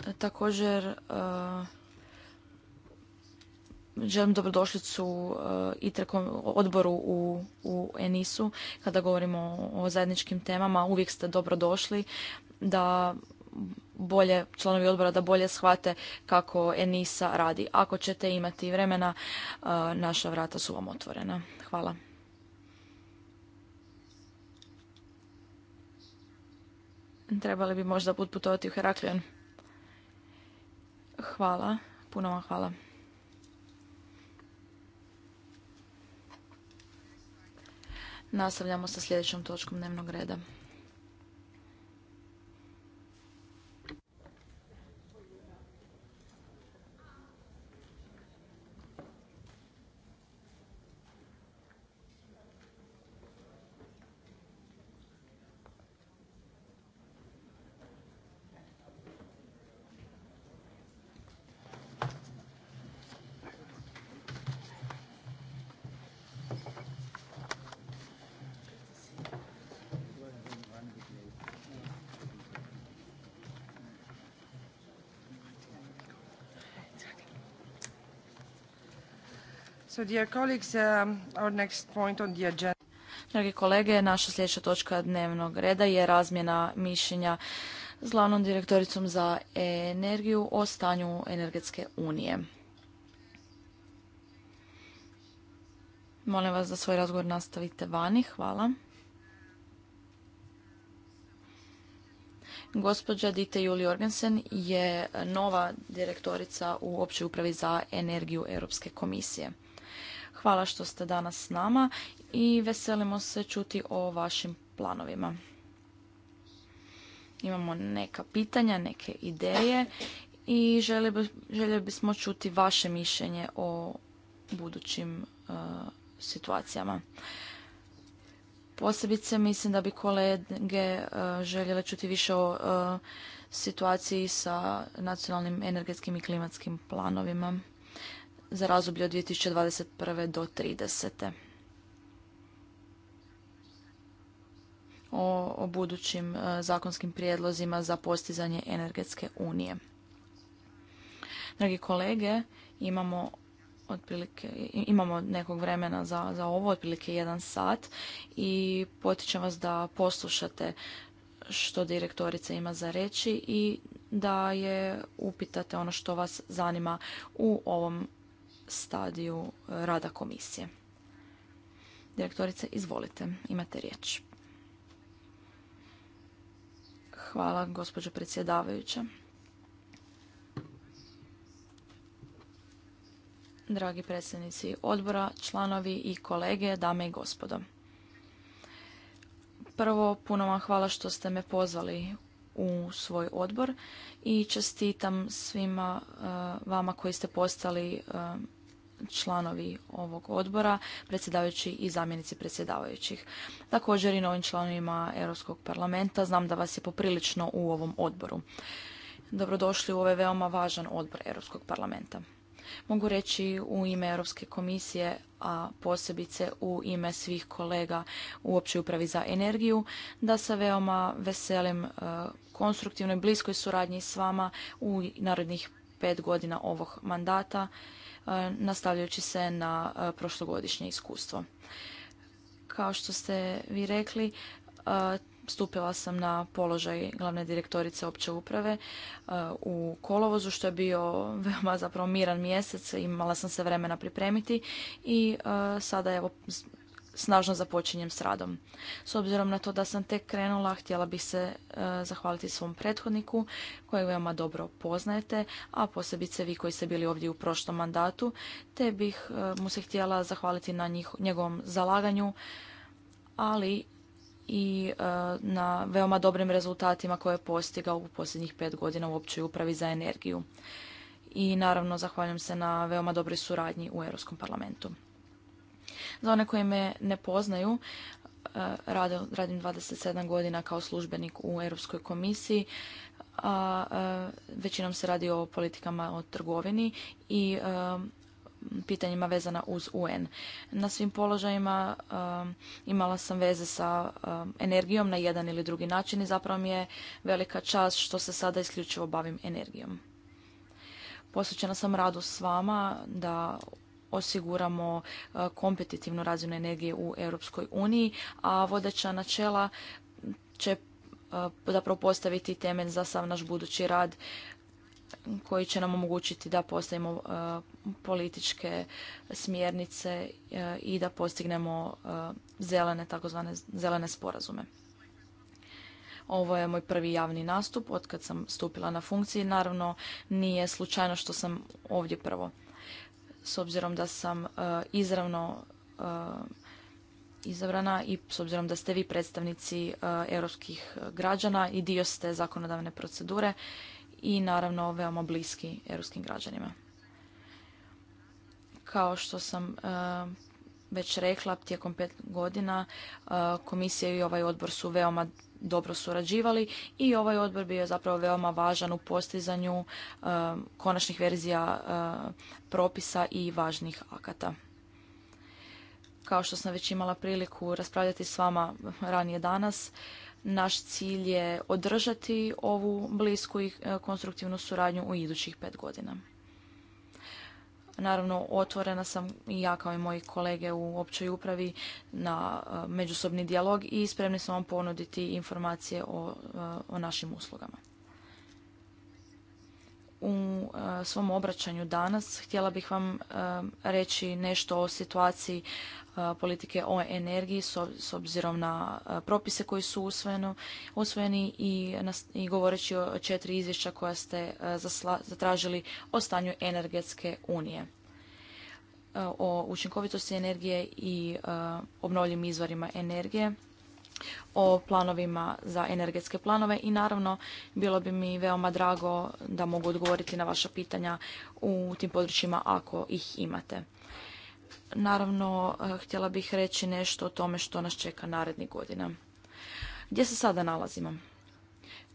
E, također e, želim dobrodošlicu e, i odboru u, u Enisu. Kada govorimo o zajedničkim temama, uvijek ste dobrodošli da bolje članovi odbora da bolje shvate kako Enisa radi. Ako ćete imati vremena, e, naša vrata su vam otvorena. Hvala. Trebali bi možda put putovati u Heraklion. Hvala. Puno vam hvala. Nastavljamo sa sljedećom točkom dnevnog reda. Um, Dragi kolege, naša sljedeća točka dnevnog reda je razmjena mišljenja s glavnom direktoricom za energiju o stanju energetske unije. Molim vas da svoj razgovor nastavite vani. Hvala. Gospođa Dite Juli Organsen je nova direktorica u općoj upravi za energiju Europske komisije. Hvala što ste danas s nama i veselimo se čuti o vašim planovima. Imamo neka pitanja, neke ideje i željeli bismo čuti vaše mišljenje o budućim e, situacijama. Posebice mislim da bi kolege uh, željele čuti više o e, situaciji sa nacionalnim energetskim i klimatskim planovima za razoblje od 2021. do 30. O, budućim e, zakonskim prijedlozima za postizanje energetske unije. Dragi kolege, imamo otprilike, imamo nekog vremena za, za ovo, otprilike jedan sat i potičem vas da poslušate što direktorica ima za reći i da je upitate ono što vas zanima u ovom stadiju e, rada komisije. Direktorice, izvolite, imate riječ. Hvala, gospođo predsjedavajuća. Dragi predsjednici odbora, članovi i kolege, dame i gospodo. Prvo, puno vam hvala što ste me pozvali u svoj odbor i čestitam svima e, vama koji ste postali e, članovi ovog odbora, predsjedavajući i zamjenici predsjedavajućih. Također i novim članovima Europskog parlamenta, znam da vas je poprilično u ovom odboru. Dobrodošli u ovaj veoma važan odbor Europskog parlamenta. Mogu reći u ime Europske komisije, a posebice u ime svih kolega u općoj upravi za energiju, da se veoma veselim e, konstruktivnoj bliskoj suradnji s vama u narednih pet godina ovog mandata nastavljajući se na prošlogodišnje iskustvo. Kao što ste vi rekli, stupila sam na položaj glavne direktorice opće uprave u kolovozu, što je bio veoma zapravo miran mjesec, imala sam se vremena pripremiti i sada evo snažno započinjem s radom. S obzirom na to da sam tek krenula, htjela bih se e, zahvaliti svom prethodniku kojeg veoma dobro poznajete, a posebice vi koji ste bili ovdje u prošlom mandatu, te bih e, mu se htjela zahvaliti na njegovom zalaganju, ali i e, na veoma dobrim rezultatima koje je postigao u posljednjih pet godina u općoj upravi za energiju. I naravno zahvaljujem se na veoma dobroj suradnji u Europskom parlamentu. Za one koji me ne poznaju, e, radim 27 godina kao službenik u Europskoj komisiji, a e, većinom se radi o politikama o trgovini i e, pitanjima vezana uz UN. Na svim položajima imala sam veze sa energijom na jedan ili drugi način i zapravo mi je velika čast što se sada isključivo bavim energijom. Posvećena sam radu s vama da osiguramo e, kompetitivnu razinu energije u Europskoj uniji, a vodeća načela će e, zapravo postaviti temelj za sav naš budući rad koji će nam omogućiti da postavimo e, političke smjernice i da postignemo zelene, takozvane zelene sporazume. Ovo je moj prvi javni nastup od kad sam stupila na funkciji. Naravno, nije slučajno što sam ovdje prvo s obzirom da sam e, izravno e, izabrana i s obzirom da ste vi predstavnici e, europskih građana i dio ste zakonodavne procedure i naravno veoma bliski europskim građanima. Kao što sam već rekla, tijekom pet godina komisija i ovaj odbor su veoma dobro surađivali i ovaj odbor bio je zapravo veoma važan u postizanju e, konačnih verzija e, propisa i važnih akata. Kao što sam već imala priliku raspravljati s vama ranije danas, naš cilj je održati ovu blisku i e, konstruktivnu suradnju u idućih pet godina. Naravno, otvorena sam i ja kao i moji kolege u općoj upravi na e, međusobni dijalog i spremni sam vam ponuditi informacije o, e, o našim uslugama u e, svom obraćanju danas. Htjela bih vam e, reći nešto o situaciji e, politike o energiji s obzirom na propise koji su usvojeni i, govoreći o četiri izvješća koja ste zatražili o stanju energetske unije o učinkovitosti energije i obnovljivim izvorima energije o planovima za energetske planove i naravno bilo bi mi veoma drago da mogu odgovoriti na vaša pitanja u tim područjima ako ih imate. Naravno, htjela bih reći nešto o tome što nas čeka narednih godina. Gdje se sada nalazimo?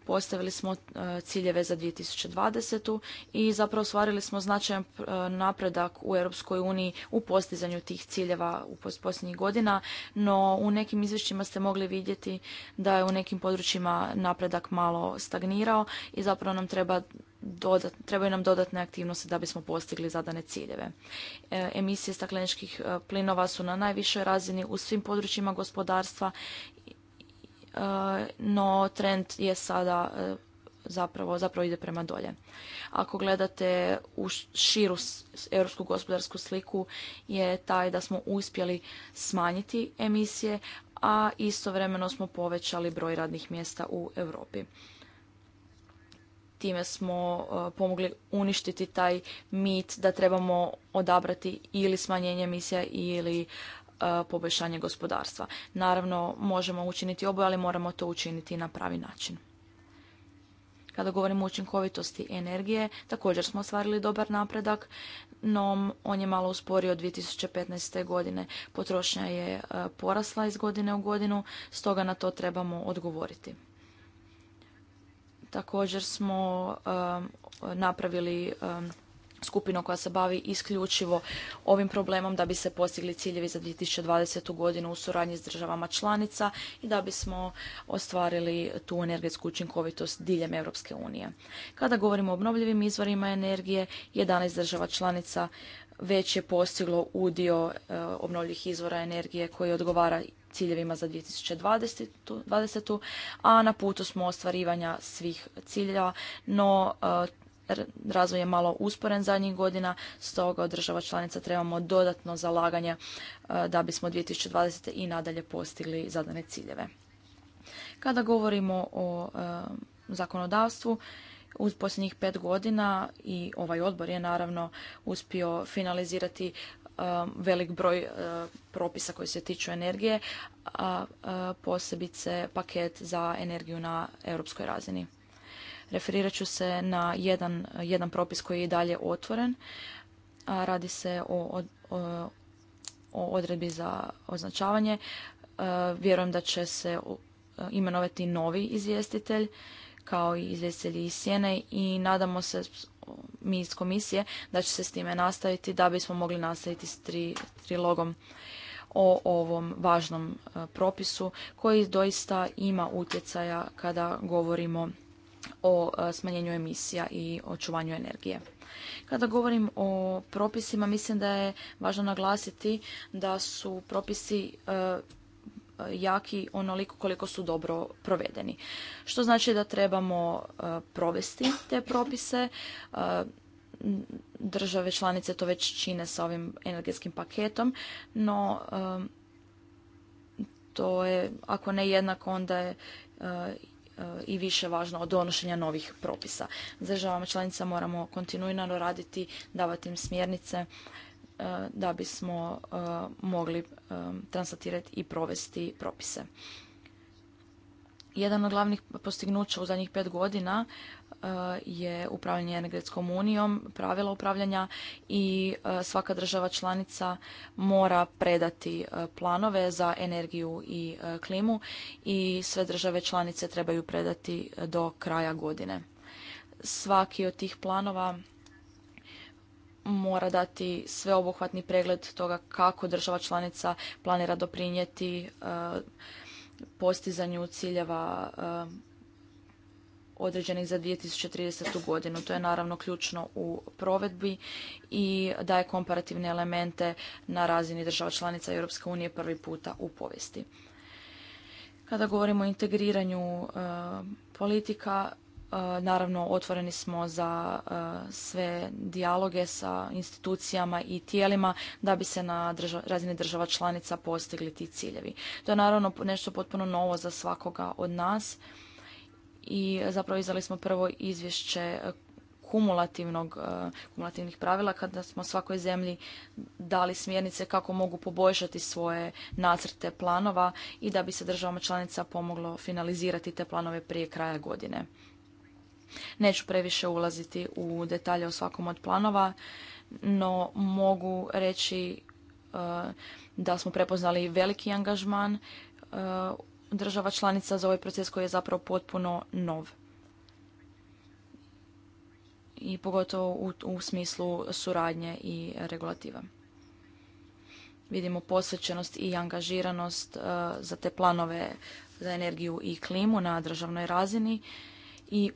postavili smo e, ciljeve za 2020. i zapravo ostvarili smo značajan e, napredak u Europskoj uniji u postizanju tih ciljeva u posljednjih godina, no u nekim izvješćima ste mogli vidjeti da je u nekim područjima napredak malo stagnirao i zapravo nam treba Dodat, trebaju nam dodatne aktivnosti da bismo postigli zadane ciljeve. E, emisije stakleničkih plinova su na najvišoj razini u svim područjima gospodarstva Eh, no trend je sada eh, zapravo, zapravo ide prema dolje. Ako gledate u širu europsku gospodarsku sliku je taj da smo uspjeli smanjiti emisije, a istovremeno smo povećali broj radnih mjesta u Europi. Time smo eh, pomogli uništiti taj mit da trebamo odabrati ili smanjenje emisija ili E, poboljšanje gospodarstva. Naravno, možemo učiniti oboje, ali moramo to učiniti na pravi način. Kada govorimo o učinkovitosti energije, također smo ostvarili dobar napredak, no on je malo usporio od 2015. godine. Potrošnja je e, porasla iz godine u godinu, stoga na to trebamo odgovoriti. Također smo e, napravili skupinu koja se bavi isključivo ovim problemom da bi se postigli ciljevi za 2020. godinu u suradnji s državama članica i da bismo ostvarili tu energetsku učinkovitost diljem Europske unije. Kada govorimo o obnovljivim izvorima energije, 11 država članica već je postiglo udio e, obnovljivih izvora energije koji odgovara ciljevima za 2020. a na putu smo ostvarivanja svih ciljeva, no e, razvoj je malo usporen zadnjih godina, stoga od država članica trebamo dodatno zalaganje e, da bismo 2020. i nadalje postigli zadane ciljeve. Kada govorimo o e, zakonodavstvu, u posljednjih pet godina i ovaj odbor je naravno uspio finalizirati e, velik broj propisa koji se tiču energije, a posebice paket za energiju na europskoj razini. Referirat ću se na jedan, jedan propis koji je i dalje otvoren. A radi se o, o, odredbi za označavanje. E, vjerujem da će se e, imenovati novi izvjestitelj kao i izvjestitelji iz Sjene i nadamo se mi iz komisije da će se s time nastaviti da bismo mogli nastaviti s tri, trilogom o ovom važnom e, propisu koji doista ima utjecaja kada govorimo o smanjenju emisija i očuvanju energije. Kada govorim o propisima, mislim da je važno naglasiti da su propisi jaki onoliko koliko su dobro provedeni. Što znači da trebamo provesti te propise. Države članice to već čine sa ovim energetskim paketom, no to je, ako ne jednako, onda je E, i više važno od donošenja novih propisa. Državama članica moramo kontinuirano raditi, davati im smjernice e, da bismo e, mogli translatirati i provesti propise. Jedan od glavnih postignuća u zadnjih pet godina e, je upravljanje energetskom unijom, pravila upravljanja i e, svaka država članica mora predati e, planove za energiju i klimu i sve države članice trebaju predati do kraja godine. Svaki od tih planova mora dati sveobuhvatni pregled toga kako država članica planira doprinijeti postizanju ciljeva e, određenih za 2030. godinu. To je naravno ključno u provedbi i daje komparativne elemente na razini država članica Europske unije prvi puta u povijesti. Kada govorimo o integriranju e, politika, E, naravno, otvoreni smo za e, sve dijaloge sa institucijama i tijelima da bi se na razini država članica postigli ti ciljevi. To je naravno nešto potpuno novo za svakoga od nas i zapravo izdali smo prvo izvješće e, kumulativnih pravila kada smo svakoj zemlji dali smjernice kako mogu poboljšati svoje nacrte planova i da bi se državama članica pomoglo finalizirati te planove prije kraja godine. Neću previše ulaziti u detalje o svakom od planova, no mogu reći e, da smo prepoznali veliki angažman e, država članica za ovaj proces koji je zapravo potpuno nov i pogotovo u, smislu suradnje i regulativa. Vidimo posvećenost i angažiranost e, za te planove za energiju i klimu na državnoj razini i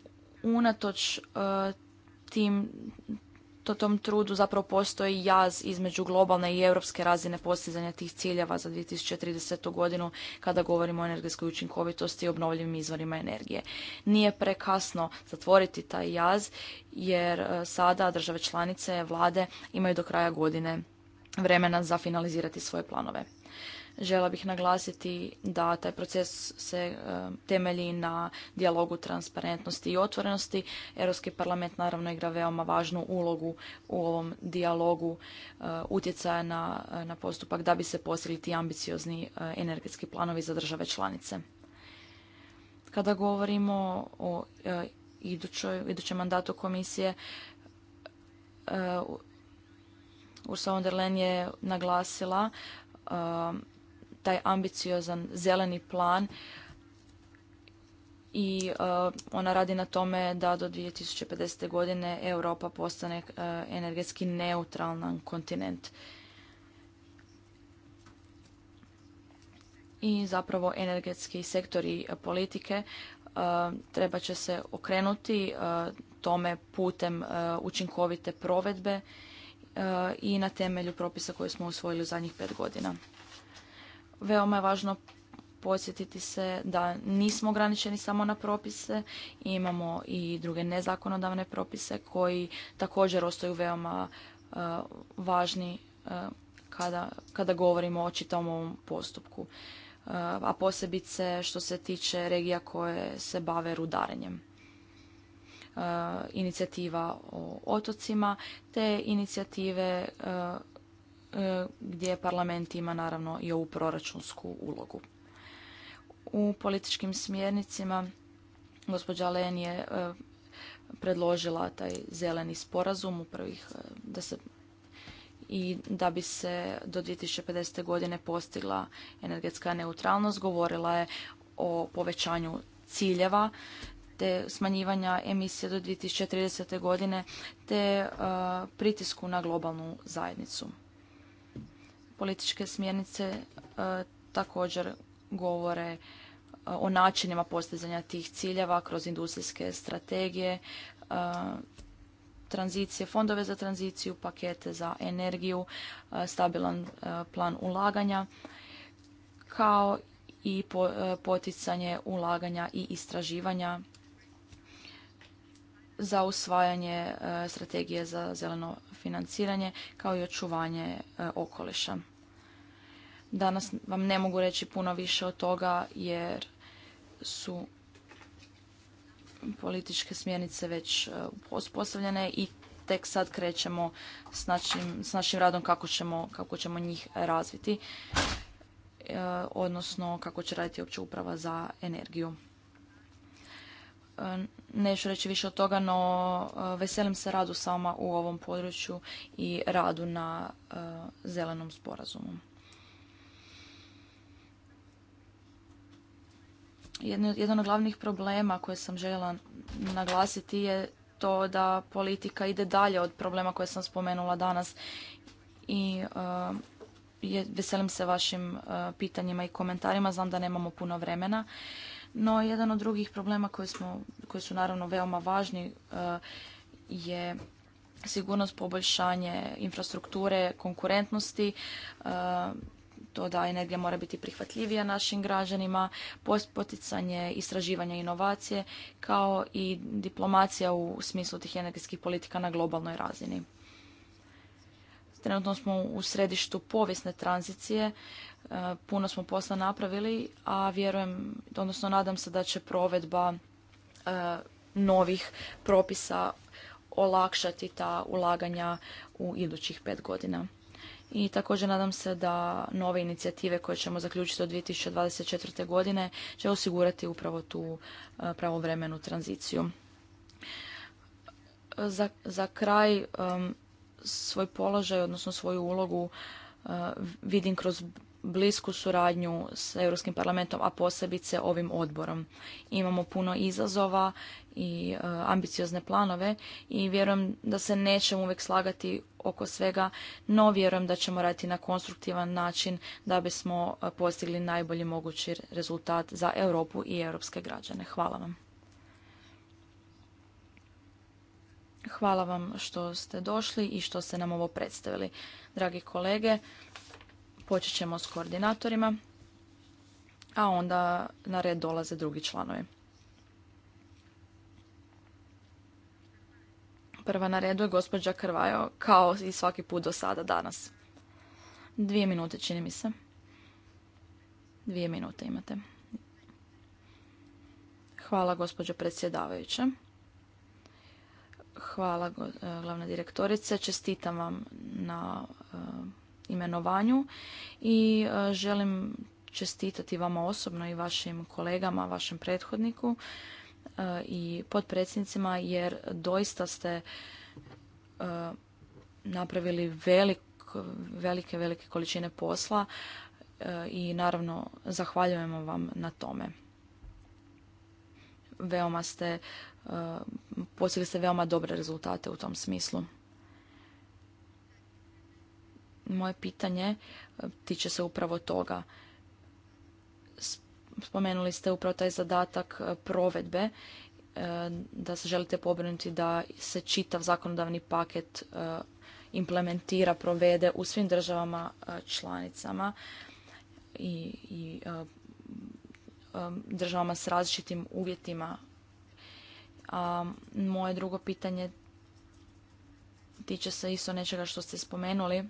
unatoč e, tim to tom trudu zapravo postoji jaz između globalne i europske razine postizanja tih ciljeva za 2030. godinu kada govorimo o energetskoj učinkovitosti i obnovljivim izvorima energije. Nije prekasno zatvoriti taj jaz jer e, sada države članice, vlade imaju do kraja godine vremena za finalizirati svoje planove. Žela bih naglasiti da taj proces se e, temelji na dijalogu transparentnosti i otvorenosti. Europski parlament naravno igra veoma važnu ulogu u ovom dijalogu e, utjecaja e, na, postupak da bi se postigli ti ambiciozni energetski planovi za države članice. Kada govorimo o idućem mandatu komisije, Ursula von der Leyen je naglasila taj ambiciozan zeleni plan i e, ona radi na tome da do 2050. godine Europa postane e, energetski neutralan kontinent. I zapravo energetski sektori politike e, treba će se okrenuti tome putem učinkovite provedbe i na temelju propisa koje smo usvojili u zadnjih pet godina. Veoma je važno podsjetiti se da nismo ograničeni samo na propise, imamo i druge nezakonodavne propise koji također ostaju veoma e, važni e, kada, kada govorimo o čitavom ovom postupku, e, a posebice što se tiče regija koje se bave rudarenjem. Inicijativa o otocima te inicijative E, gdje parlament ima naravno i ovu proračunsku ulogu. U političkim smjernicima gospođa Len je e, predložila taj zeleni sporazum u prvih e, da se i da bi se do 2050. godine postigla energetska neutralnost govorila je o povećanju ciljeva te smanjivanja emisije do 2030. godine te pritisku na globalnu zajednicu. Političke smjernice e, također govore e, o načinima postizanja tih ciljeva kroz industrijske strategije, e, tranzicije, fondove za tranziciju, pakete za energiju, stabilan plan ulaganja, kao i poticanje ulaganja i istraživanja za usvajanje e, strategije za zeleno financiranje kao i očuvanje e, okoliša. Danas vam ne mogu reći puno više od toga jer su političke smjernice već e, uspostavljene i tek sad krećemo s našim, radom kako ćemo, kako ćemo njih razviti, odnosno kako će raditi opća uprava za energiju. E, neću reći više od toga, no e, veselim se radu s vama u ovom području i radu na e, zelenom sporazumu. Jedan od glavnih problema koje sam željela naglasiti je to da politika ide dalje od problema koje sam spomenula danas i veselim se vašim pitanjima i komentarima. Znam da nemamo puno vremena. No, jedan od drugih problema koji, smo, koji su naravno veoma važni e, je sigurnost, poboljšanje infrastrukture, konkurentnosti, e, to da energija mora biti prihvatljivija našim građanima, poticanje istraživanja inovacije, kao i diplomacija u smislu tih energetskih politika na globalnoj razini. Trenutno smo u središtu povijesne tranzicije, e, puno smo posla napravili, a vjerujem, odnosno nadam se da će provedba e, novih propisa olakšati ta ulaganja u idućih pet godina. I također nadam se da nove inicijative koje ćemo zaključiti od 2024. godine će osigurati upravo tu e, pravovremenu tranziciju. Za, kraj svoj položaj, odnosno svoju ulogu e, vidim kroz blisku suradnju s Europskim parlamentom, a posebice ovim odborom. Imamo puno izazova i e, ambiciozne planove i vjerujem da se nećemo uvijek slagati oko svega, no vjerujem da ćemo raditi na konstruktivan način da bismo postigli najbolji mogući rezultat za Europu i europske građane. Hvala vam. Hvala vam što ste došli i što ste nam ovo predstavili. Dragi kolege, počet ćemo s koordinatorima, a onda na red dolaze drugi članovi. Prva na redu je gospođa Krvajo, kao i svaki put do sada danas. Dvije minute, čini mi se. Dvije minute imate. Hvala, gospođo predsjedavajuća. Hvala e, glavna direktorice, čestitam vam na e, imenovanju i e, želim čestitati vama osobno i vašim kolegama, vašem prethodniku i podpredsjednicima jer doista ste napravili velike, velike količine posla i naravno zahvaljujemo vam na tome. Veoma ste postigli ste veoma dobre rezultate u tom smislu. Moje pitanje e, tiče se upravo toga. Spomenuli ste upravo taj zadatak e, provedbe e, da se želite pobrinuti da se čitav zakonodavni paket implementira, provede u svim državama članicama i, i državama s različitim uvjetima a moje drugo pitanje tiče se isto nečega što ste spomenuli.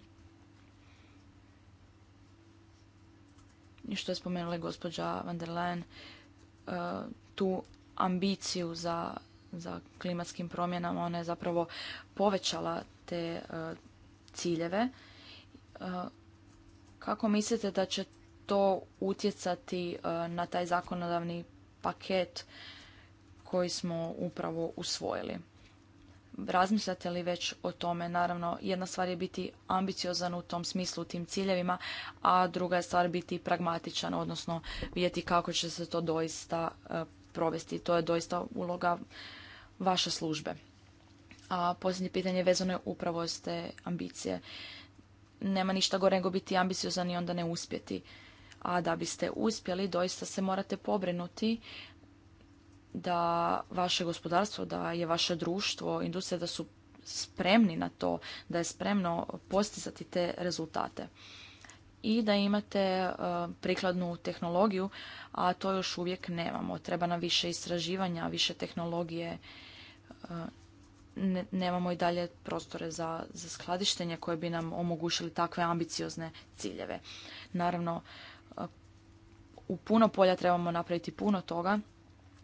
I što je spomenula gospođa van der Leyen, e, tu ambiciju za, za klimatskim promjenama, ona je zapravo povećala te e, ciljeve. E, kako mislite da će to utjecati na taj zakonodavni paket koji smo upravo usvojili. razmišljate li već o tome? Naravno, jedna stvar je biti ambiciozan u tom smislu, u tim ciljevima, a druga je stvar biti pragmatičan, odnosno vidjeti kako će se to doista e, provesti. To je doista uloga vaše službe. A posljednje pitanje vezano je upravo s te ambicije. Nema ništa gore nego biti ambiciozan i onda ne uspjeti. A da biste uspjeli, doista se morate pobrinuti da vaše gospodarstvo, da je vaše društvo, industrija da su spremni na to, da je spremno postizati te rezultate i da imate e, prikladnu tehnologiju, a to još uvijek nemamo. Treba nam više istraživanja, više tehnologije. E, nemamo i dalje prostore za, skladištenje koje bi nam omogućili takve ambiciozne ciljeve. Naravno, e, u puno polja trebamo napraviti puno toga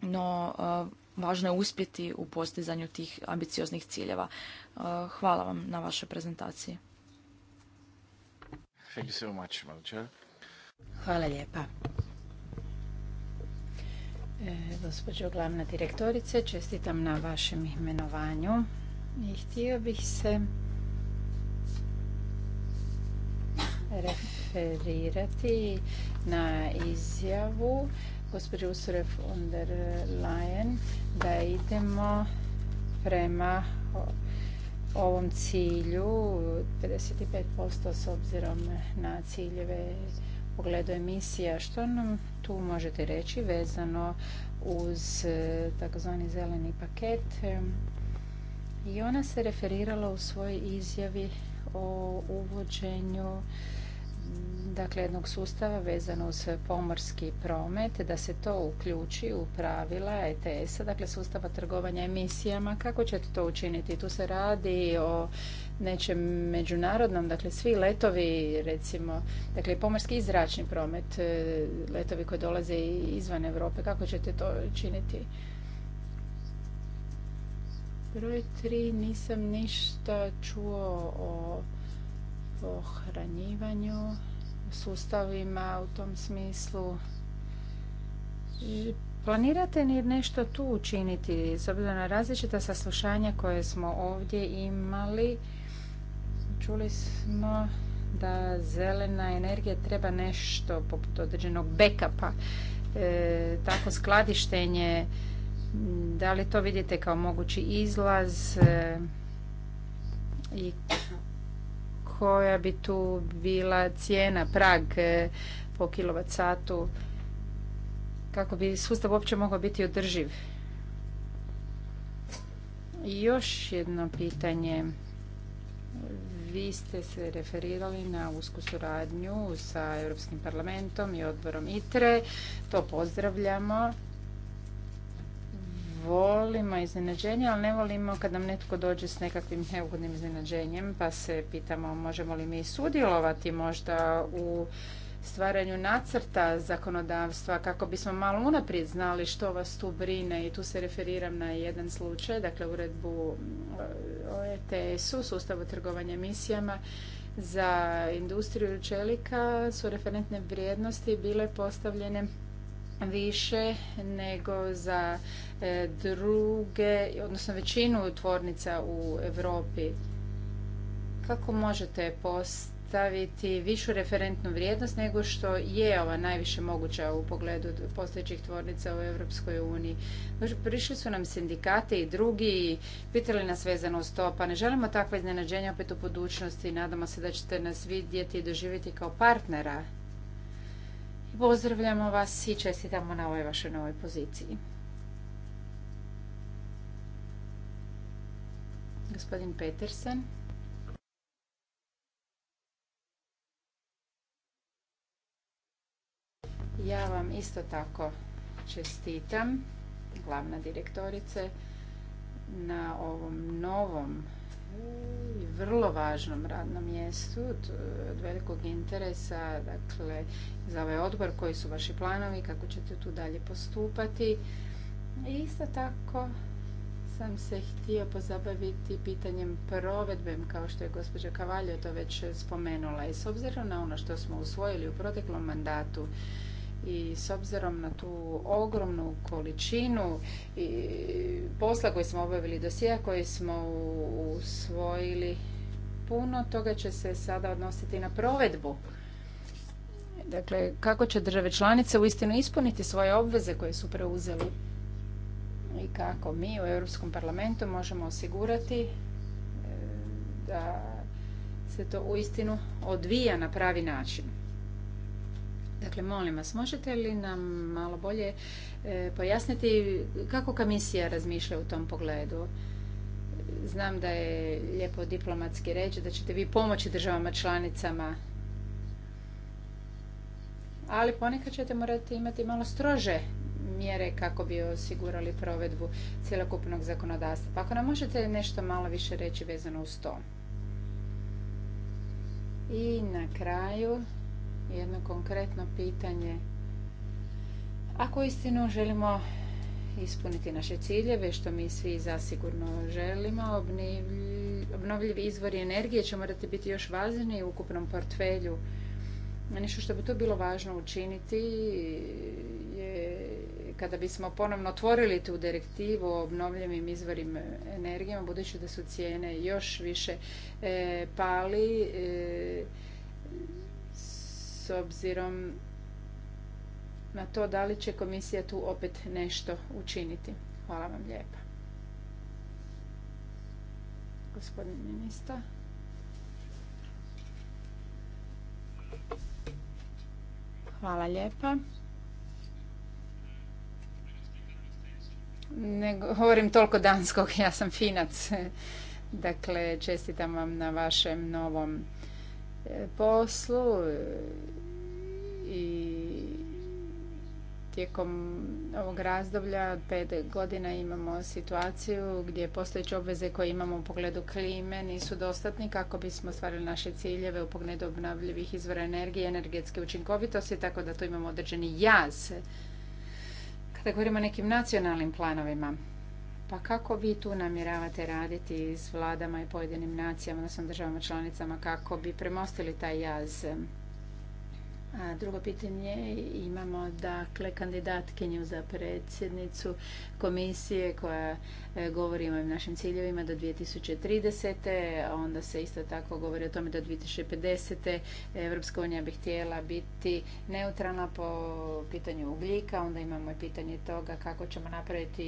no eh, važno je uspjeti u postizanju tih ambicioznih ciljeva. Eh, hvala vam na vašoj prezentaciji. Hvala lijepa. Eh, gospođo glavna direktorice, čestitam na vašem imenovanju i htio bih se referirati na izjavu gospođe von der Leyen da idemo prema ovom cilju 55% s obzirom na ciljeve pogledu emisija. Što nam tu možete reći vezano uz e, takozvani zeleni paket? I ona se referirala u svojoj izjavi o uvođenju dakle jednog sustava vezano uz pomorski promet, da se to uključi u pravila ETS-a, dakle sustava trgovanja emisijama. Kako ćete to učiniti? Tu se radi o nečem međunarodnom, dakle svi letovi recimo, dakle pomorski i zračni promet, e, letovi koji dolaze izvan Europe, kako ćete to učiniti? Broj tri, nisam ništa čuo o pohranjivanju sustavima u tom smislu. Planirate li nešto tu učiniti s obzirom na različita saslušanja koje smo ovdje imali? Čuli smo da zelena energija treba nešto poput određenog backupa, e, tako skladištenje, da li to vidite kao mogući izlaz e, i koja bi tu bila cijena, prag e, po kilovat kako bi sustav uopće mogao biti održiv. još jedno pitanje. Vi ste se referirali na usku suradnju sa Europskim parlamentom i odborom ITRE. To pozdravljamo volimo iznenađenje, ali ne volimo kad nam netko dođe s nekakvim neugodnim iznenađenjem, pa se pitamo možemo li mi sudjelovati možda u stvaranju nacrta zakonodavstva kako bismo malo unaprijed znali što vas tu brine i tu se referiram na jedan slučaj, dakle uredbu e, o ETS-u, sustavu trgovanja emisijama za industriju čelika su referentne vrijednosti bile postavljene više nego za e, druge, odnosno većinu tvornica u Europi. Kako možete postaviti višu referentnu vrijednost nego što je ova najviše moguća u pogledu postojećih tvornica u Europskoj uniji? Prišli su nam sindikate i drugi i pitali nas vezano uz to, pa ne želimo takva iznenađenja opet u budućnosti. Nadamo se da ćete nas vidjeti i doživjeti kao partnera Pozdravljamo vas i čestitamo na ovoj vašoj novoj poziciji. Gospodin Petersen. Ja vam isto tako čestitam, glavna direktorice, na ovom novom vrlo važnom radnom mjestu od velikog interesa dakle, za ovaj odbor, koji su vaši planovi, kako ćete tu dalje postupati. I isto tako sam se htio pozabaviti pitanjem provedbe kao što je gospođa Kavaljo to već spomenula. I s obzirom na ono što smo usvojili u proteklom mandatu, i s obzirom na tu ogromnu količinu i posla koji smo obavili, dosija koji smo usvojili, puno toga će se sada odnositi na provedbu. Dakle, kako će države članice uistinu ispuniti svoje obveze koje su preuzeli i kako mi u Europskom parlamentu možemo osigurati e, da se to uistinu odvija na pravi način. Dakle, molim vas, možete li nam malo bolje e, pojasniti kako komisija razmišlja u tom pogledu? Znam da je lijepo diplomatski reći da ćete vi pomoći državama članicama, ali ponekad ćete morati imati malo strože mjere kako bi osigurali provedbu cjelokupnog zakonodavstva. Pa ako nam možete nešto malo više reći vezano uz to. I na kraju jedno konkretno pitanje. Ako istinu želimo ispuniti naše ciljeve, što mi svi zasigurno želimo, obnovljivi izvori energije će morati biti još važniji u ukupnom portfelju. Nešto što bi to bilo važno učiniti je kada bismo ponovno otvorili tu direktivu o obnovljivim izvorima energijama, budući da su cijene još više e, pali, e, s obzirom na to da li će komisija tu opet nešto učiniti. Hvala vam lijepa. Gospodin ministar. Hvala lijepa. Ne govorim toliko danskog, ja sam finac. Dakle, čestitam vam na vašem novom poslu i tijekom ovog razdoblja od pet godina imamo situaciju gdje postojeće obveze koje imamo u pogledu klime nisu dostatni kako bismo stvarili naše ciljeve u pogledu obnavljivih izvora energije, energetske učinkovitosti, tako da tu imamo određeni jaz. Kada govorimo o nekim nacionalnim planovima, pa kako vi tu namjeravate raditi s vladama i pojedinim nacijama, odnosno državama članicama, kako bi premostili taj jaz? A drugo pitanje imamo dakle kandidatkinju za predsjednicu komisije koja e, govori o našim ciljevima do 2030. Onda se isto tako govori o tome do 2050. Evropska unija bi htjela biti neutralna po pitanju ugljika. Onda imamo i pitanje toga kako ćemo napraviti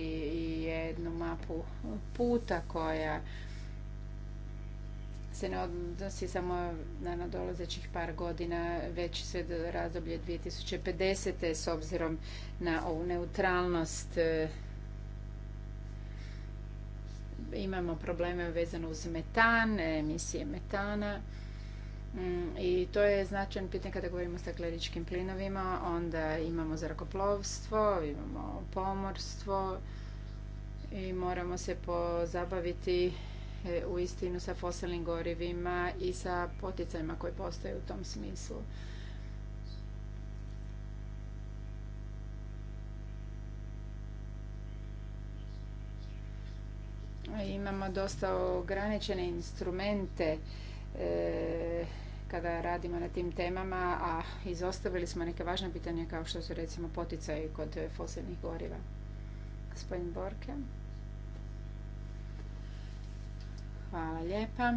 jednu mapu puta koja se ne odnosi samo na nadolazećih par godina, već sve do razdoblje 2050. s obzirom na ovu neutralnost. E, imamo probleme vezano uz metan, emisije metana. Mm, I to je značajan pitanje kada govorimo o stakleničkim plinovima, onda imamo zrakoplovstvo, imamo pomorstvo i moramo se pozabaviti E, u istinu sa fosilnim gorivima i sa poticajima koji postoje u tom smislu. E, imamo dosta ograničene instrumente e, kada radimo na tim temama, a izostavili smo neke važne pitanja kao što su recimo poticaji kod fosilnih goriva. Gospodin Borke. Hvala lijepa.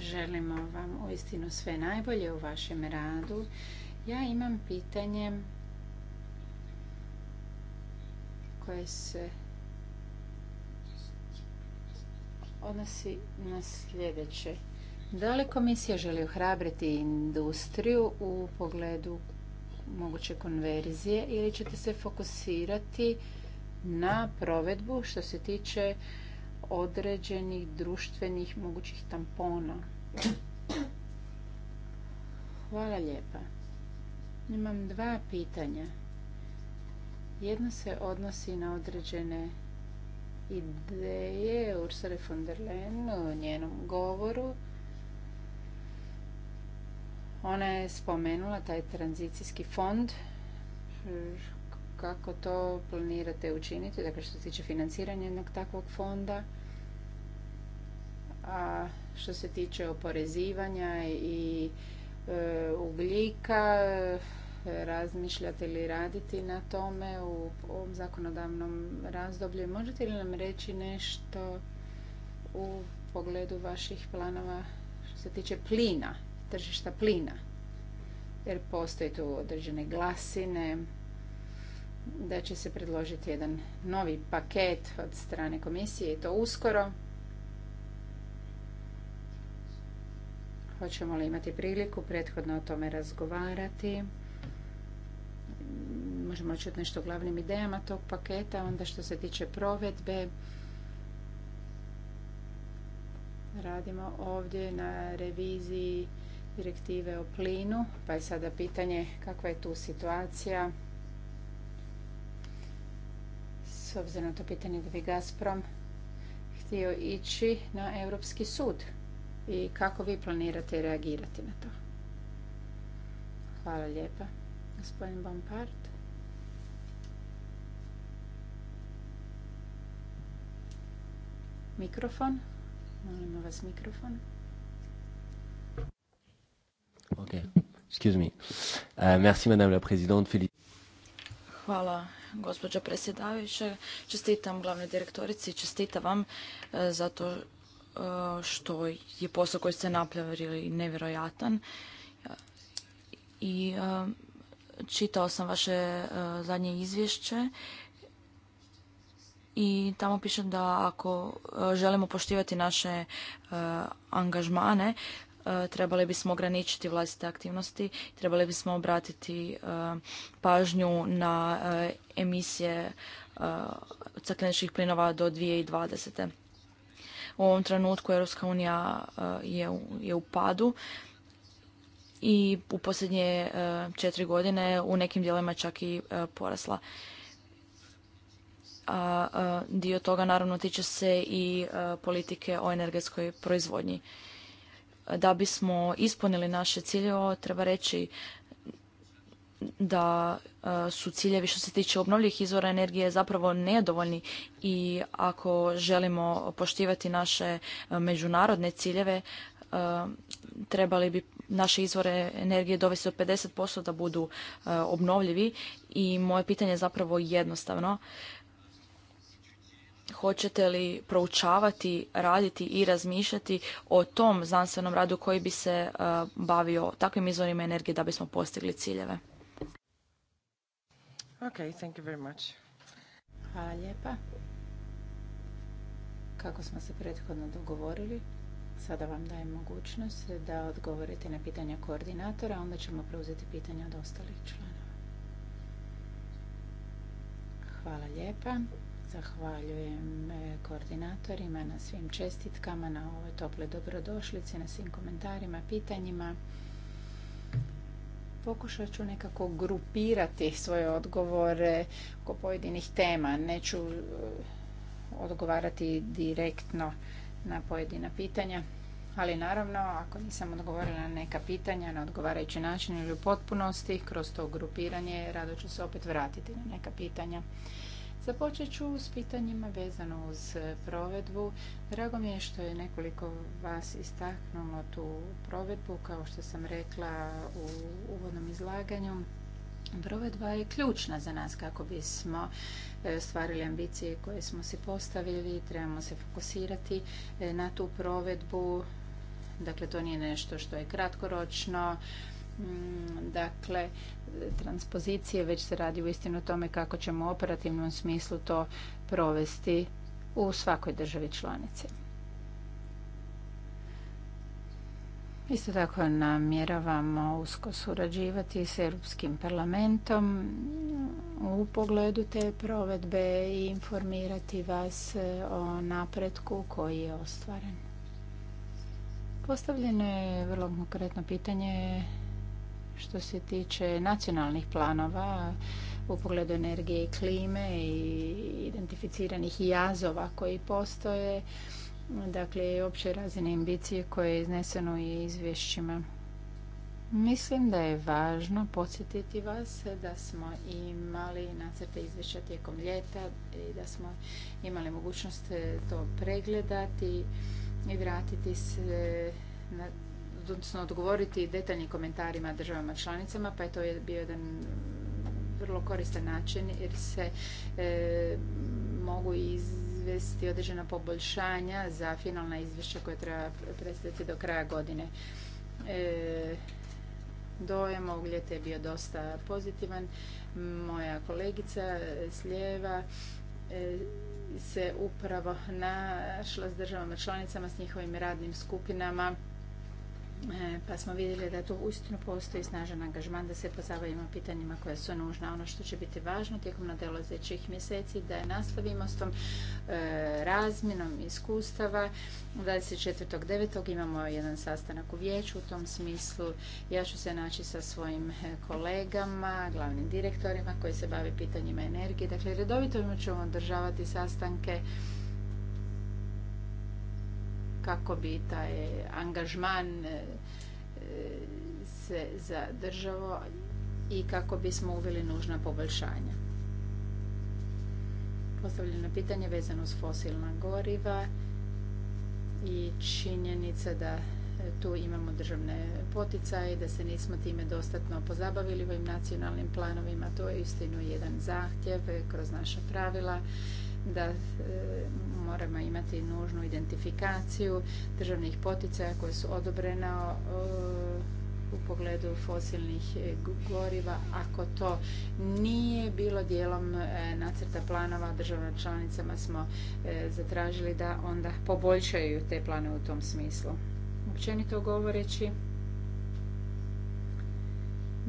Želimo vam uistinu sve najbolje u vašem radu. Ja imam pitanje koje se odnosi na sljedeće. Da li komisija želi ohrabriti industriju u pogledu moguće konverzije ili ćete se fokusirati na provedbu što se tiče određenih društvenih mogućih tampona. Hvala lijepa. Imam dva pitanja. Jedno se odnosi na određene ideje Ursule von der Leyen u njenom govoru. Ona je spomenula taj tranzicijski fond kako to planirate učiniti, dakle što se tiče financiranja jednog takvog fonda, a što se tiče oporezivanja i e, ugljika, razmišljate li raditi na tome u ovom zakonodavnom razdoblju? Možete li nam reći nešto u pogledu vaših planova što se tiče plina, tržišta plina? Jer postoje tu određene glasine, da će se predložiti jedan novi paket od strane komisije i to uskoro. Hoćemo li imati priliku prethodno o tome razgovarati? Možemo čuti nešto o glavnim idejama tog paketa, onda što se tiče provedbe. Radimo ovdje na reviziji direktive o plinu, pa je sada pitanje kakva je tu situacija. obzirom na to pitanje da bi Gazprom htio ići na Europski sud i kako vi planirate reagirati na to. Hvala lijepa. Gospodin Bompard. Mikrofon. Molimo vas mikrofon. Ok, excuse me. Euh, merci madame la présidente. Félicitations. Hvala gospođo predsjedavajuća. Čestitam glavnoj direktorici i čestitam vam e, zato e, što je posao koji ste napravili nevjerojatan. I e, čitao sam vaše zadnje izvješće i tamo piše da ako želimo poštivati naše angažmane, E, trebali bismo ograničiti vlastite aktivnosti, trebali bismo obratiti e, pažnju na e, emisije stakleničkih plinova do 2020. U ovom trenutku Europska unija je u padu i u posljednje četiri godine u nekim dijelima čak i porasla. A dio toga naravno tiče se i politike o energetskoj proizvodnji da bismo ispunili naše ciljeve, treba reći da e, su ciljevi što se tiče obnovljivih izvora energije zapravo nedovoljni i ako želimo poštivati naše e, međunarodne ciljeve, e, trebali bi naše izvore energije dovesti do 50% da budu obnovljivi i moje pitanje je zapravo jednostavno hoćete li proučavati, raditi i razmišljati o tom znanstvenom radu koji bi se e, bavio takvim izvorima energije da bismo postigli ciljeve? Okay, thank you very much. Hvala lijepa. Kako smo se prethodno dogovorili, sada vam dajem mogućnost da odgovorite na pitanja koordinatora, onda ćemo preuzeti pitanja od ostalih članova. Hvala lijepa. Zahvaljujem e, koordinatorima na svim čestitkama, na ovoj tople dobrodošlici, na svim komentarima, pitanjima. Pokušat ću nekako grupirati svoje odgovore oko pojedinih tema. Neću e, odgovarati direktno na pojedina pitanja, ali naravno ako nisam odgovorila na neka pitanja na odgovarajući način ili u potpunosti, kroz to grupiranje rado ću se opet vratiti na neka pitanja. Započet ću s pitanjima vezano uz e, provedbu. Drago mi je što je nekoliko vas istaknulo tu provedbu, kao što sam rekla u uvodnom izlaganju. Provedba je ključna za nas kako bismo e, stvarili ambicije koje smo si postavili. Trebamo se fokusirati e, na tu provedbu. Dakle, to nije nešto što je kratkoročno Mm, dakle, transpozicije već se radi u istinu tome kako ćemo u operativnom smislu to provesti u svakoj državi članici. Isto tako namjeravamo usko surađivati s Europskim parlamentom u pogledu te provedbe i informirati vas o napretku koji je ostvaren. Postavljeno je vrlo konkretno pitanje što se tiče nacionalnih planova u pogledu energije i klime i identificiranih jazova koji postoje, dakle opće razine ambicije koje je izneseno i izvješćima. Mislim da je važno podsjetiti vas da smo imali nacrte izvješća tijekom ljeta i da smo imali mogućnost to pregledati i vratiti se na odnosno odgovoriti detaljnim komentarima državama članicama, pa je to bio jedan vrlo koristan način jer se e, mogu izvesti određena poboljšanja za finalna izvješća koje treba predstaviti do kraja godine. E, Dojem ovog ljeta je bio dosta pozitivan. Moja kolegica s lijeva e, se upravo našla s državama članicama, s njihovim radnim skupinama E, pa smo vidjeli da tu uistinu postoji snažan angažman da se pozabavimo pitanjima koja su nužna. Ono što će biti važno tijekom nadolazećih mjeseci da je nastavimo s tom e, razminom iskustava. 24.9. imamo jedan sastanak u vijeću u tom smislu. Ja ću se naći sa svojim e, kolegama, glavnim direktorima koji se bave pitanjima energije. Dakle, redovito ćemo održavati sastanke kako bi taj angažman e, se zadržao i kako bismo uveli nužna poboljšanja. Postavljeno pitanje vezano s fosilna goriva i činjenica da e, tu imamo državne poticaje, da se nismo time dostatno pozabavili ovim nacionalnim planovima. To je istinu jedan zahtjev e, kroz naša pravila da e, moramo imati nužnu identifikaciju državnih poticaja koje su odobrena u pogledu fosilnih goriva ako to nije bilo dijelom e, nacrta planova državnim članicama smo e, zatražili da onda poboljšaju te plane u tom smislu. Općenito govoreći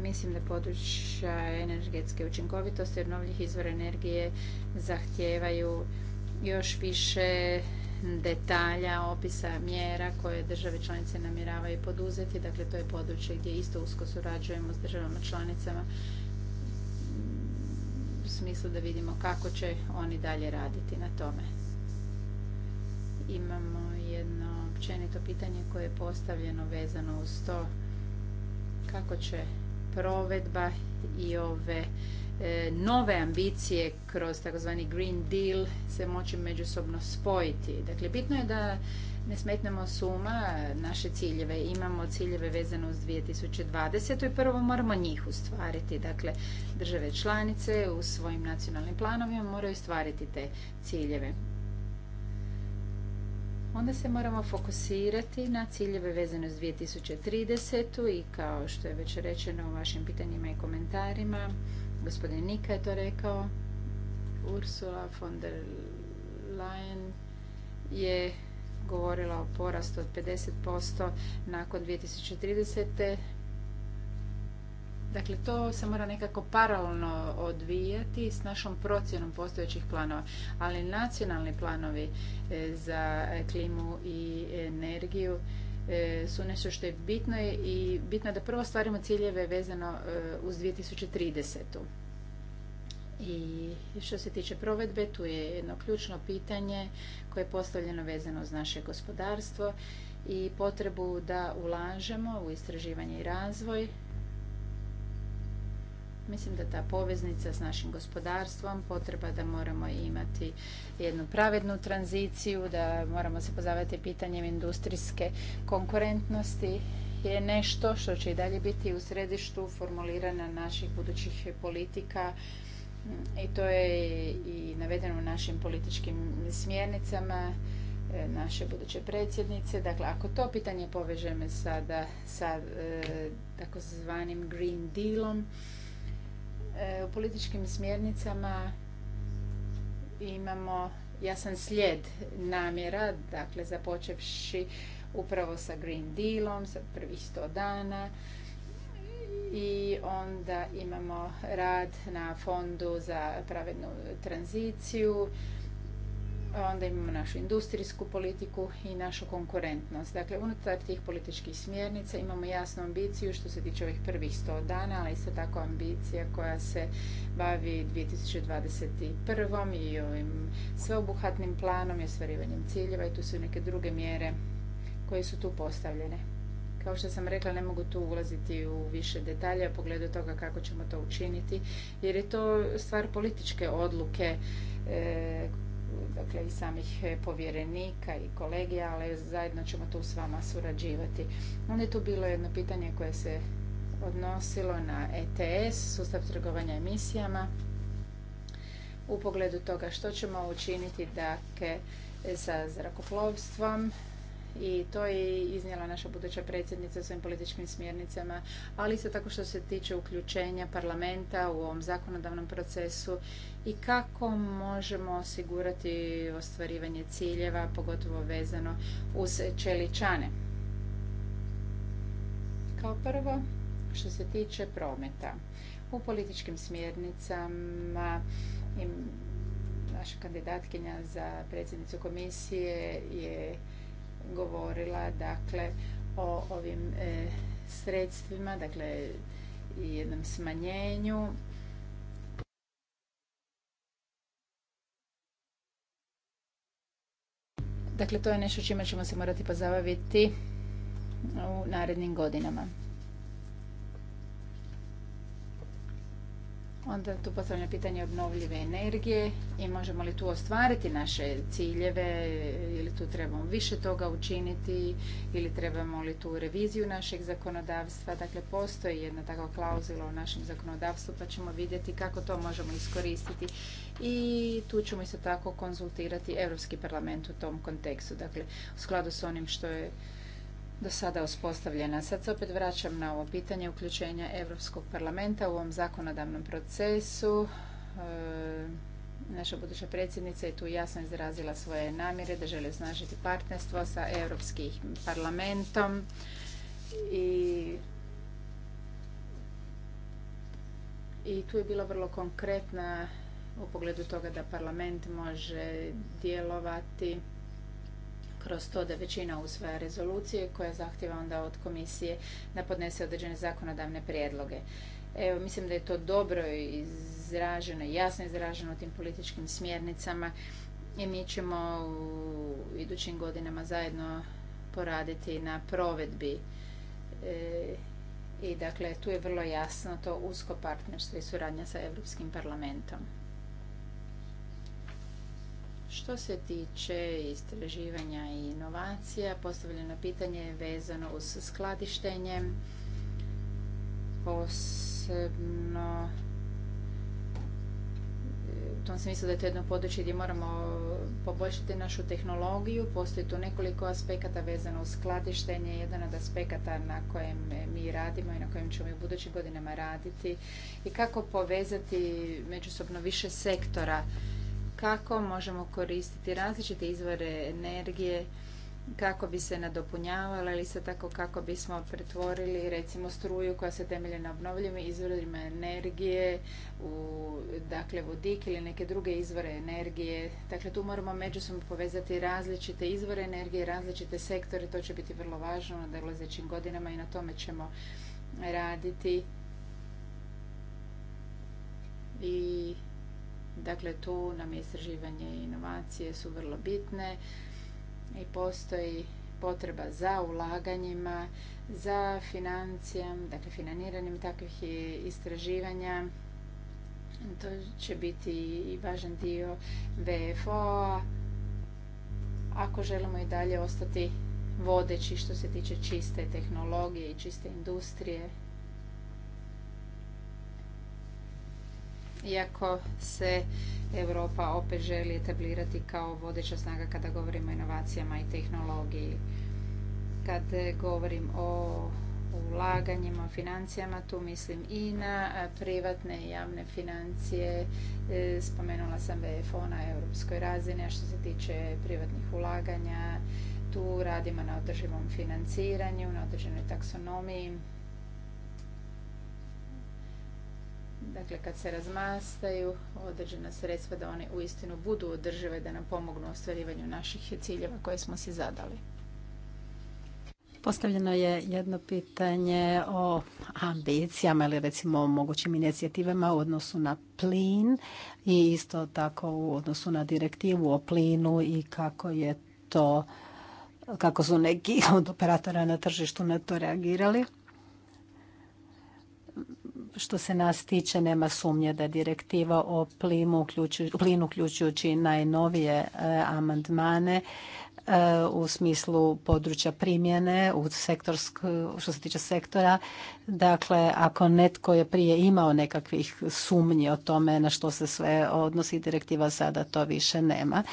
Mislim da područja energetske učinkovitosti obnovljivih izvora energije zahtijevaju još više detalja, opisa mjera koje države članice namjeravaju poduzeti. Dakle, to je područje gdje isto usko surađujemo s državama članicama u smislu da vidimo kako će oni dalje raditi na tome. Imamo jedno općenito pitanje koje je postavljeno vezano uz to kako će provedba i ove e, nove ambicije kroz takozvani Green Deal se moći međusobno spojiti. Dakle, bitno je da ne smetnemo suma naše ciljeve. Imamo ciljeve vezane uz 2020. i prvo moramo njih ustvariti. Dakle, države članice u svojim nacionalnim planovima moraju stvariti te ciljeve onda se moramo fokusirati na ciljeve vezane s 2030. i kao što je već rečeno u vašim pitanjima i komentarima, gospodin Nika je to rekao, Ursula von der Leyen je govorila o porastu od 50% nakon 2030. Dakle, to se mora nekako paralelno odvijati s našom procjenom postojećih planova. Ali nacionalni planovi e, za klimu i energiju e, su nešto što je bitno i bitno je da prvo stvarimo ciljeve vezano e, uz 2030. I što se tiče provedbe, tu je jedno ključno pitanje koje je postavljeno vezano uz naše gospodarstvo i potrebu da ulažemo u istraživanje i razvoj Mislim da ta poveznica s našim gospodarstvom potreba da moramo imati jednu pravednu tranziciju, da moramo se pozavati pitanjem industrijske konkurentnosti je nešto što će i dalje biti u središtu formulirana naših budućih politika i to je i navedeno u našim političkim smjernicama e, naše buduće predsjednice. Dakle, ako to pitanje povežemo sada sa e, takozvanim Green Dealom, E, u političkim smjernicama imamo jasan slijed namjera, dakle započevši upravo sa Green Dealom, sa prvih sto dana i onda imamo rad na fondu za pravednu tranziciju, onda imamo našu industrijsku politiku i našu konkurentnost. Dakle, unutar tih političkih smjernica imamo jasnu ambiciju što se tiče ovih prvih sto dana, ali isto tako ambicija koja se bavi 2021. i ovim sveobuhatnim planom i ostvarivanjem ciljeva i tu su neke druge mjere koje su tu postavljene. Kao što sam rekla, ne mogu tu ulaziti u više detalja u pogledu toga kako ćemo to učiniti, jer je to stvar političke odluke e, dakle i samih e, povjerenika i kolegija, ali zajedno ćemo tu s vama surađivati. Onda je tu bilo jedno pitanje koje se odnosilo na ETS, sustav trgovanja emisijama, u pogledu toga što ćemo učiniti dakle, e, sa zrakoplovstvom i to je iznijela naša buduća predsjednica svojim političkim smjernicama, ali isto tako što se tiče uključenja parlamenta u ovom zakonodavnom procesu i kako možemo osigurati ostvarivanje ciljeva, pogotovo vezano uz čeličane. Kao prvo, što se tiče prometa. U političkim smjernicama naša kandidatkinja za predsjednicu komisije je govorila dakle o ovim e, sredstvima, dakle jednom smanjenju. Dakle, to je nešto čime ćemo se morati pozabaviti u narednim godinama. Onda tu postavljamo pitanje obnovljive energije i možemo li tu ostvariti naše ciljeve ili tu trebamo više toga učiniti ili trebamo li tu reviziju našeg zakonodavstva. Dakle, postoji jedna takva klauzula u našem zakonodavstvu pa ćemo vidjeti kako to možemo iskoristiti i tu ćemo isto tako konzultirati Europski parlament u tom kontekstu. Dakle, u skladu s onim što je do sada uspostavljena. Sad se opet vraćam na ovo pitanje uključenja Europskog parlamenta u ovom zakonodavnom procesu. E, naša buduća predsjednica je tu jasno izrazila svoje namjere da želi osnažiti partnerstvo sa Europskim parlamentom i i tu je bila vrlo konkretna u pogledu toga da parlament može djelovati kroz to da većina usvaja rezolucije koja zahtjeva onda od komisije da podnese određene zakonodavne prijedloge. Evo, mislim da je to dobro izraženo, jasno izraženo tim političkim smjernicama i mi ćemo u idućim godinama zajedno poraditi na provedbi e, i dakle tu je vrlo jasno to usko partnerstvo i suradnja sa Europskim parlamentom. Što se tiče istraživanja i inovacija, postavljeno pitanje je vezano uz skladištenje, posebno u tom smislu da je to jedno područje gdje moramo poboljšati našu tehnologiju. Postoji tu nekoliko aspekata vezano uz skladištenje. Jedan od aspekata na kojem mi radimo i na kojem ćemo i u budućim godinama raditi i kako povezati međusobno više sektora kako možemo koristiti različite izvore energije kako bi se nadopunjavala ili se tako kako bismo pretvorili recimo struju koja se temelji na obnovljivim izvorima energije u dakle vodik ili neke druge izvore energije. Dakle tu moramo međusobno povezati različite izvore energije, različite sektore, to će biti vrlo važno na dolazećim godinama i na tome ćemo raditi. I Dakle, tu nam istraživanje i inovacije su vrlo bitne i postoji potreba za ulaganjima, za financijam, dakle financiranjem takvih istraživanja. To će biti i važan dio VFO-a ako želimo i dalje ostati vodeći što se tiče čiste tehnologije i čiste industrije iako se Europa opet želi etablirati kao vodeća snaga kada govorimo o inovacijama i tehnologiji. Kad govorim o ulaganjima, financijama, tu mislim i na privatne i javne financije. E, spomenula sam VFO na europskoj razini, a što se tiče privatnih ulaganja, tu radimo na održivom financiranju, na određenoj taksonomiji dakle kad se razmastaju određena sredstva da one uistinu budu održive da nam pomognu u ostvarivanju naših ciljeva koje smo si zadali. Postavljeno je jedno pitanje o ambicijama ili recimo o mogućim inicijativama u odnosu na plin i isto tako u odnosu na direktivu o plinu i kako je to, kako su neki od operatora na tržištu na to reagirali. Što se nas tiče, nema sumnje da direktiva o plinu, uključujući najnovije e, amandmane, u smislu područja primjene u što se tiče sektora. Dakle, ako netko je prije imao nekakvih sumnji o tome na što se sve odnosi direktiva, sada to više nema.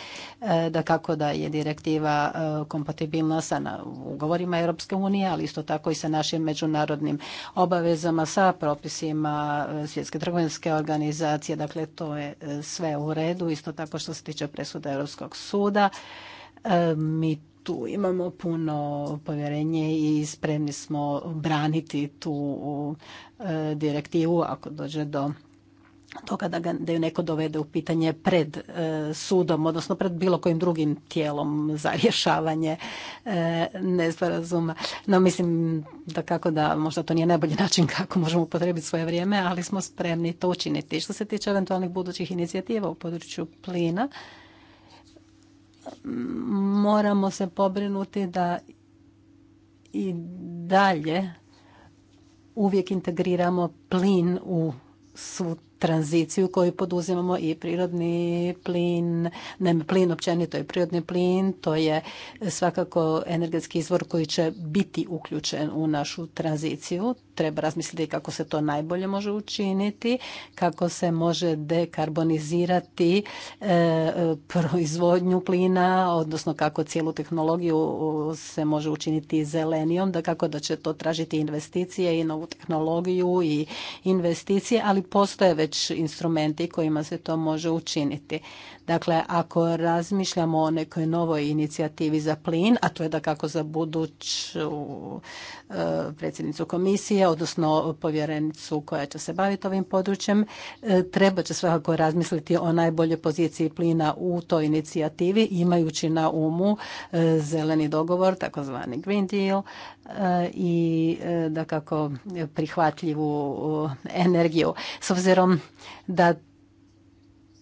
E, da kako da je direktiva e, kompatibilna sa ugovorima Europske unije, ali isto tako i sa našim međunarodnim obavezama, sa propisima e, Svjetske trgovinske organizacije. Dakle, to je sve u redu. Isto tako što se tiče presuda Europskog suda. E, mi tu imamo puno povjerenje i spremni smo braniti tu e, direktivu ako dođe do toga da, ga, da ju neko dovede u pitanje pred e, sudom, odnosno pred bilo kojim drugim tijelom za rješavanje nesporazuma. No mislim da kako da možda to nije najbolji način kako možemo upotrebiti svoje vrijeme, ali smo spremni to učiniti. Što se tiče eventualnih budućih inicijativa u području plina, moramo se pobrinuti da i dalje uvijek integriramo plin u svu tranziciju koju poduzimamo i prirodni plin, ne plin općenito i prirodni plin, to je svakako energetski izvor koji će biti uključen u našu tranziciju treba razmisliti kako se to najbolje može učiniti, kako se može dekarbonizirati e, proizvodnju plina, odnosno kako cijelu tehnologiju se može učiniti zelenijom, da kako da će to tražiti investicije i novu tehnologiju i investicije, ali postoje već instrumenti kojima se to može učiniti. Dakle, ako razmišljamo o nekoj novoj inicijativi za plin, a to je da kako za buduću e, predsjednicu komisije, odnosno povjerenicu koja će se baviti ovim područjem, e, treba će svakako razmisliti o najboljoj poziciji plina u toj inicijativi, imajući na umu e, zeleni dogovor, takozvani Green Deal i da kako prihvatljivu energiju. S obzirom da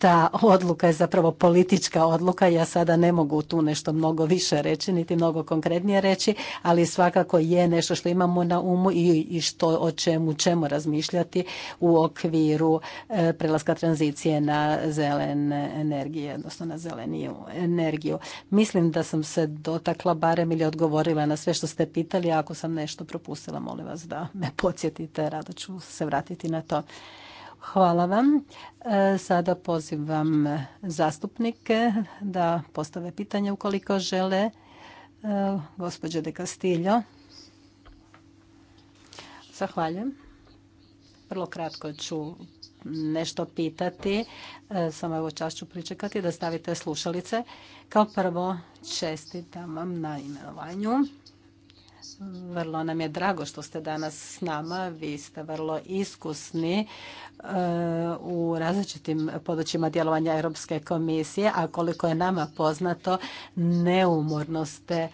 ta odluka je zapravo politička odluka. Ja sada ne mogu tu nešto mnogo više reći, niti mnogo konkretnije reći, ali svakako je nešto što imamo na umu i što o čemu ćemo razmišljati u okviru e, prelaska tranzicije na zelene energije, odnosno na zeleniju energiju. Mislim da sam se dotakla barem ili odgovorila na sve što ste pitali. Ako sam nešto propustila, molim vas da me podsjetite, rado ću se vratiti na to. Hvala vam. E, sada pozivam zastupnike da postave pitanje ukoliko žele. E, gospođe de Castillo. Zahvaljujem. Vrlo kratko ću nešto pitati. E, samo evo čas ću pričekati da stavite slušalice. Kao prvo čestitam vam na imenovanju vrlo nam je drago što ste danas s nama. Vi ste vrlo iskusni e, u različitim područjima djelovanja Europske komisije, a koliko je nama poznato, neumorno ste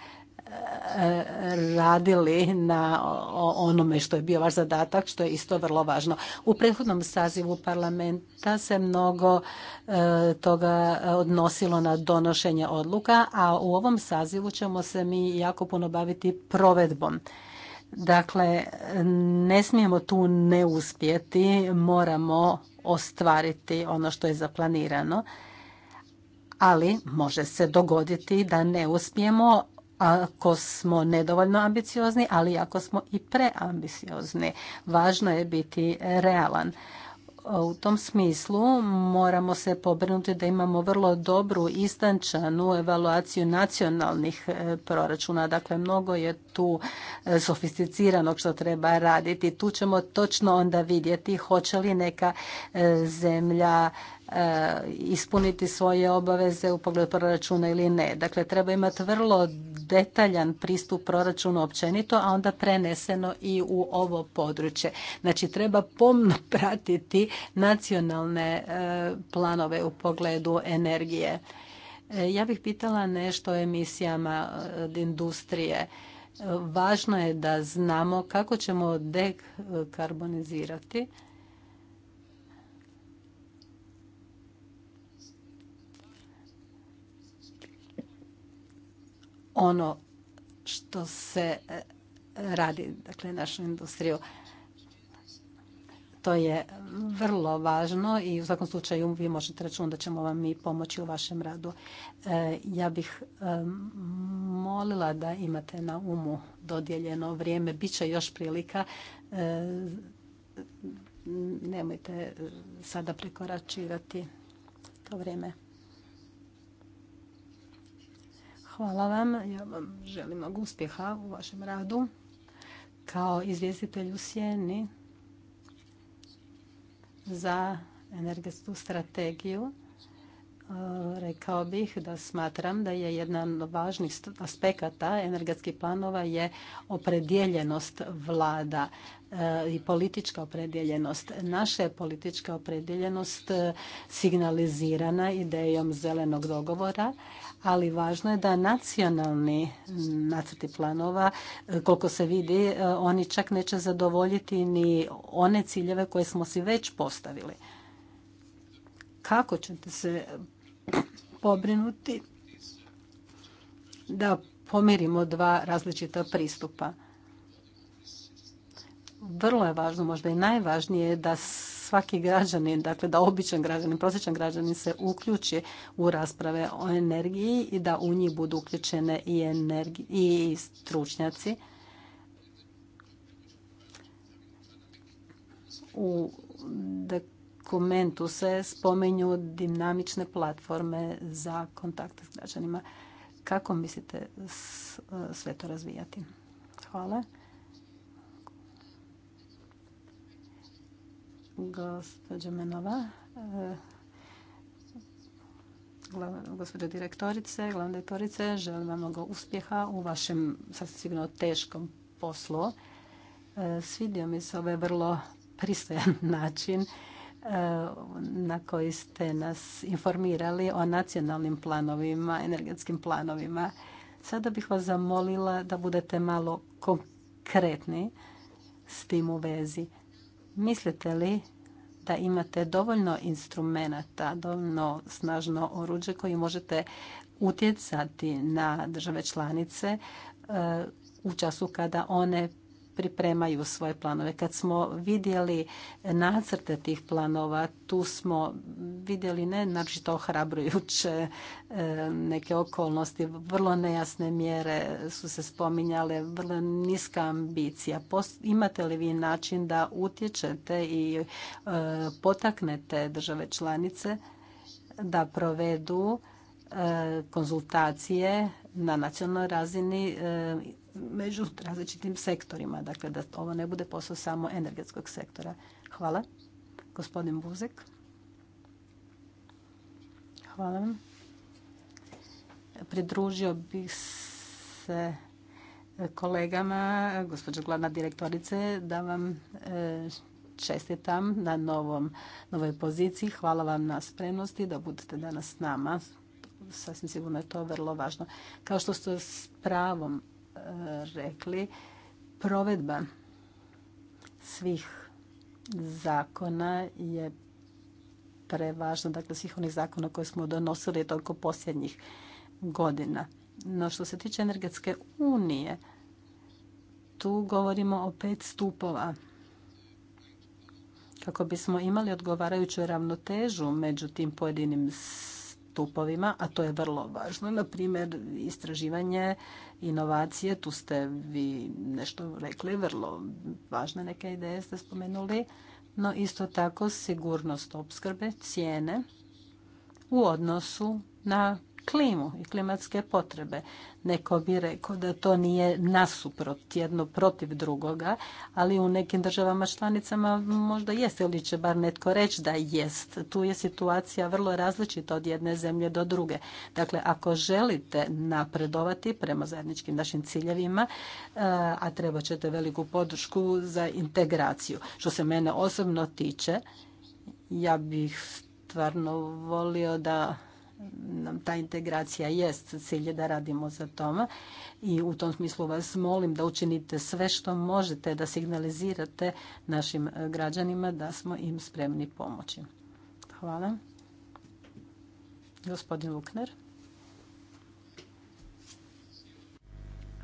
radili na onome što je bio vaš zadatak, što je isto vrlo važno. U prethodnom sazivu parlamenta se mnogo e, toga e, odnosilo na donošenje odluka, a u ovom sazivu ćemo se mi jako puno baviti provedbom. Dakle, ne smijemo tu ne uspjeti, moramo ostvariti ono što je zaplanirano ali može se dogoditi da ne uspijemo, ako smo nedovoljno ambiciozni, ali ako smo i preambiciozni. Važno je biti realan. U tom smislu moramo se pobrinuti da imamo vrlo dobru istančanu evaluaciju nacionalnih e, proračuna. Dakle, mnogo je tu e, sofisticiranog što treba raditi. Tu ćemo točno onda vidjeti hoće li neka e, zemlja E, ispuniti svoje obaveze u pogledu proračuna ili ne. Dakle, treba imati vrlo detaljan pristup proračunu općenito, a onda preneseno i u ovo područje. Znači, treba pomno pratiti nacionalne e, planove u pogledu energije. E, ja bih pitala nešto o emisijama od industrije. Važno je da znamo kako ćemo dekarbonizirati ono što se e, radi, dakle, našu industriju. To je vrlo važno i u svakom slučaju vi možete računati da ćemo vam mi pomoći u vašem radu. E, ja bih e, molila da imate na umu dodijeljeno vrijeme. Biće još prilika. Nemojte sada prekoračivati to vrijeme. Hvala vam. Ja vam želim mnogo uspjeha u vašem radu kao izvjestitelj u Sjeni za energetsku strategiju. E, rekao bih da smatram da je jedan od važnih aspekata energetskih planova je opredjeljenost vlada e, i politička opredjeljenost. Naša je politička opredjeljenost signalizirana idejom zelenog dogovora, ali važno je da nacionalni nacrti planova, e, koliko se vidi, e, oni čak neće zadovoljiti ni one ciljeve koje smo si već postavili. Kako ćete se pobrinuti da pomirimo dva različita pristupa? Vrlo je važno, možda i najvažnije, da svaki građanin, dakle da običan građanin, prosječan građanin se uključi u rasprave o energiji i da u njih budu uključene i, energi, i stručnjaci. U dokumentu se spomenju dinamične platforme za kontakte s građanima. Kako mislite sve to razvijati? Hvala. gospođa Menova, e, gospođo direktorice, glavna direktorice, želim vam mnogo uspjeha u vašem sasvim sigurno teškom poslu. E, svidio mi se ovaj vrlo pristojan način e, na koji ste nas informirali o nacionalnim planovima, energetskim planovima. Sada bih vas zamolila da budete malo konkretni s tim u vezi. Mislite li da imate dovoljno instrumenata, dovoljno snažno oruđe koji možete utjecati na države članice e, u času kada one pripremaju svoje planove. Kad smo vidjeli nacrte tih planova, tu smo vidjeli ne naročito ohrabrujuće e, neke okolnosti, vrlo nejasne mjere su se spominjale, vrlo niska ambicija. Imate li vi način da utječete i e, potaknete države članice da provedu e, konzultacije na nacionalnoj razini među različitim sektorima, dakle da ovo ne bude posao samo energetskog sektora. Hvala. Gospodin Buzek. Hvala vam. Pridružio bih se kolegama, gospođo glavna direktorice, da vam e, čestitam na novom, novoj poziciji. Hvala vam na spremnosti da budete danas s nama. Sasvim sigurno je to vrlo važno. Kao što ste s pravom rekli, provedba svih zakona je prevažna, dakle svih onih zakona koje smo donosili toliko posljednjih godina. No što se tiče energetske unije, tu govorimo o pet stupova. Kako bismo imali odgovarajuću ravnotežu među tim pojedinim stupovima, a to je vrlo važno. Na primjer, istraživanje, inovacije, tu ste vi nešto rekli, vrlo važne neke ideje ste spomenuli, no isto tako sigurnost opskrbe, cijene u odnosu na klimu i klimatske potrebe. Neko bi rekao da to nije nasuprot jedno protiv drugoga, ali u nekim državama članicama možda jest ili će bar netko reći da jest. Tu je situacija vrlo različita od jedne zemlje do druge. Dakle, ako želite napredovati prema zajedničkim našim ciljevima, e, a treba ćete veliku podršku za integraciju. Što se mene osobno tiče, ja bih stvarno volio da nam ta integracija jest cilj da radimo za tome i u tom smislu vas molim da učinite sve što možete da signalizirate našim građanima da smo im spremni pomoći. Hvala. Gospodin Lukner.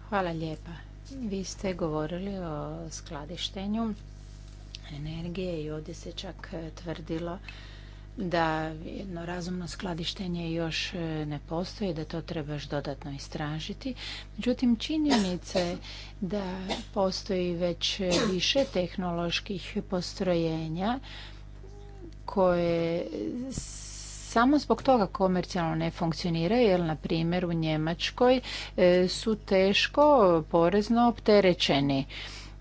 Hvala lijepa. Vi ste govorili o skladištenju energije i ovdje se čak tvrdilo da jedno razumno skladištenje još e, ne postoji, da to treba dodatno istražiti. Međutim, činjenica je da postoji već više tehnoloških postrojenja koje samo zbog toga komercijalno ne funkcioniraju, jer na primjer u Njemačkoj e, su teško porezno opterećeni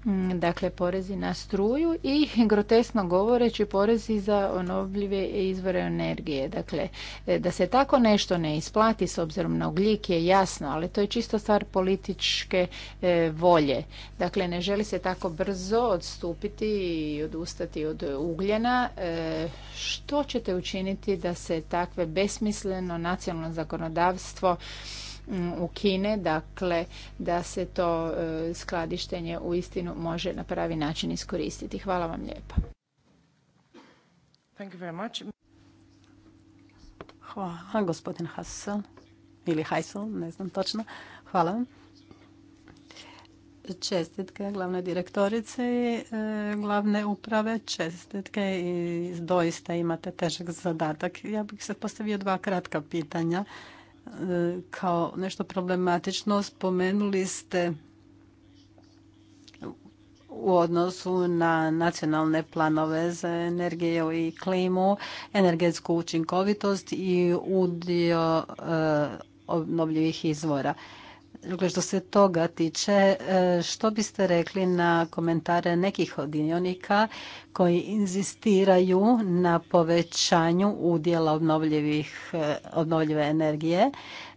Mm, dakle porezi na struju i grotesno govoreći porezi za onobljive izvore energije. Dakle, e, da se tako nešto ne isplati s obzirom na ugljik je jasno, ali to je čisto stvar političke e, volje. Dakle, ne želi se tako brzo odstupiti i odustati od ugljena. E, što ćete učiniti da se takve besmisleno nacionalno zakonodavstvo Mm, u Kine, dakle da se to e, skladištenje u istinu može na pravi način iskoristiti. Hvala vam lijepa. Thank you Hvala, gospodin Hassel ili Hajsel, ne znam točno. Hvala. Čestitke glavne direktorice i glavne uprave. Čestitke i doista imate težak zadatak. Ja bih se postavio dva kratka pitanja kao nešto problematično spomenuli ste u odnosu na nacionalne planove za energiju i klimu, energetsku učinkovitost i udio e, obnovljivih izvora. Dakle, što se toga tiče, e, što biste rekli na komentare nekih od dionika koji inzistiraju na povećanju udjela obnovljivih, e, obnovljive energije,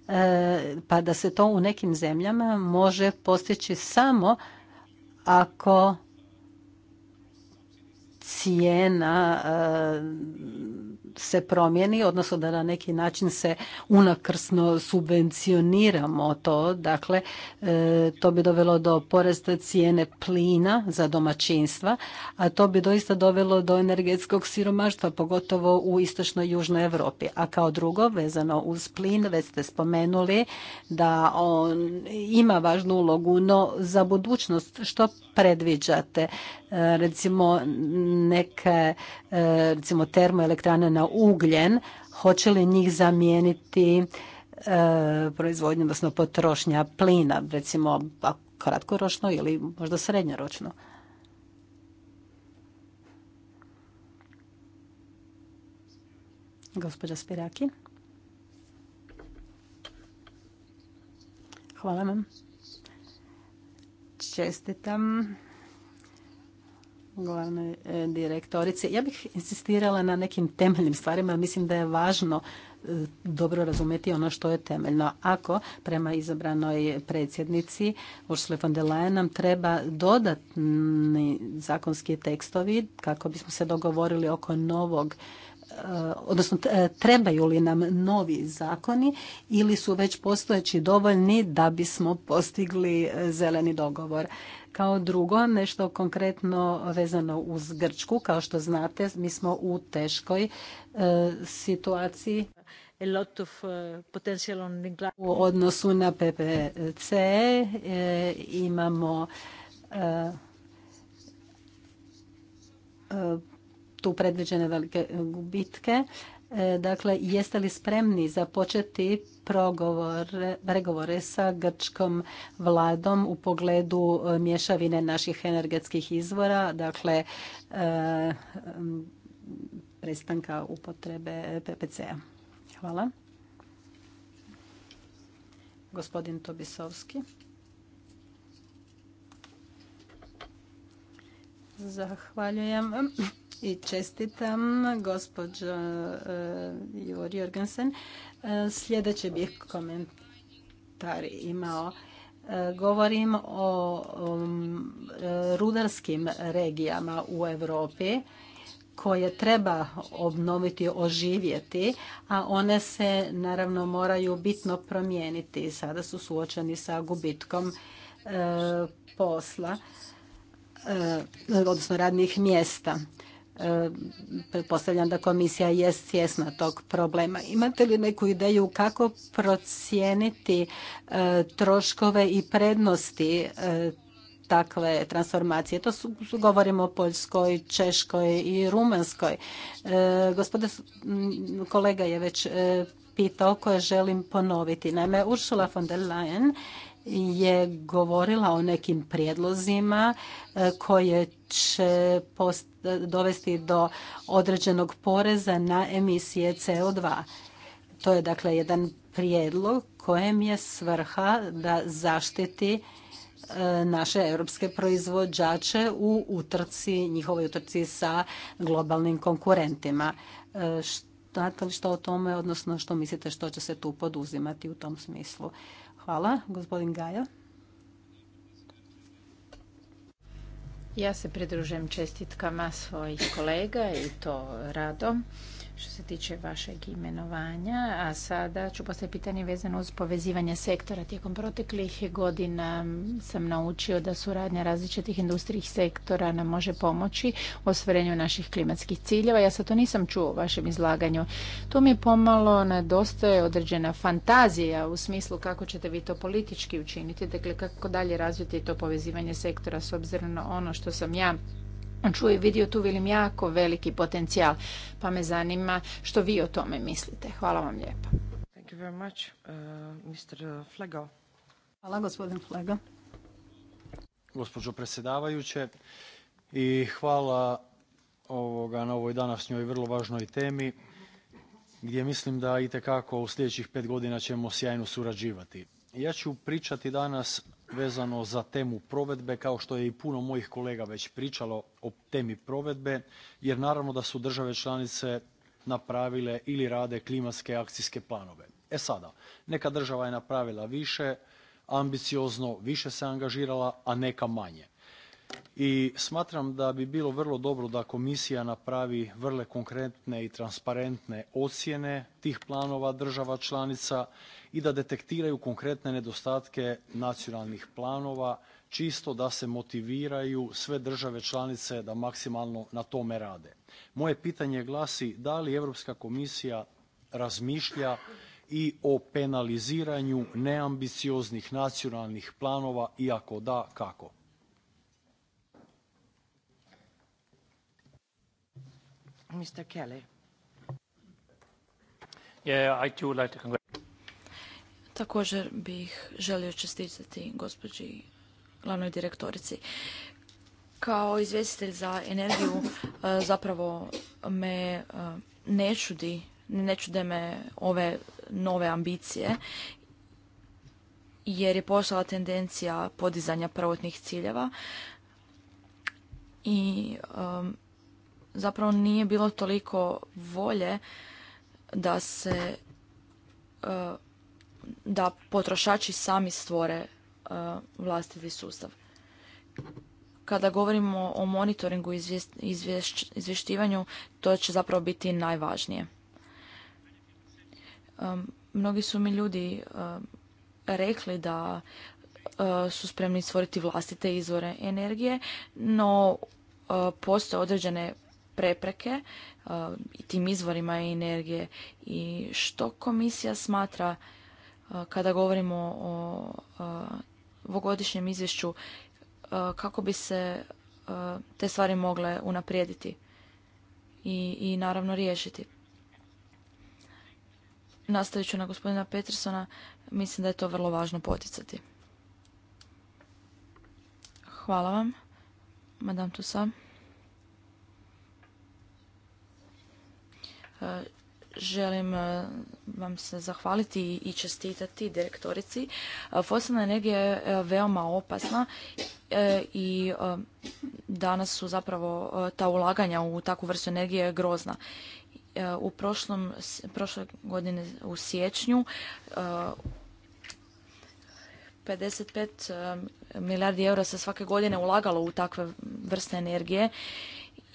e, pa da se to u nekim zemljama može postići samo ako cijena se promijeni, odnosno da na neki način se unakrsno subvencioniramo to. Dakle, e, to bi dovelo do porasta cijene plina za domaćinstva, a to bi doista dovelo do energetskog siromaštva, pogotovo u istočnoj i južnoj Europi. A kao drugo, vezano uz plin, već ste spomenuli da on ima važnu ulogu, no za budućnost što predviđate? E, recimo neke e, recimo termoelektrane na ugljen, hoće li njih zamijeniti e, proizvodnja, odnosno potrošnja plina, recimo kratkoročno ili možda srednjoročno? Gospođa Spiraki. Hvala vam. Čestitam glavnoj e, direktorici. Ja bih insistirala na nekim temeljnim stvarima. Mislim da je važno e, dobro razumjeti ono što je temeljno. Ako prema izabranoj predsjednici Ursula von der Leyen nam treba dodatni zakonski tekstovi kako bismo se dogovorili oko novog e, odnosno trebaju li nam novi zakoni ili su već postojeći dovoljni da bismo postigli zeleni dogovor. Kao drugo, nešto konkretno vezano uz Grčku. Kao što znate, mi smo u teškoj e, situaciji e, u odnosu na PPC. E, imamo tu predviđene velike gubitke E, dakle, jeste li spremni započeti pregovore sa grčkom vladom u pogledu e, mješavine naših energetskih izvora, dakle e, prestanka upotrebe PPC-a? Hvala. Gospodin Tobisovski. Zahvaljujem i čestitam gospođo Juri eh, Jorgensen. Eh, sljedeći bih komentar imao. Eh, govorim o mm, rudarskim regijama u Europi koje treba obnoviti, oživjeti, a one se naravno moraju bitno promijeniti. Sada su suočeni sa gubitkom posla, odnosno radnih mjesta. Pretpostavljam da komisija je svjesna tog problema. Imate li neku ideju kako procijeniti e, troškove i prednosti e, takve transformacije. To su, govorimo o Poljskoj, Češkoj i Rumanskoj. E, Gospoda, kolega je već pitao koje želim ponoviti. Naime, Ursula von der Leyen je govorila o nekim prijedlozima e, koje će dovesti do određenog poreza na emisije CO2. To je dakle jedan prijedlog kojem je svrha da zaštiti e, naše europske proizvođače u utrci, njihovoj utrci sa globalnim konkurentima. Znate li što o tome, odnosno što mislite što će se tu poduzimati u tom smislu? Hvala. Gospodin Gaja. Ja se pridružujem čestitkama svojih kolega i to rado što se tiče vašeg imenovanja. A sada ću postaviti pitanje vezano uz povezivanje sektora. Tijekom proteklih godina sam naučio da suradnja različitih industrijih sektora nam može pomoći u osvarenju naših klimatskih ciljeva. Ja sad to nisam čuo u vašem izlaganju. To mi pomalo nedostaje određena fantazija u smislu kako ćete vi to politički učiniti, dakle kako dalje razviti to povezivanje sektora s obzirom na ono što sam ja čuje i vidio tu velim jako veliki potencijal, pa me zanima što vi o tome mislite. Hvala vam lijepa. Uh, hvala gospodin Flego. Gospođo predsjedavajuće i hvala ovoga na ovoj današnjoj vrlo važnoj temi gdje mislim da itekako u sljedećih pet godina ćemo sjajno surađivati. Ja ću pričati danas vezano za temu provedbe kao što je i puno mojih kolega već pričalo o temi provedbe jer naravno da su države članice napravile ili rade klimatske akcijske planove. E sada, neka država je napravila više ambiciozno, više se angažirala, a neka manje i smatram da bi bilo vrlo dobro da komisija napravi vrlo konkretne i transparentne ocjene tih planova država članica i da detektiraju konkretne nedostatke nacionalnih planova čisto da se motiviraju sve države članice da maksimalno na tome rade. Moje pitanje glasi da li Europska komisija razmišlja i o penaliziranju neambicioznih nacionalnih planova i ako da, kako? Mr. Kelly. Također bih želio čestitati gospođi glavnoj direktorici. Kao izvjestitelj za energiju eh, zapravo me eh, ne čudi, ne čude me ove nove ambicije jer je postala tendencija podizanja prvotnih ciljeva i eh, zapravo nije bilo toliko volje da se e, da potrošači sami stvore e, vlastiti sustav. Kada govorimo o monitoringu i izvještivanju, to će zapravo biti najvažnije. E, mnogi su mi ljudi rekli da su spremni stvoriti vlastite izvore energije, no postoje određene prepreke e, tim izvorima energije i što komisija smatra e, kada govorimo o e, ovogodišnjem izvješću kako bi se te stvari mogle unaprijediti i, i naravno riješiti. Nastavit ću na gospodina Petersona, mislim da je to vrlo važno poticati. Hvala vam, madame Toussaint. želim e, vam se zahvaliti i čestitati direktorici. E, fosilna energija je e, veoma opasna i danas su zapravo ta ulaganja u takvu vrstu energije grozna. U prošlom, prošle godine u siječnju 55 milijardi eura se svake godine ulagalo u takve vrste energije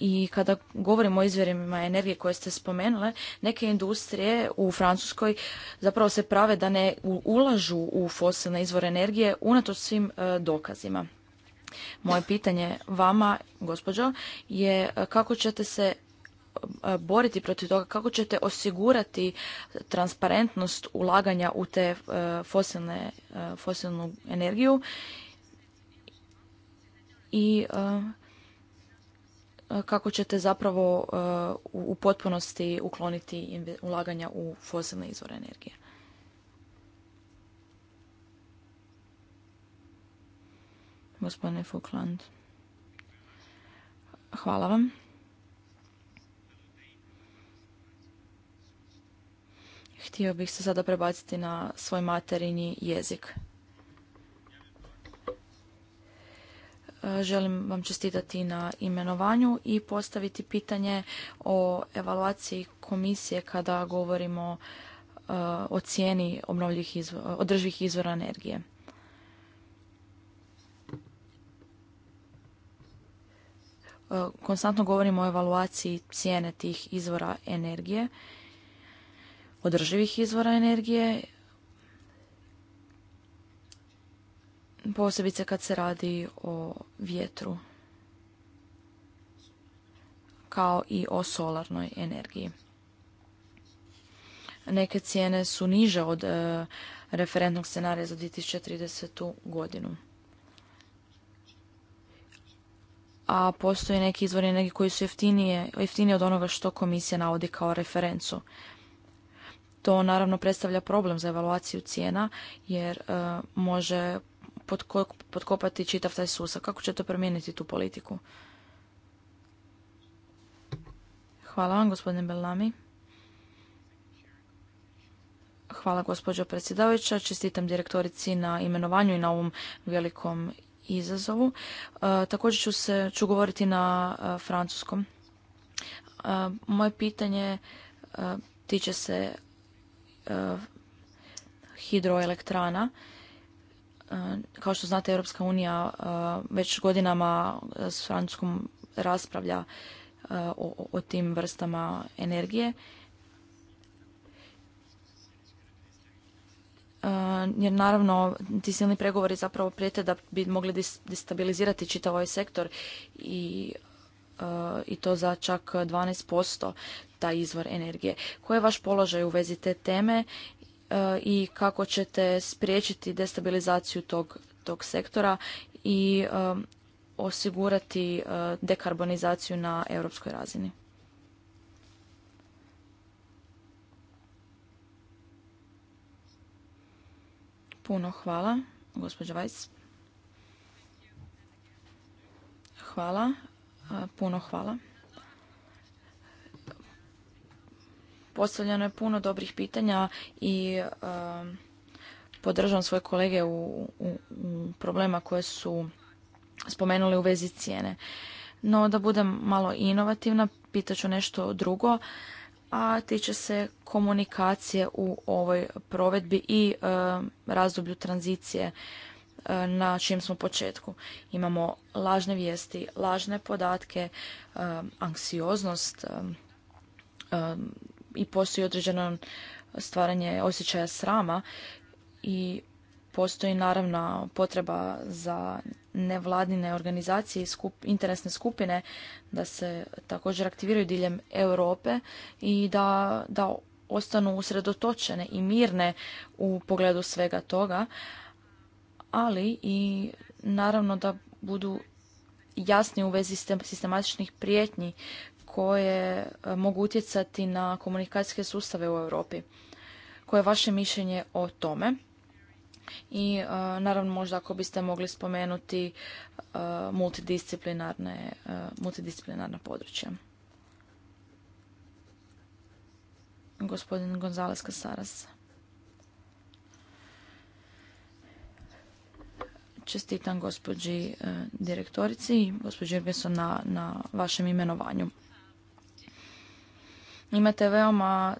i kada govorimo o izvjerima energije koje ste spomenule, neke industrije u Francuskoj zapravo se prave da ne ulažu u fosilne izvore energije unatoč svim e, dokazima. Moje pitanje vama, gospođo, je e, kako ćete se e, boriti protiv toga, kako ćete osigurati transparentnost ulaganja u te fosilne, fosilnu energiju i E, kako ćete zapravo e, u potpunosti ukloniti ulaganja u fosilne izvore energije. Gospodine Fukland, hvala vam. Htio bih se sada prebaciti na svoj materinji jezik. E, želim vam čestitati na imenovanju i postaviti pitanje o evaluaciji komisije kada govorimo e, o cijeni održivih izvora energije. E, konstantno govorimo o evaluaciji cijene tih izvora energije, održivih izvora energije posebice kad se radi o vjetru kao i o solarnoj energiji. Neke cijene su niže od e, referentnog scenarija za 2030. godinu. A postoje neki izvori energije koji su jeftinije, od onoga što komisija navodi kao referencu. To naravno predstavlja problem za evaluaciju cijena jer e, može potkopati čitav taj sustav? Kako će to promijeniti tu politiku? Hvala vam, gospodine Bellami. Hvala, gospođo predsjedavajuća. Čestitam direktorici na imenovanju i na ovom velikom izazovu. E, također ću se ću govoriti na e, francuskom. E, moje pitanje tiče se hidroelektrana. Kao što znate, Europska unija e, već godinama e, s Francuskom raspravlja e, o, tim vrstama energije. jer naravno ti silni pregovori zapravo prijete da bi mogli destabilizirati čitav ovaj sektor i, i to za čak 12% taj izvor energije. Koji je vaš položaj u vezi te teme E, i kako ćete spriječiti destabilizaciju tog, tog sektora i e, osigurati e, dekarbonizaciju na europskoj razini. Puno hvala, gospođo Vajs. Hvala, puno hvala. Postavljeno je puno dobrih pitanja i um, podržavam svoje kolege u, problema koje su spomenuli u vezi cijene. No, da budem malo inovativna, pitaću nešto drugo, a tiče se komunikacije u ovoj provedbi i um, razdoblju tranzicije um, na čijem smo početku. Imamo lažne vijesti, lažne podatke, anksioznost, i postoji određeno stvaranje osjećaja srama i postoji naravno potreba za nevladine organizacije i skup, interesne skupine da se također aktiviraju diljem Europe i da, da ostanu usredotočene i mirne u pogledu svega toga, ali i naravno da budu jasni u vezi sistematičnih prijetnji koje e, mogu utjecati na komunikacijske sustave u Europi. Koje je vaše mišljenje o tome? I e, naravno možda ako biste mogli spomenuti e, multidisciplinarne, multidisciplinarna područja. Gospodin Gonzales Kasaras. čestitam gospođi direktorici i gospođi na, na vašem imenovanju imate veoma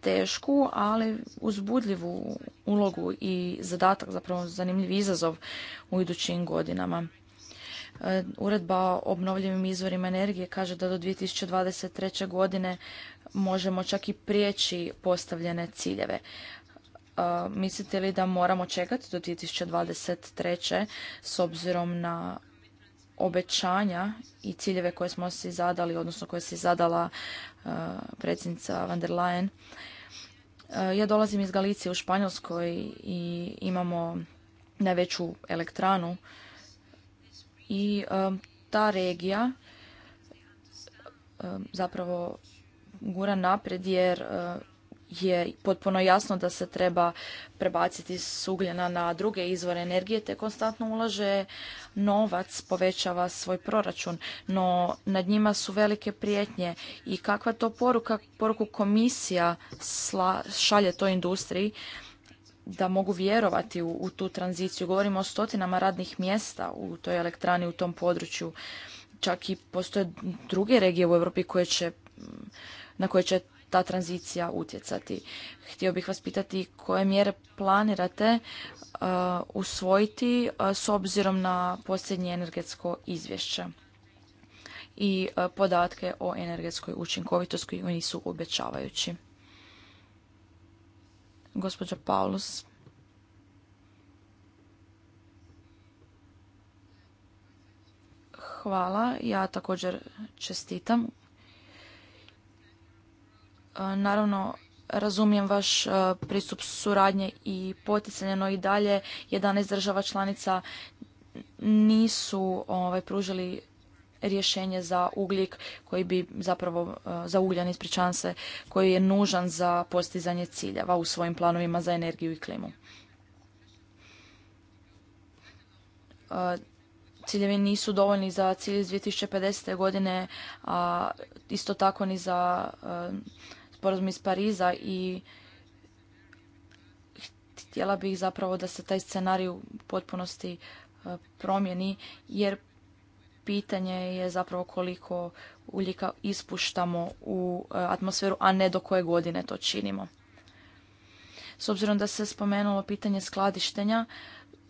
tešku, ali uzbudljivu ulogu i zadatak, zapravo zanimljiv izazov u idućim godinama. E, Uredba o obnovljivim izvorima energije kaže da do 2023. godine možemo čak i prijeći postavljene ciljeve. E, mislite li da moramo čekati do 2023. s obzirom na obećanja i ciljeve koje smo si zadali, odnosno koje si zadala Uh, predsjednica van der Leyen. Uh, ja dolazim iz Galicije u Španjolskoj i imamo najveću elektranu i um, ta regija um, zapravo gura naprijed jer uh, je potpuno jasno da se treba prebaciti s ugljena na druge izvore energije te konstantno ulaže novac, povećava svoj proračun, no nad njima su velike prijetnje i kakva to poruka, poruku komisija šalje toj industriji da mogu vjerovati u, u tu tranziciju. Govorimo o stotinama radnih mjesta u toj elektrani, u tom području. Čak i postoje druge regije u Europi koje će na koje će ta tranzicija utjecati. Htio bih vas pitati koje mjere planirate uh, usvojiti uh, s obzirom na posljednje energetsko izvješće i uh, podatke o energetskoj učinkovitosti koji oni su obećavajući. Gospođa Paulus. Hvala. Ja također čestitam E, naravno, razumijem vaš e, pristup suradnje i poticanja, no i dalje 11 država članica nisu ovaj, pružili rješenje za ugljik koji bi zapravo e, za ugljan ispričavam se koji je nužan za postizanje ciljeva u svojim planovima za energiju i klimu. Ciljevi nisu dovoljni za cilj iz 2050. godine, a isto tako ni za sporozum iz Pariza i htjela bih zapravo da se taj scenarij u potpunosti e, promjeni jer pitanje je zapravo koliko uljika ispuštamo u e, atmosferu, a ne do koje godine to činimo. S obzirom da se spomenulo pitanje skladištenja,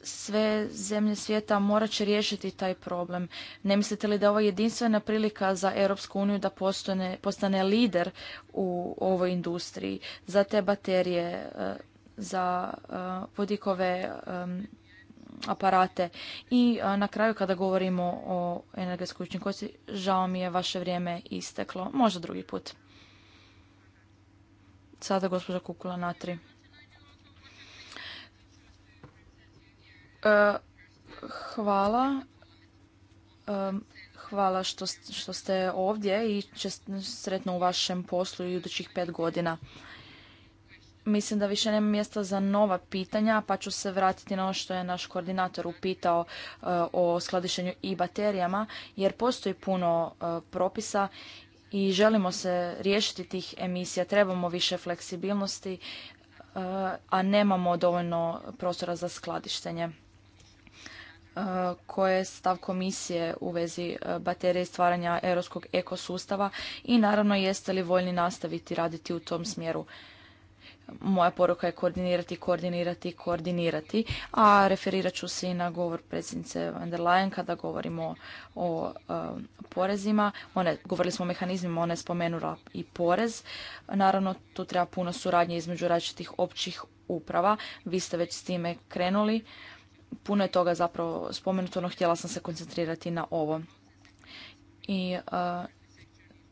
sve zemlje svijeta morat će riješiti taj problem. Ne mislite li da ovo je jedinstvena prilika za Europsku uniju da postane, postane lider u ovoj industriji za te baterije, e, za vodikove e, e, aparate. I na kraju kada govorimo o energetskoj učinkovitosti, žao mi je vaše vrijeme isteklo. Možda drugi put. Sada gospođa Kukula Natri. E, hvala. E, hvala što, ste ovdje i sretno u vašem poslu i idućih pet godina. Mislim da više nema mjesta za nova pitanja, pa ću se vratiti na ono što je naš koordinator upitao e, o skladištenju i baterijama, jer postoji puno propisa i želimo se riješiti tih emisija. Trebamo više fleksibilnosti, a nemamo dovoljno prostora za skladištenje koje je stav komisije u vezi baterije i stvaranja europskog ekosustava i naravno jeste li voljni nastaviti raditi u tom smjeru. Moja poruka je koordinirati, koordinirati, koordinirati, a referirat ću se i na govor predsjednice van der Leyen kada govorimo o, porezima. One, govorili smo o mehanizmima, ona je spomenula i porez. Naravno, tu treba puno suradnje između različitih općih uprava. Vi ste već s time krenuli puno je toga zapravo spomenuto, no htjela sam se koncentrirati na ovo. I e,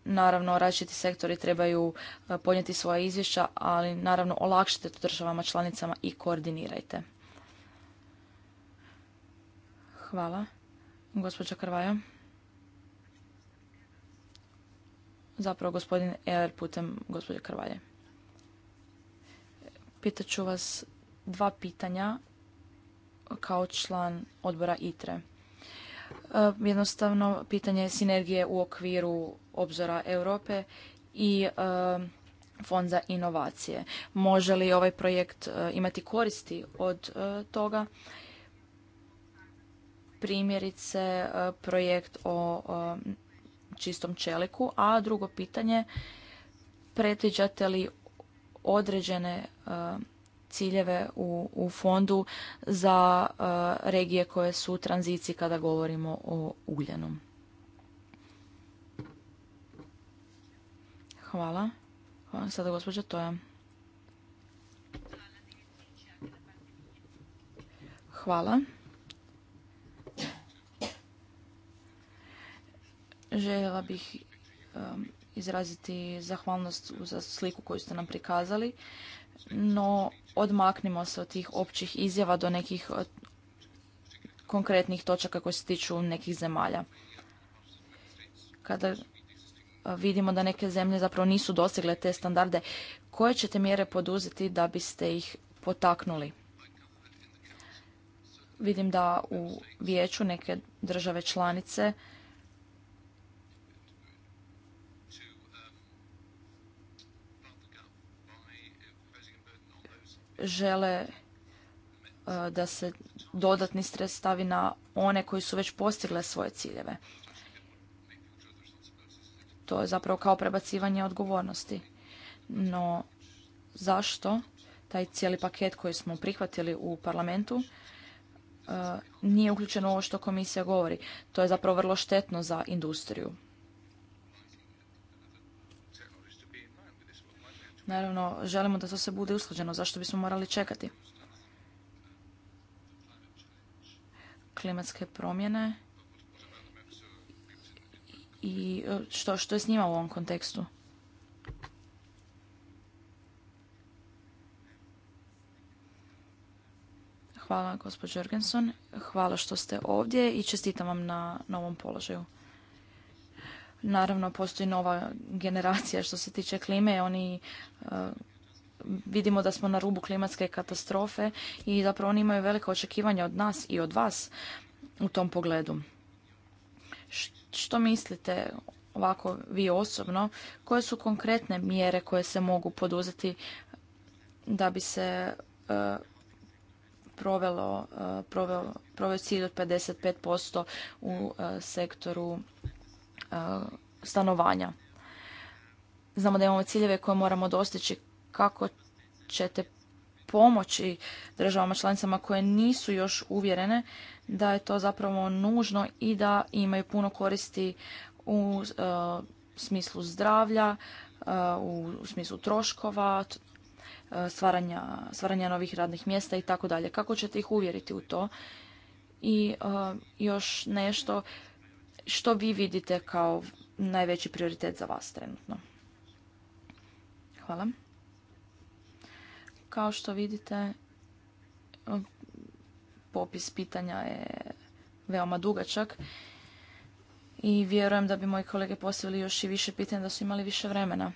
naravno različiti sektori trebaju e, podnijeti svoja izvješća, ali naravno olakšite to državama članicama i koordinirajte. Hvala. Gospođa Krvaja. Zapravo gospodin Er, putem gospođe Krvalje. Pitat vas dva pitanja kao član odbora ITRE. E, jednostavno, pitanje sinergije u okviru obzora Europe i e, fond za inovacije. Može li ovaj projekt e, imati koristi od toga? Primjerice, projekt o čistom čeliku. A drugo pitanje, predviđate li određene ciljeve u, u fondu za e, regije koje su u tranziciji kada govorimo o ugljenu. Hvala. Hvala sada gospođa Toja. Hvala. Željela bih izraziti zahvalnost za sliku koju ste nam prikazali, no odmaknimo se od tih općih izjava do nekih e, konkretnih točaka koje se tiču nekih zemalja. Kada e, vidimo da neke zemlje zapravo nisu dosegle te standarde, koje ćete mjere poduzeti da biste ih potaknuli? Vidim da u vijeću neke države članice žele e, da se dodatni stres stavi na one koji su već postigle svoje ciljeve. To je zapravo kao prebacivanje odgovornosti. No zašto taj cijeli paket koji smo prihvatili u parlamentu e, nije uključeno ovo što komisija govori? To je zapravo vrlo štetno za industriju. Naravno, želimo da to se bude usklađeno. Zašto bismo morali čekati? Klimatske promjene i e, što, što je s njima u ovom kontekstu? Hvala, gospođo Jorgenson. Hvala što ste ovdje i čestitam vam na novom položaju. Naravno, postoji nova generacija što se tiče klime. Oni e, vidimo da smo na rubu klimatske katastrofe i zapravo oni imaju velika očekivanja od nas i od vas u tom pogledu. Što mislite ovako vi osobno, koje su konkretne mjere koje se mogu poduzeti da bi se e, provelo, e, proveo, cilj od 55% u sektoru E, stanovanja. Znamo da imamo ciljeve koje moramo dostići kako ćete pomoći državama članicama koje nisu još uvjerene da je to zapravo nužno i da imaju puno koristi u e, smislu zdravlja, e, u, smislu troškova, stvaranja, stvaranja novih radnih mjesta i tako dalje. Kako ćete ih uvjeriti u to? I još nešto, što vi vidite kao najveći prioritet za vas trenutno? Hvala. Kao što vidite, popis pitanja je veoma dugačak i vjerujem da bi moji kolege postavili još i više pitanja da su imali više vremena.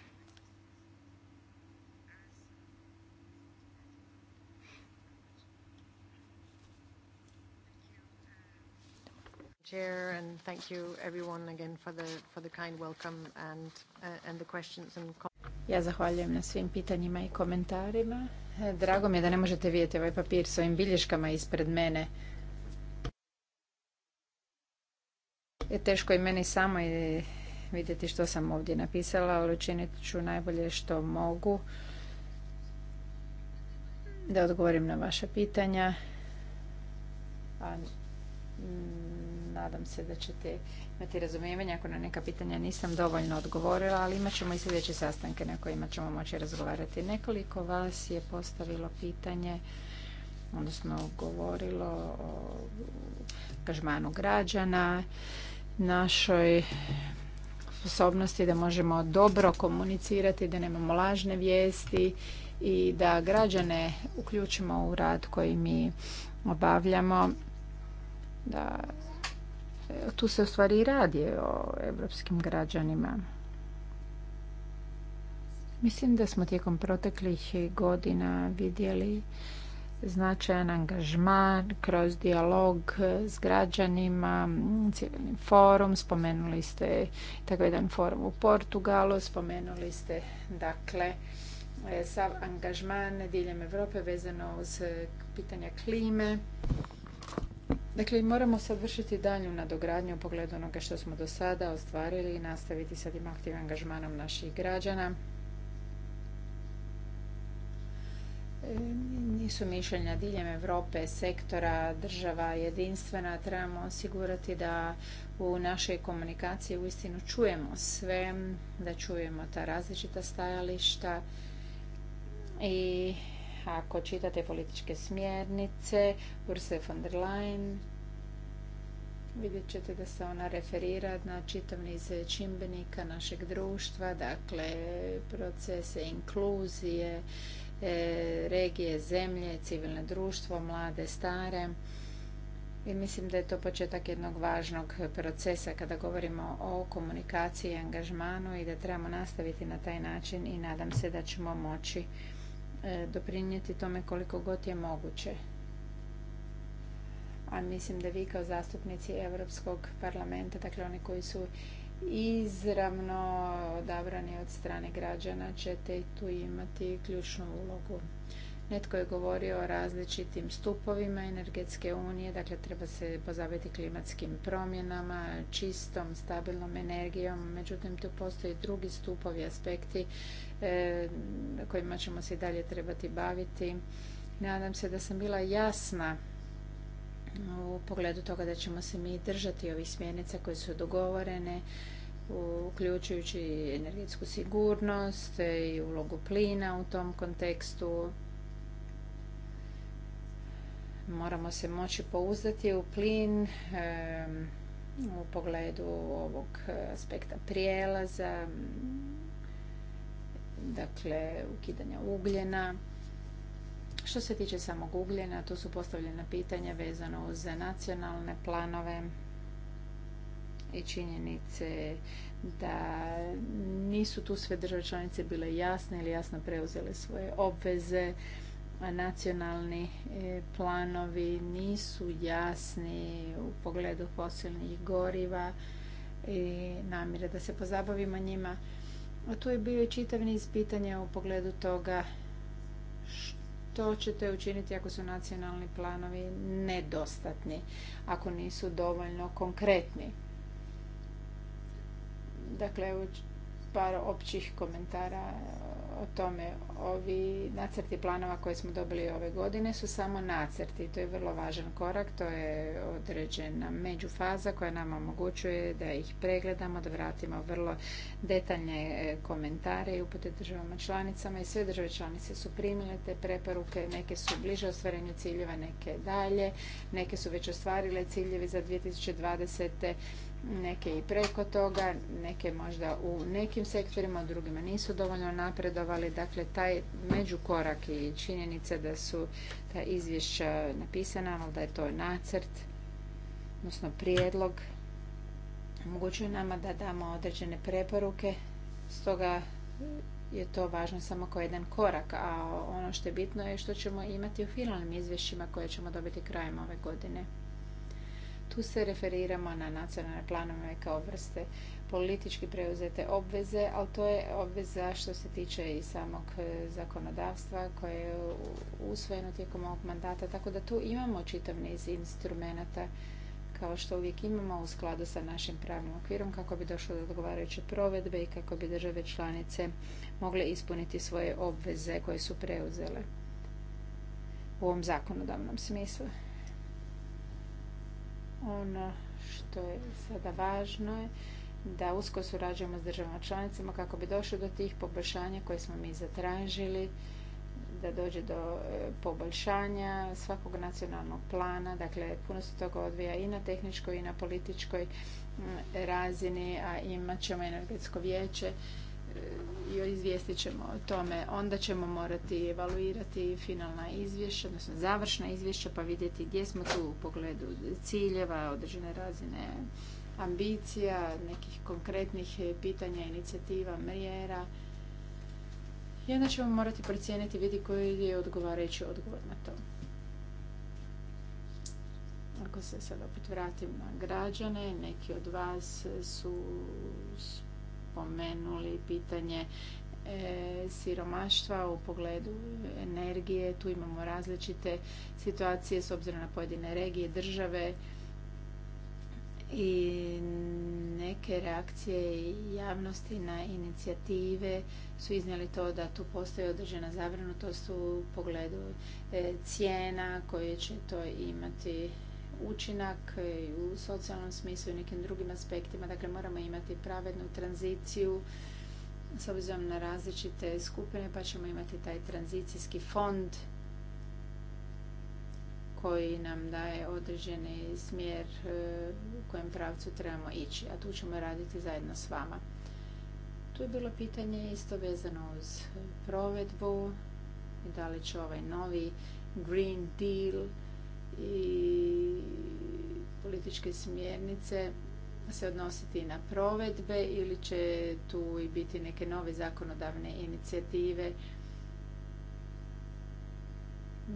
Chair, and thank you everyone again for the, kind welcome uh, and, the questions and ja zahvaljujem na svim pitanjima i komentarima. Drago mi je da ne možete vidjeti ovaj papir s ovim bilješkama ispred mene. Je teško i meni samo vidjeti što sam ovdje napisala, ali učinit ću najbolje što mogu da odgovorim na vaša pitanja. Mm, nadam se da ćete imati razumijevanje ako na neka pitanja nisam dovoljno odgovorila, ali imat ćemo i sljedeće sastanke na kojima ćemo moći razgovarati. Nekoliko vas je postavilo pitanje, odnosno govorilo o angažmanu građana, našoj sposobnosti da možemo dobro komunicirati, da nemamo lažne vijesti i da građane uključimo u rad koji mi obavljamo, da tu se u stvari i radi o evropskim građanima. Mislim da smo tijekom proteklih godina vidjeli značajan angažman kroz dijalog s građanima, civilni forum, spomenuli ste tako jedan forum u Portugalu, spomenuli ste dakle sav angažman diljem Europe vezano uz pitanja klime. Dakle, moramo sad vršiti dalju nadogradnju u pogledu onoga što smo do sada ostvarili i nastaviti sa tim aktivnim angažmanom naših građana. E, nisu mišljenja diljem Europe, sektora, država jedinstvena. Trebamo osigurati da u našoj komunikaciji uistinu čujemo sve, da čujemo ta različita stajališta i ako čitate političke smjernice, Ursula von der Leyen, vidjet ćete da se ona referira na čitav niz čimbenika našeg društva, dakle procese inkluzije, e, regije, zemlje, civilne društvo, mlade, stare. I mislim da je to početak jednog važnog procesa kada govorimo o komunikaciji i angažmanu i da trebamo nastaviti na taj način i nadam se da ćemo moći E, doprinijeti tome koliko god je moguće. A mislim da vi kao zastupnici Europskog parlamenta, dakle oni koji su izravno odabrani od strane građana, ćete tu imati ključnu ulogu. Netko je govorio o različitim stupovima energetske unije, dakle treba se pozabaviti klimatskim promjenama, čistom, stabilnom energijom, međutim tu postoji drugi stupovi aspekti E, kojima ćemo se i dalje trebati baviti. Nadam se da sam bila jasna u pogledu toga da ćemo se mi držati ovih smjernica koje su dogovorene, uključujući energetsku sigurnost i ulogu plina u tom kontekstu. Moramo se moći pouzdati u plin u pogledu ovog aspekta prijelaza dakle ukidanja ugljena. Što se tiče samog ugljena, tu su postavljena pitanja vezano uz nacionalne planove i činjenice da nisu tu sve države članice bile jasne ili jasno preuzele svoje obveze. Nacionalni e, planovi nisu jasni u pogledu fosilnih goriva i namire da se pozabavimo njima. A tu je bio i čitav niz pitanja u pogledu toga što ćete učiniti ako su nacionalni planovi nedostatni, ako nisu dovoljno konkretni. Dakle, par općih komentara eh, o tome. Ovi nacrti planova koje smo dobili ove godine su samo nacrti. To je vrlo važan korak. To je određena međufaza koja nam omogućuje da ih pregledamo, da vratimo vrlo detaljne eh, komentare i upute državama članicama. I sve države članice su primile te preporuke. Neke su bliže ostvarenju ciljeva, neke dalje. Neke su već ostvarile ciljevi za 2020 neke i preko toga, neke možda u nekim sektorima, u drugima nisu dovoljno napredovali. Dakle, taj međukorak i činjenica da su ta izvješća napisana, ali da je to nacrt, odnosno prijedlog, omogućuje nama da damo određene preporuke. Stoga je to važno samo kao jedan korak, a ono što je bitno je što ćemo imati u finalnim izvješćima koje ćemo dobiti krajem ove godine. Tu se referiramo na nacionalne planove kao vrste politički preuzete obveze, ali to je obveza što se tiče i samog e, zakonodavstva koje je usvojeno tijekom ovog mandata, tako da tu imamo čitav niz instrumenata kao što uvijek imamo u skladu sa našim pravnim okvirom kako bi došlo do odgovarajuće provedbe i kako bi države članice mogle ispuniti svoje obveze koje su preuzele u ovom zakonodavnom smislu. Ono što je sada važno je da usko surađujemo s državama članicama kako bi došlo do tih poboljšanja koje smo mi zatražili, da dođe do e, poboljšanja svakog nacionalnog plana. Dakle, puno se toga odvija i na tehničkoj i na političkoj mm, razini, a imat ćemo energetsko vijeće i izvijestit ćemo o tome. Onda ćemo morati evaluirati finalna izvješća, odnosno završna izvješća, pa vidjeti gdje smo tu u pogledu ciljeva, određene razine ambicija, nekih konkretnih pitanja, inicijativa, mjera. I onda ćemo morati procijeniti vidi koji je odgovarajući odgovor na to. Ako se sad opet vratim na građane, neki od vas su spomenuli pitanje e, siromaštva u pogledu energije. Tu imamo različite situacije s obzirom na pojedine regije, države i neke reakcije javnosti na inicijative su iznijeli to da tu postoji određena zabrinutost u pogledu e, cijena koje će to imati učinak u socijalnom smislu i nekim drugim aspektima. Dakle, moramo imati pravednu tranziciju s obzirom na različite skupine, pa ćemo imati taj tranzicijski fond koji nam daje određeni smjer e, u kojem pravcu trebamo ići, a tu ćemo raditi zajedno s vama. Tu je bilo pitanje isto vezano uz provedbu i da li će ovaj novi Green Deal i političke smjernice se odnositi na provedbe ili će tu i biti neke nove zakonodavne inicijative.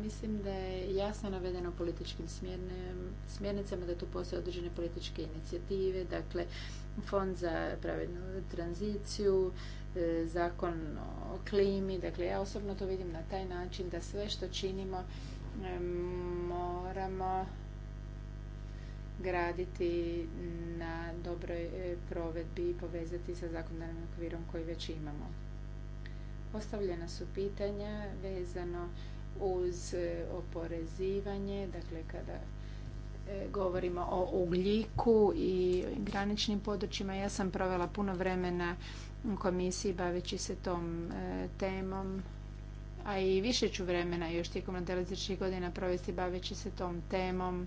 Mislim da je jasno navedeno političkim smjernicama da tu postoje određene političke inicijative, dakle fond za pravednu tranziciju, e, zakon o klimi, dakle ja osobno to vidim na taj način da sve što činimo E, moramo graditi na dobroj e, provedbi i povezati sa zakonodavnim okvirom koji već imamo. Postavljena su pitanja vezano uz e, oporezivanje, dakle kada govorimo o ugljiku i graničnim područjima. Ja sam provela puno vremena u komisiji baveći se tom temom a i više ću vremena još tijekom nadalazećih godina provesti baveći se tom temom,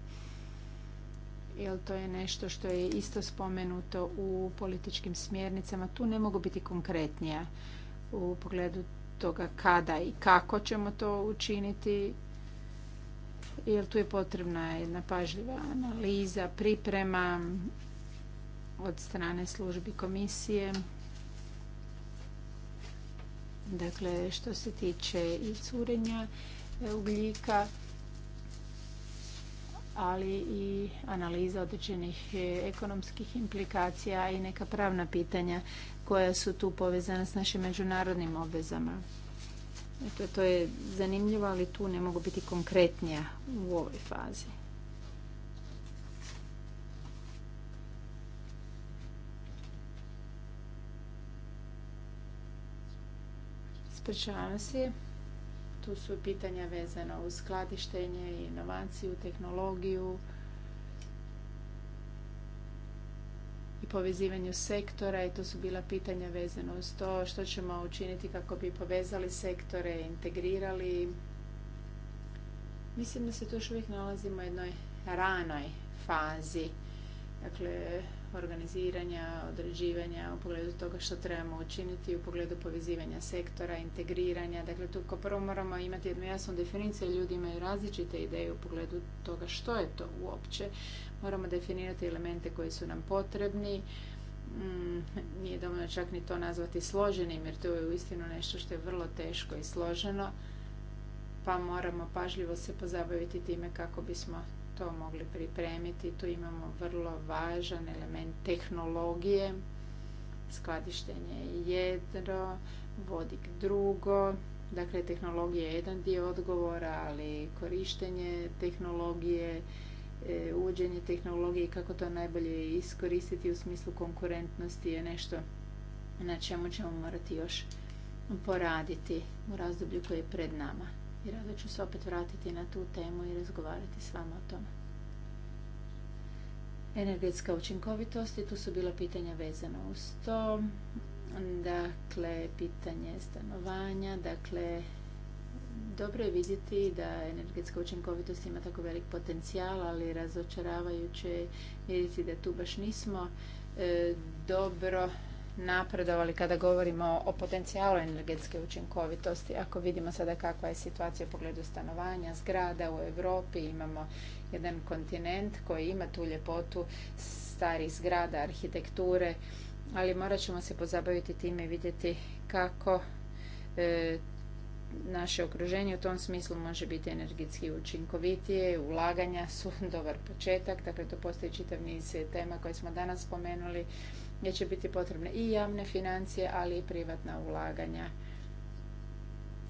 jer to je nešto što je isto spomenuto u političkim smjernicama. Tu ne mogu biti konkretnija u pogledu toga kada i kako ćemo to učiniti, jer tu je potrebna jedna pažljiva analiza, priprema od strane službi komisije. Dakle, što se tiče i curenja e, ugljika, ali i analiza određenih e, ekonomskih implikacija i neka pravna pitanja koja su tu povezana s našim međunarodnim obvezama. Dakle, to je zanimljivo, ali tu ne mogu biti konkretnija u ovoj fazi. Ispričavam Tu su pitanja vezana uz skladištenje, inovaciju, tehnologiju i povezivanju sektora i to su bila pitanja vezana uz to što ćemo učiniti kako bi povezali sektore, integrirali. Mislim da se tu još uvijek nalazimo u jednoj ranoj fazi. Dakle, organiziranja, određivanja u pogledu toga što trebamo učiniti, u pogledu povezivanja sektora, integriranja. Dakle, tu kao prvo moramo imati jednu jasnu definiciju, ljudi imaju različite ideje u pogledu toga što je to uopće. Moramo definirati elemente koji su nam potrebni. Mm, nije dovoljno čak ni to nazvati složenim, jer to je uistinu nešto što je vrlo teško i složeno, pa moramo pažljivo se pozabaviti time kako bismo to mogli pripremiti. Tu imamo vrlo važan element tehnologije, skladištenje jedno, vodik drugo. Dakle, tehnologija je jedan dio odgovora, ali korištenje tehnologije, e, uđenje tehnologije i kako to najbolje iskoristiti u smislu konkurentnosti je nešto na čemu ćemo morati još poraditi u razdoblju koje je pred nama. I rado ću se opet vratiti na tu temu i razgovarati s vama o tome. Energetska učinkovitost i tu su bila pitanja vezana uz to. Dakle, pitanje stanovanja, dakle, dobro je vidjeti da energetska učinkovitost ima tako velik potencijal, ali razočaravajuće je vidjeti da tu baš nismo e, dobro napredovali kada govorimo o potencijalu energetske učinkovitosti. Ako vidimo sada kakva je situacija u pogledu stanovanja, zgrada u Europi, imamo jedan kontinent koji ima tu ljepotu starih zgrada, arhitekture, ali morat ćemo se pozabaviti time i vidjeti kako e, naše okruženje u tom smislu može biti energetski učinkovitije, ulaganja su dobar početak, dakle to postoji čitav niz tema koje smo danas spomenuli, gdje će biti potrebne i javne financije, ali i privatna ulaganja.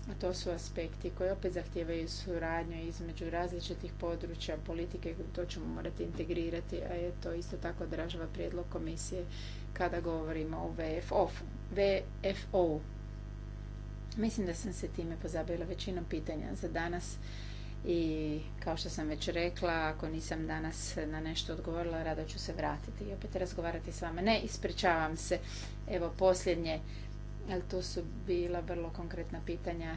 A to su aspekti koji opet zahtijevaju suradnju između različitih područja politike, to ćemo morati integrirati, a je to isto tako odražava prijedlog komisije kada govorimo o VFO. VFO. Mislim da sam se time pozabila većinom pitanja za danas i kao što sam već rekla, ako nisam danas na nešto odgovorila, rado ću se vratiti i opet razgovarati s vama. Ne, ispričavam se. Evo posljednje, ali to su bila vrlo konkretna pitanja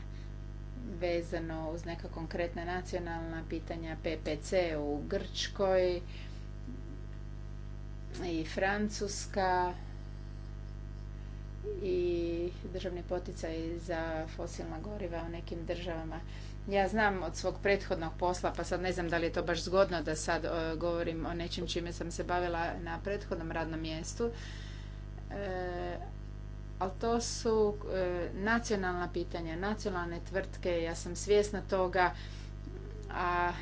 vezano uz neka konkretna nacionalna pitanja PPC u Grčkoj i Francuska i državni poticaj za fosilna goriva u nekim državama. Ja znam od svog prethodnog posla, pa sad ne znam da li je to baš zgodno da sad e, govorim o nečem čime sam se bavila na prethodnom radnom mjestu, e, ali to su e, nacionalna pitanja, nacionalne tvrtke, ja sam svjesna toga, a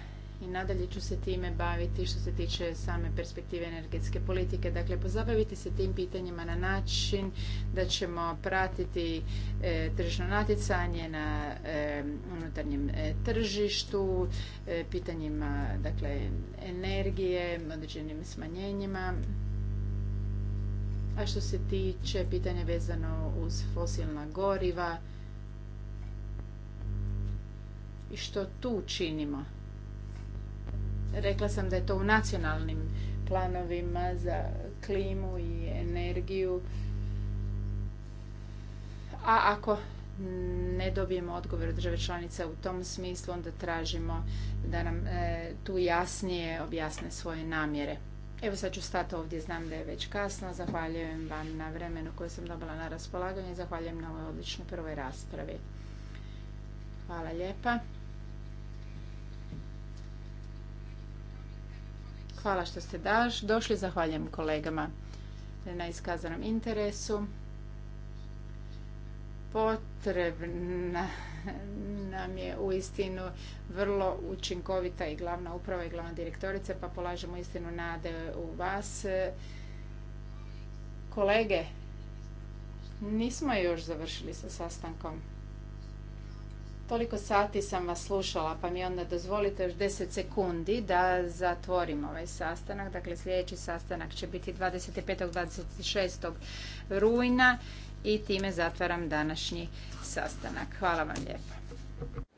i nadalje ću se time baviti što se tiče same perspektive energetske politike. Dakle, pozabaviti se tim pitanjima na način da ćemo pratiti e, tržišno natjecanje na e, unutarnjem e, tržištu, e, pitanjima dakle, energije, određenim smanjenjima. A što se tiče pitanja vezano uz fosilna goriva, i što tu činimo. Rekla sam da je to u nacionalnim planovima za klimu i energiju. A ako ne dobijemo odgovor od države članica u tom smislu, onda tražimo da nam e, tu jasnije objasne svoje namjere. Evo sad ću stati ovdje, znam da je već kasno. Zahvaljujem vam na vremenu koje sam dobila na raspolaganje i zahvaljujem na ovoj odličnoj prvoj raspravi. Hvala lijepa. Hvala što ste daš. došli. Zahvaljujem kolegama na iskazanom interesu. Potrebna nam je u istinu vrlo učinkovita i glavna uprava i glavna direktorica, pa polažemo istinu nade u vas. Kolege, nismo još završili sa sastankom. Koliko sati sam vas slušala, pa mi onda dozvolite još 10 sekundi da zatvorim ovaj sastanak. Dakle, sljedeći sastanak će biti 25. 26. rujna i time zatvaram današnji sastanak. Hvala vam lijepo.